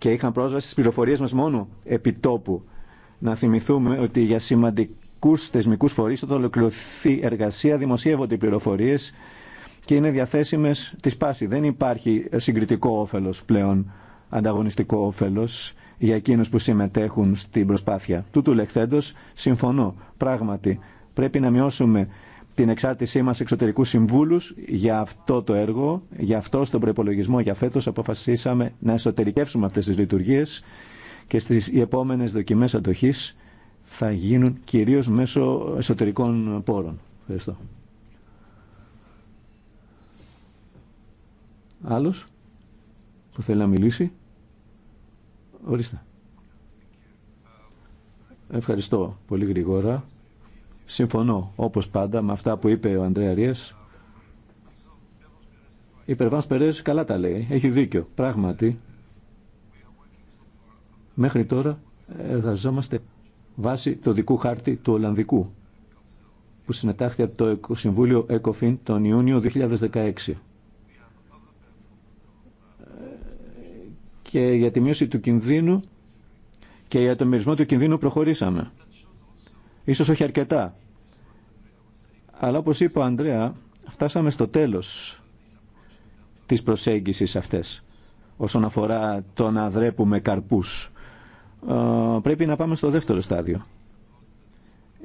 και είχαν πρόσβαση στις πληροφορίες μας μόνο επί τόπου. Να θυμηθούμε ότι για σημαντικούς θεσμικούς φορείς όταν ολοκληρωθεί εργασία δημοσιεύονται οι πληροφορίες και είναι διαθέσιμες τη πάση. Δεν υπάρχει συγκριτικό όφελος πλέον, ανταγωνιστικό όφελος για εκείνους που συμμετέχουν στην προσπάθεια. Τούτου λεχθέντος συμφωνώ. Πράγματι, πρέπει να μειώσουμε την εξάρτησή μας εξωτερικούς συμβούλους για αυτό το έργο, για αυτό στον προπολογισμό για φέτος αποφασίσαμε να εσωτερικεύσουμε αυτές τις λειτουργίες και στις οι επόμενες δοκιμές αντοχής θα γίνουν κυρίως μέσω εσωτερικών πόρων. Ευχαριστώ. Άλλος που θέλει να μιλήσει. Ορίστε. Ευχαριστώ πολύ γρήγορα. Συμφωνώ, όπως πάντα, με αυτά που είπε ο Ανδρέα Ρίες. Η Περβάς Περέζ καλά τα λέει. Έχει δίκιο. Πράγματι, μέχρι τώρα εργαζόμαστε βάσει το δικού χάρτη του Ολλανδικού, που συνετάχθη από το Συμβούλιο ΕΚΟΦΗΝ τον Ιούνιο 2016. Και για τη μείωση του κινδύνου και για το μερισμό του κινδύνου προχωρήσαμε. Ίσως όχι αρκετά. Αλλά όπως είπε ο Ανδρέα, φτάσαμε στο τέλος της προσέγγισης αυτές όσον αφορά το να δρέπουμε καρπούς. Ε, πρέπει να πάμε στο δεύτερο στάδιο.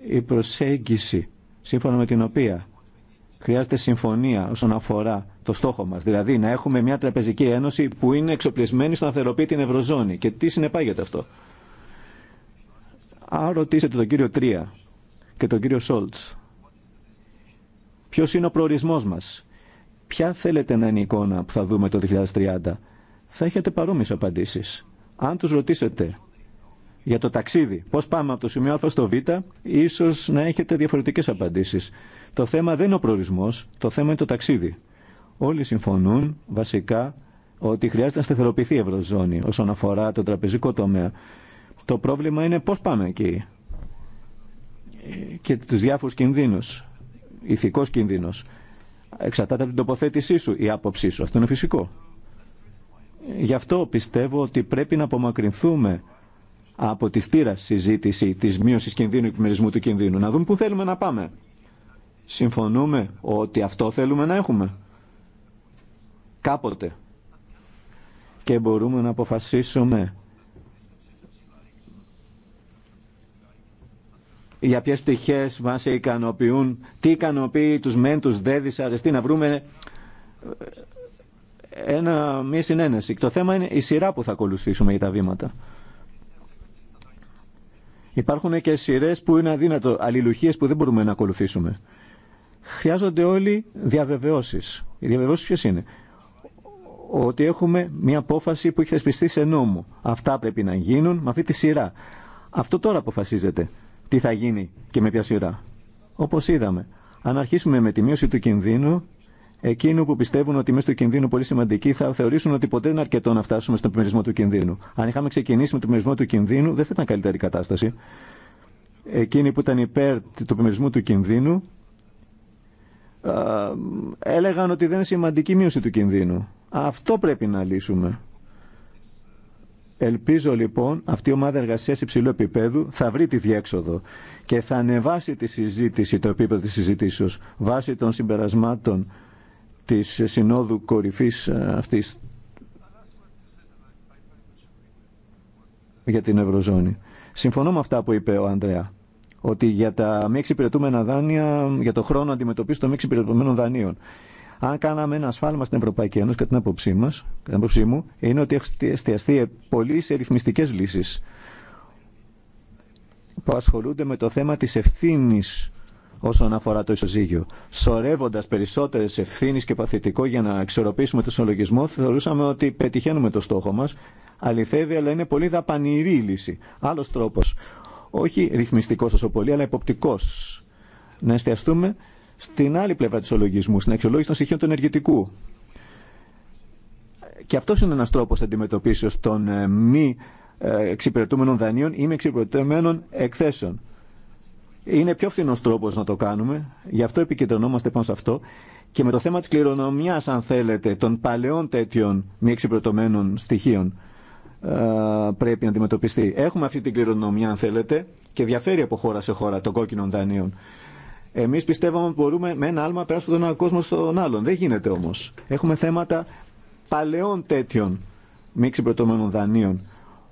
Η προσέγγιση σύμφωνα με την οποία χρειάζεται συμφωνία όσον αφορά το στόχο μας. Δηλαδή να έχουμε μια τραπεζική ένωση που είναι εξοπλισμένη στο να την Ευρωζώνη. Και τι συνεπάγεται αυτό. Αν ρωτήσετε τον κύριο Τρία και τον κύριο Σόλτς, ποιος είναι ο προορισμός μας, ποια θέλετε να είναι η εικόνα που θα δούμε το 2030, θα έχετε παρόμοιες απαντήσεις. Αν τους ρωτήσετε για το ταξίδι, πώς πάμε από το σημείο α στο β, ίσως να έχετε διαφορετικές απαντήσεις. Το θέμα δεν είναι ο προορισμός, το θέμα είναι το ταξίδι. Όλοι συμφωνούν βασικά ότι χρειάζεται να σταθεροποιηθεί η Ευρωζώνη όσον αφορά το τραπεζικό τομέα. Το πρόβλημα είναι πώς πάμε εκεί και τους διάφορους κινδύνους, ηθικός κινδύνος. Εξαρτάται από την τοποθέτησή σου, η άποψή σου. Αυτό είναι φυσικό. Γι' αυτό πιστεύω ότι πρέπει να απομακρυνθούμε από τη στήρα συζήτηση της μείωσης κινδύνου και του κινδύνου. Να δούμε πού θέλουμε να πάμε. Συμφωνούμε ότι αυτό θέλουμε να έχουμε. Κάποτε. Και μπορούμε να αποφασίσουμε για ποιες πτυχές μας ικανοποιούν, τι ικανοποιεί τους μεν, τους δε δυσαρεστεί, να βρούμε ε, ένα, μια συνένεση. Το θέμα είναι η σειρά που θα ακολουθήσουμε για τα βήματα. Υπάρχουν και σειρέ που είναι αδύνατο, αλληλουχίε που δεν μπορούμε να ακολουθήσουμε. Χρειάζονται όλοι διαβεβαιώσει. Οι διαβεβαιώσει ποιε είναι. Ότι έχουμε μια απόφαση που έχει θεσπιστεί σε νόμο. Αυτά πρέπει να γίνουν με αυτή τη σειρά. Αυτό τώρα αποφασίζεται τι θα γίνει και με ποια σειρά. Όπως είδαμε, αν αρχίσουμε με τη μείωση του κινδύνου, εκείνοι που πιστεύουν ότι η μείωση του κινδύνου πολύ σημαντική θα θεωρήσουν ότι ποτέ δεν είναι αρκετό να φτάσουμε στον επιμερισμό του κινδύνου. Αν είχαμε ξεκινήσει με τον επιμερισμό του κινδύνου, δεν θα ήταν καλύτερη κατάσταση. Εκείνοι που ήταν υπέρ του επιμερισμού του κινδύνου έλεγαν ότι δεν είναι σημαντική μείωση του κινδύνου. Αυτό πρέπει να λύσουμε. Ελπίζω λοιπόν αυτή η ομάδα εργασία υψηλού επίπεδου θα βρει τη διέξοδο και θα ανεβάσει τη συζήτηση, το επίπεδο τη συζητήσεως βάσει των συμπερασμάτων της Συνόδου Κορυφής ε, αυτής για την Ευρωζώνη. Συμφωνώ με αυτά που είπε ο Ανδρέα, ότι για τα μη εξυπηρετούμενα δάνεια, για το χρόνο αντιμετωπίσει των μη εξυπηρετούμενων δανείων. Αν κάναμε ένα ασφάλμα στην Ευρωπαϊκή Ένωση, κατά την άποψή μα, κατά την μου, είναι ότι έχει εστιαστεί πολύ σε ρυθμιστικέ λύσει που ασχολούνται με το θέμα τη ευθύνη όσον αφορά το ισοζύγιο. Σορεύοντα περισσότερε ευθύνε και παθητικό για να εξορροπήσουμε το συλλογισμό, θεωρούσαμε ότι πετυχαίνουμε το στόχο μα. Αληθεύει, αλλά είναι πολύ δαπανηρή η λύση. Άλλο τρόπο. Όχι ρυθμιστικό όσο πολύ, αλλά υποπτικό. Να εστιαστούμε στην άλλη πλευρά του ολογισμού, στην αξιολόγηση των στοιχείων του ενεργητικού. Και αυτό είναι ένα τρόπο αντιμετωπίσεω των ε, μη ε, εξυπηρετούμενων δανείων ή μη εξυπηρετούμενων εκθέσεων. Είναι πιο φθηνό τρόπο να το κάνουμε, γι' αυτό επικεντρωνόμαστε πάνω σε αυτό. Και με το θέμα τη κληρονομιά, αν θέλετε, των παλαιών τέτοιων μη εξυπηρετωμένων στοιχείων ε, πρέπει να αντιμετωπιστεί. Έχουμε αυτή την κληρονομιά, αν θέλετε, και διαφέρει από χώρα σε χώρα των κόκκινων δανείων. Εμεί πιστεύαμε ότι μπορούμε με ένα άλμα να περάσουμε τον ένα κόσμο στον άλλον. Δεν γίνεται όμω. Έχουμε θέματα παλαιών τέτοιων μη πρωτομένων δανείων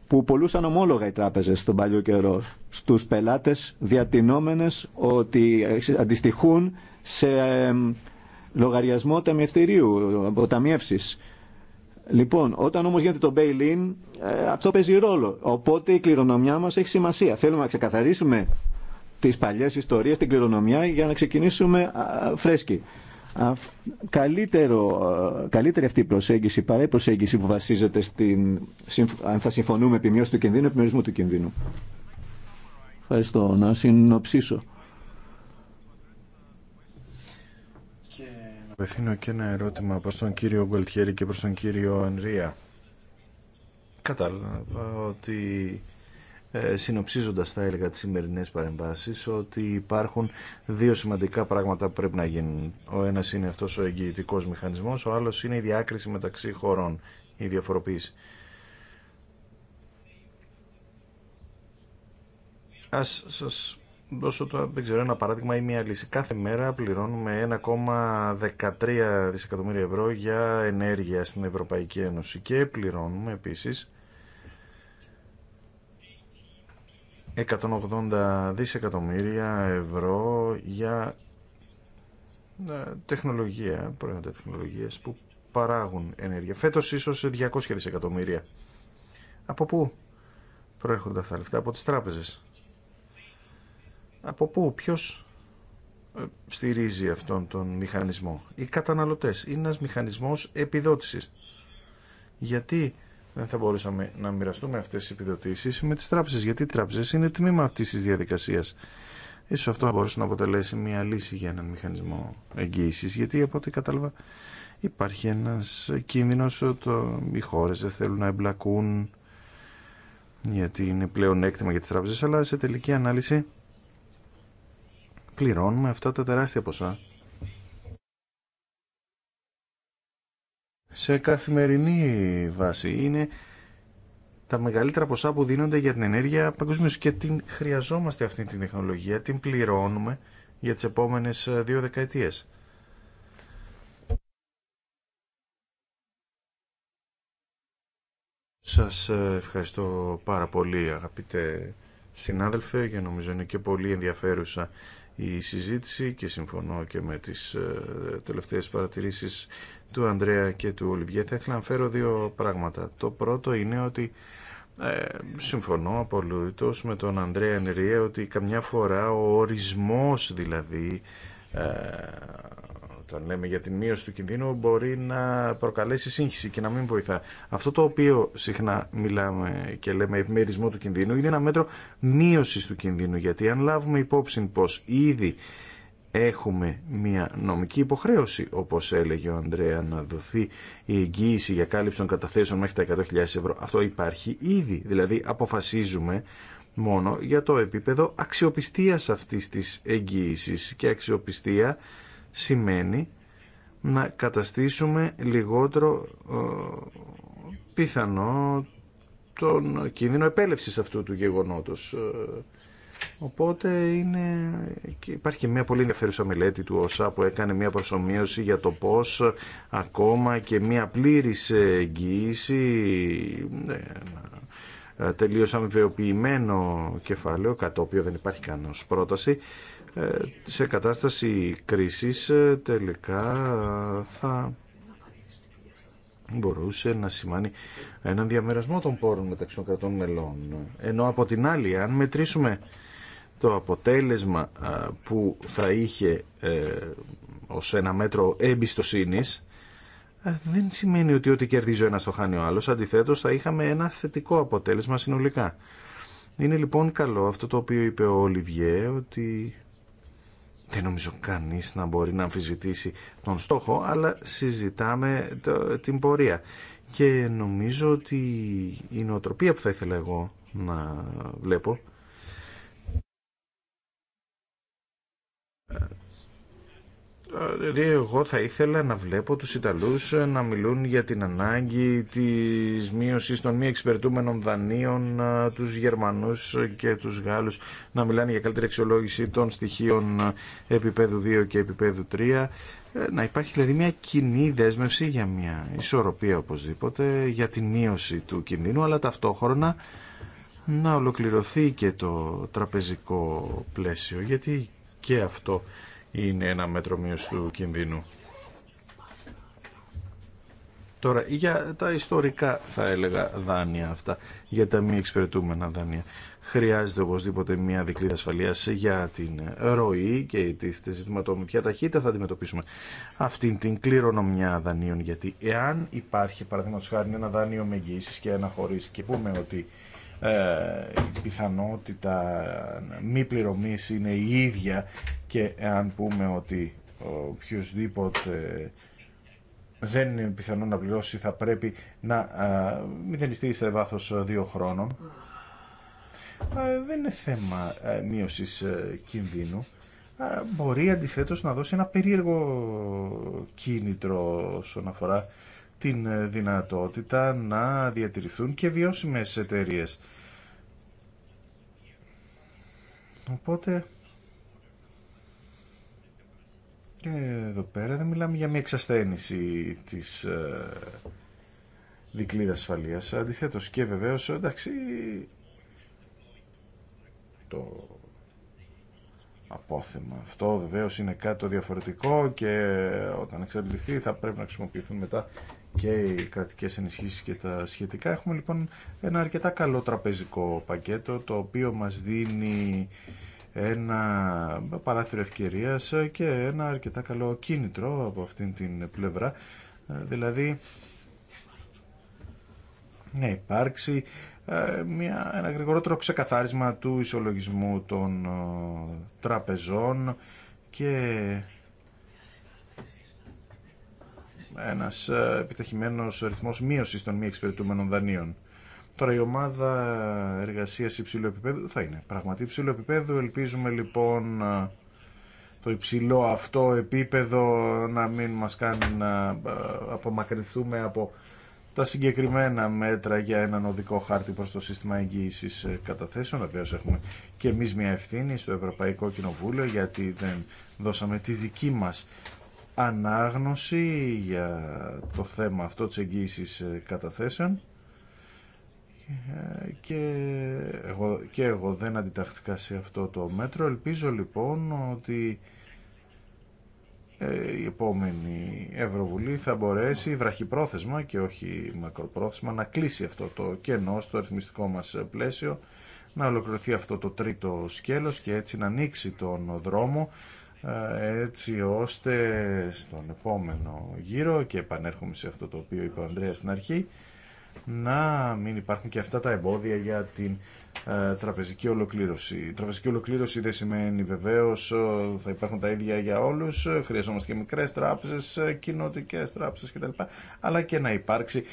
που πολλούσαν ομόλογα οι τράπεζε στον παλιό καιρό στου πελάτε διατηνόμενε ότι αντιστοιχούν σε λογαριασμό ταμιευτηρίου, αποταμιεύσει. Λοιπόν, όταν όμω γίνεται το bail-in, ε, αυτό παίζει ρόλο. Οπότε η κληρονομιά μα έχει σημασία. Θέλουμε να ξεκαθαρίσουμε τις παλιές ιστορίες, την κληρονομιά για να ξεκινήσουμε φρέσκοι. Καλύτερο, καλύτερη αυτή η προσέγγιση παρά η προσέγγιση που βασίζεται στην, αν θα συμφωνούμε επιμείωση του κινδύνου, επιμερισμού του κινδύνου. Ευχαριστώ. Να συνοψίσω. Και να
απευθύνω και ένα ερώτημα προς τον κύριο Γκολτιέρη και προς τον κύριο Ανρία. Κατάλαβα ότι ε, συνοψίζοντας θα έλεγα τις σημερινές παρεμβάσεις ότι υπάρχουν δύο σημαντικά πράγματα που πρέπει να γίνουν. Ο ένας είναι αυτός ο εγγυητικός μηχανισμός, ο άλλος είναι η διάκριση μεταξύ χωρών, η διαφοροποίηση. Ας σας δώσω το, δεν ξέρω, ένα παράδειγμα ή μια λύση. Κάθε μέρα πληρώνουμε 1,13 δισεκατομμύρια ευρώ για ενέργεια στην Ευρωπαϊκή Ένωση και πληρώνουμε επίσης 180 δισεκατομμύρια ευρώ για ε, τεχνολογία, προϊόντα τεχνολογίες που παράγουν ενέργεια. Φέτος ίσως 200 δισεκατομμύρια. Από πού προέρχονται αυτά τα λεφτά, από τις τράπεζες. Από πού, ποιος ε, στηρίζει αυτόν τον μηχανισμό. Οι καταναλωτές. Είναι ένας μηχανισμός επιδότησης. Γιατί δεν θα μπορούσαμε να μοιραστούμε αυτές τις επιδοτήσει με τις τράπεζε, γιατί οι τράπεζε είναι τμήμα αυτή τη διαδικασία. Ίσως αυτό θα μπορούσε να αποτελέσει μια λύση για έναν μηχανισμό εγγύησης, γιατί από ό,τι κατάλαβα υπάρχει ένας κίνδυνος ότι οι χώρε δεν θέλουν να εμπλακούν γιατί είναι πλέον έκτημα για τι τράπεζε, αλλά σε τελική ανάλυση πληρώνουμε αυτά τα τεράστια ποσά σε καθημερινή βάση. Είναι τα μεγαλύτερα ποσά που δίνονται για την ενέργεια παγκοσμίω και την χρειαζόμαστε αυτή την τεχνολογία, την πληρώνουμε για τις επόμενες ε, δύο δεκαετίες. Σας ε, ευχαριστώ πάρα πολύ αγαπητέ συνάδελφε για νομίζω είναι και πολύ ενδιαφέρουσα η συζήτηση και συμφωνώ και με τις ε, τελευταίες παρατηρήσεις του Ανδρέα και του Ολιβιέ θα ήθελα να φέρω δύο πράγματα. Το πρώτο είναι ότι ε, συμφωνώ απολύτως με τον Ανδρέα Νερία ότι καμιά φορά ο ορισμός δηλαδή ε, όταν λέμε για την μείωση του κινδύνου μπορεί να προκαλέσει σύγχυση και να μην βοηθά. Αυτό το οποίο συχνά μιλάμε και λέμε επιμερισμό του κινδύνου είναι ένα μέτρο μείωσης του κινδύνου γιατί αν λάβουμε υπόψη πως ήδη έχουμε μια νομική υποχρέωση, όπως έλεγε ο Ανδρέα, να δοθεί η εγγύηση για κάλυψη των καταθέσεων μέχρι τα 100.000 ευρώ. Αυτό υπάρχει ήδη, δηλαδή αποφασίζουμε μόνο για το επίπεδο αξιοπιστίας αυτής της εγγύησης και αξιοπιστία σημαίνει να καταστήσουμε λιγότερο ε, πιθανό τον κίνδυνο επέλευσης αυτού του γεγονότος. Ε, Οπότε είναι... υπάρχει και μια πολύ ενδιαφέρουσα μελέτη του ΩΣΑ που έκανε μια προσωμείωση για το πώς ακόμα και μια πλήρης εγγύηση ε, τελείως αμοιβεοποιημένο κεφάλαιο, κατά οποίο δεν υπάρχει κανένας πρόταση, ε, σε κατάσταση κρίσης ε, τελικά θα μπορούσε να σημάνει έναν διαμερασμό των πόρων μεταξύ των κρατών μελών. Ενώ από την άλλη, αν μετρήσουμε το αποτέλεσμα που θα είχε ε, ως ένα μέτρο εμπιστοσύνης δεν σημαίνει ότι ό,τι κερδίζει ο ένας το χάνει ο άλλος. Αντιθέτως θα είχαμε ένα θετικό αποτέλεσμα συνολικά. Είναι λοιπόν καλό αυτό το οποίο είπε ο Ολιβιέ ότι δεν νομίζω κανείς να μπορεί να αμφισβητήσει τον στόχο αλλά συζητάμε την πορεία. Και νομίζω ότι η νοοτροπία που θα ήθελα εγώ να βλέπω Δηλαδή, εγώ θα ήθελα να βλέπω τους Ιταλούς ε, να μιλούν για την ανάγκη της μείωσης των μη εξυπηρετούμενων δανείων, ε, τους Γερμανούς ε, και τους Γάλλους να μιλάνε για καλύτερη αξιολόγηση των στοιχείων επίπεδου 2 και επίπεδου 3. Να υπάρχει δηλαδή μια κοινή δέσμευση για μια ισορροπία οπωσδήποτε, για την μείωση του κινδύνου, αλλά ταυτόχρονα να ολοκληρωθεί και το τραπεζικό πλαίσιο, γιατί και αυτό είναι ένα μέτρο μείωση του κινδύνου. Τώρα, για τα ιστορικά θα έλεγα δάνεια αυτά, για τα μη εξυπηρετούμενα δάνεια. Χρειάζεται οπωσδήποτε μια δικλή ασφαλεία για την ροή και τη ζητηματό με ποια ταχύτητα θα αντιμετωπίσουμε αυτήν την κληρονομιά δανείων. Γιατί εάν υπάρχει, παραδείγματο χάρη, ένα δάνειο με εγγύηση και ένα χωρί και πούμε ότι ε, η πιθανότητα μη πληρωμής είναι η ίδια και αν πούμε ότι οποιοδήποτε δεν είναι πιθανό να πληρώσει θα πρέπει να μηδενιστεί σε βάθος δύο χρόνων ε, δεν είναι θέμα ε, μείωσης κινδύνου μπορεί αντιθέτως να δώσει ένα περίεργο κίνητρο όσον αφορά την ε, δυνατότητα να διατηρηθούν και βιώσιμες εταιρείε. Οπότε, εδώ πέρα δεν μιλάμε για μια εξασθένηση της ε, δικλείδας ασφαλείας. Αντιθέτως και βεβαίως, εντάξει, το απόθεμα. Αυτό βεβαίω είναι κάτι το διαφορετικό και όταν εξαντληθεί θα πρέπει να χρησιμοποιηθούν μετά και οι κρατικέ ενισχύσει και τα σχετικά. Έχουμε λοιπόν ένα αρκετά καλό τραπεζικό πακέτο το οποίο μα δίνει ένα παράθυρο ευκαιρία και ένα αρκετά καλό κίνητρο από αυτήν την πλευρά. Ε, δηλαδή να υπάρξει ε, μια, ένα γρηγορότερο ξεκαθάρισμα του ισολογισμού των ε, τραπεζών και ένας ε, επιταχυμένος ρυθμός μείωση των μη εξυπηρετούμενων δανείων. Τώρα η ομάδα εργασίας υψηλού επίπεδου θα είναι πραγματικά υψηλού επίπεδου. Ελπίζουμε λοιπόν ε, το υψηλό αυτό επίπεδο να μην μας κάνει να ε, απομακρυνθούμε από τα συγκεκριμένα μέτρα για έναν οδικό χάρτη προς το σύστημα εγγύησης καταθέσεων. Βεβαίω έχουμε και εμείς μια ευθύνη στο Ευρωπαϊκό Κοινοβούλιο γιατί δεν δώσαμε τη δική μας ανάγνωση για το θέμα αυτό της εγγύησης ε, καταθέσεων και εγώ, και εγώ δεν αντιταχθήκα σε αυτό το μέτρο. Ελπίζω λοιπόν ότι ε, η επόμενη Ευρωβουλή θα μπορέσει βραχυπρόθεσμα και όχι μακροπρόθεσμα να κλείσει αυτό το κενό στο αριθμιστικό μας πλαίσιο να ολοκληρωθεί αυτό το τρίτο σκέλος και έτσι να ανοίξει τον δρόμο έτσι ώστε στον επόμενο γύρο και επανέρχομαι σε αυτό το οποίο είπε ο Ανδρέας στην αρχή να μην υπάρχουν και αυτά τα εμπόδια για την ε, τραπεζική ολοκλήρωση. Η τραπεζική ολοκλήρωση δεν σημαίνει βεβαίω ε, θα υπάρχουν τα ίδια για όλου. Ε, χρειαζόμαστε και μικρέ τράπεζε, κοινοτικέ τράπεζε κτλ. Αλλά και να υπάρξει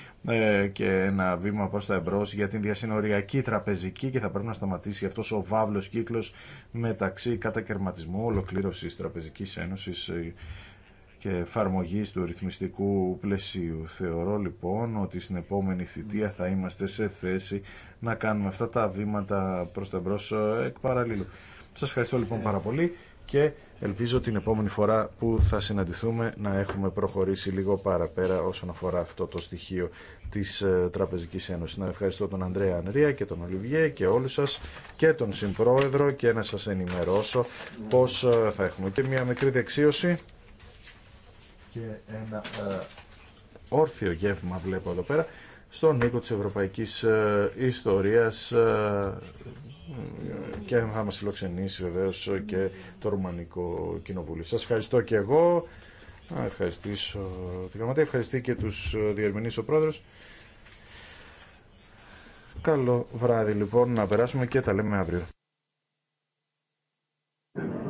και ένα βήμα προ τα εμπρό για την διασυνοριακή τραπεζική και θα πρέπει να σταματήσει αυτό ο βάβλο κύκλο μεταξύ κατακαιρματισμού, ολοκλήρωση Τραπεζική Ένωση και εφαρμογή του ρυθμιστικού πλαισίου. Θεωρώ λοιπόν ότι στην επόμενη θητεία θα είμαστε σε θέση να κάνουμε αυτά τα βήματα προς τα μπρος ε, εκ παραλλήλου. Σας ευχαριστώ λοιπόν ε. πάρα πολύ και ελπίζω την επόμενη φορά που θα συναντηθούμε να έχουμε προχωρήσει λίγο παραπέρα όσον αφορά αυτό το στοιχείο της ε, Τραπεζικής Ένωσης. Να ευχαριστώ τον Ανδρέα Ανρία και τον Ολιβιέ και όλους σας και τον Συμπρόεδρο και να σας ενημερώσω πως θα έχουμε και μια μικρή δεξίωση και ένα ε, όρθιο γεύμα βλέπω εδώ πέρα στον οίκο της ευρωπαϊκής ε, ιστορίας ε, και θα μας φιλοξενήσει βεβαίως και το Ρουμανικό Κοινοβούλιο. Σας ευχαριστώ και εγώ. Να ευχαριστήσω τη γραμματεία, ευχαριστεί και τους διερμηνείς ο πρόεδρος. Καλό βράδυ λοιπόν, να περάσουμε και τα λέμε αύριο.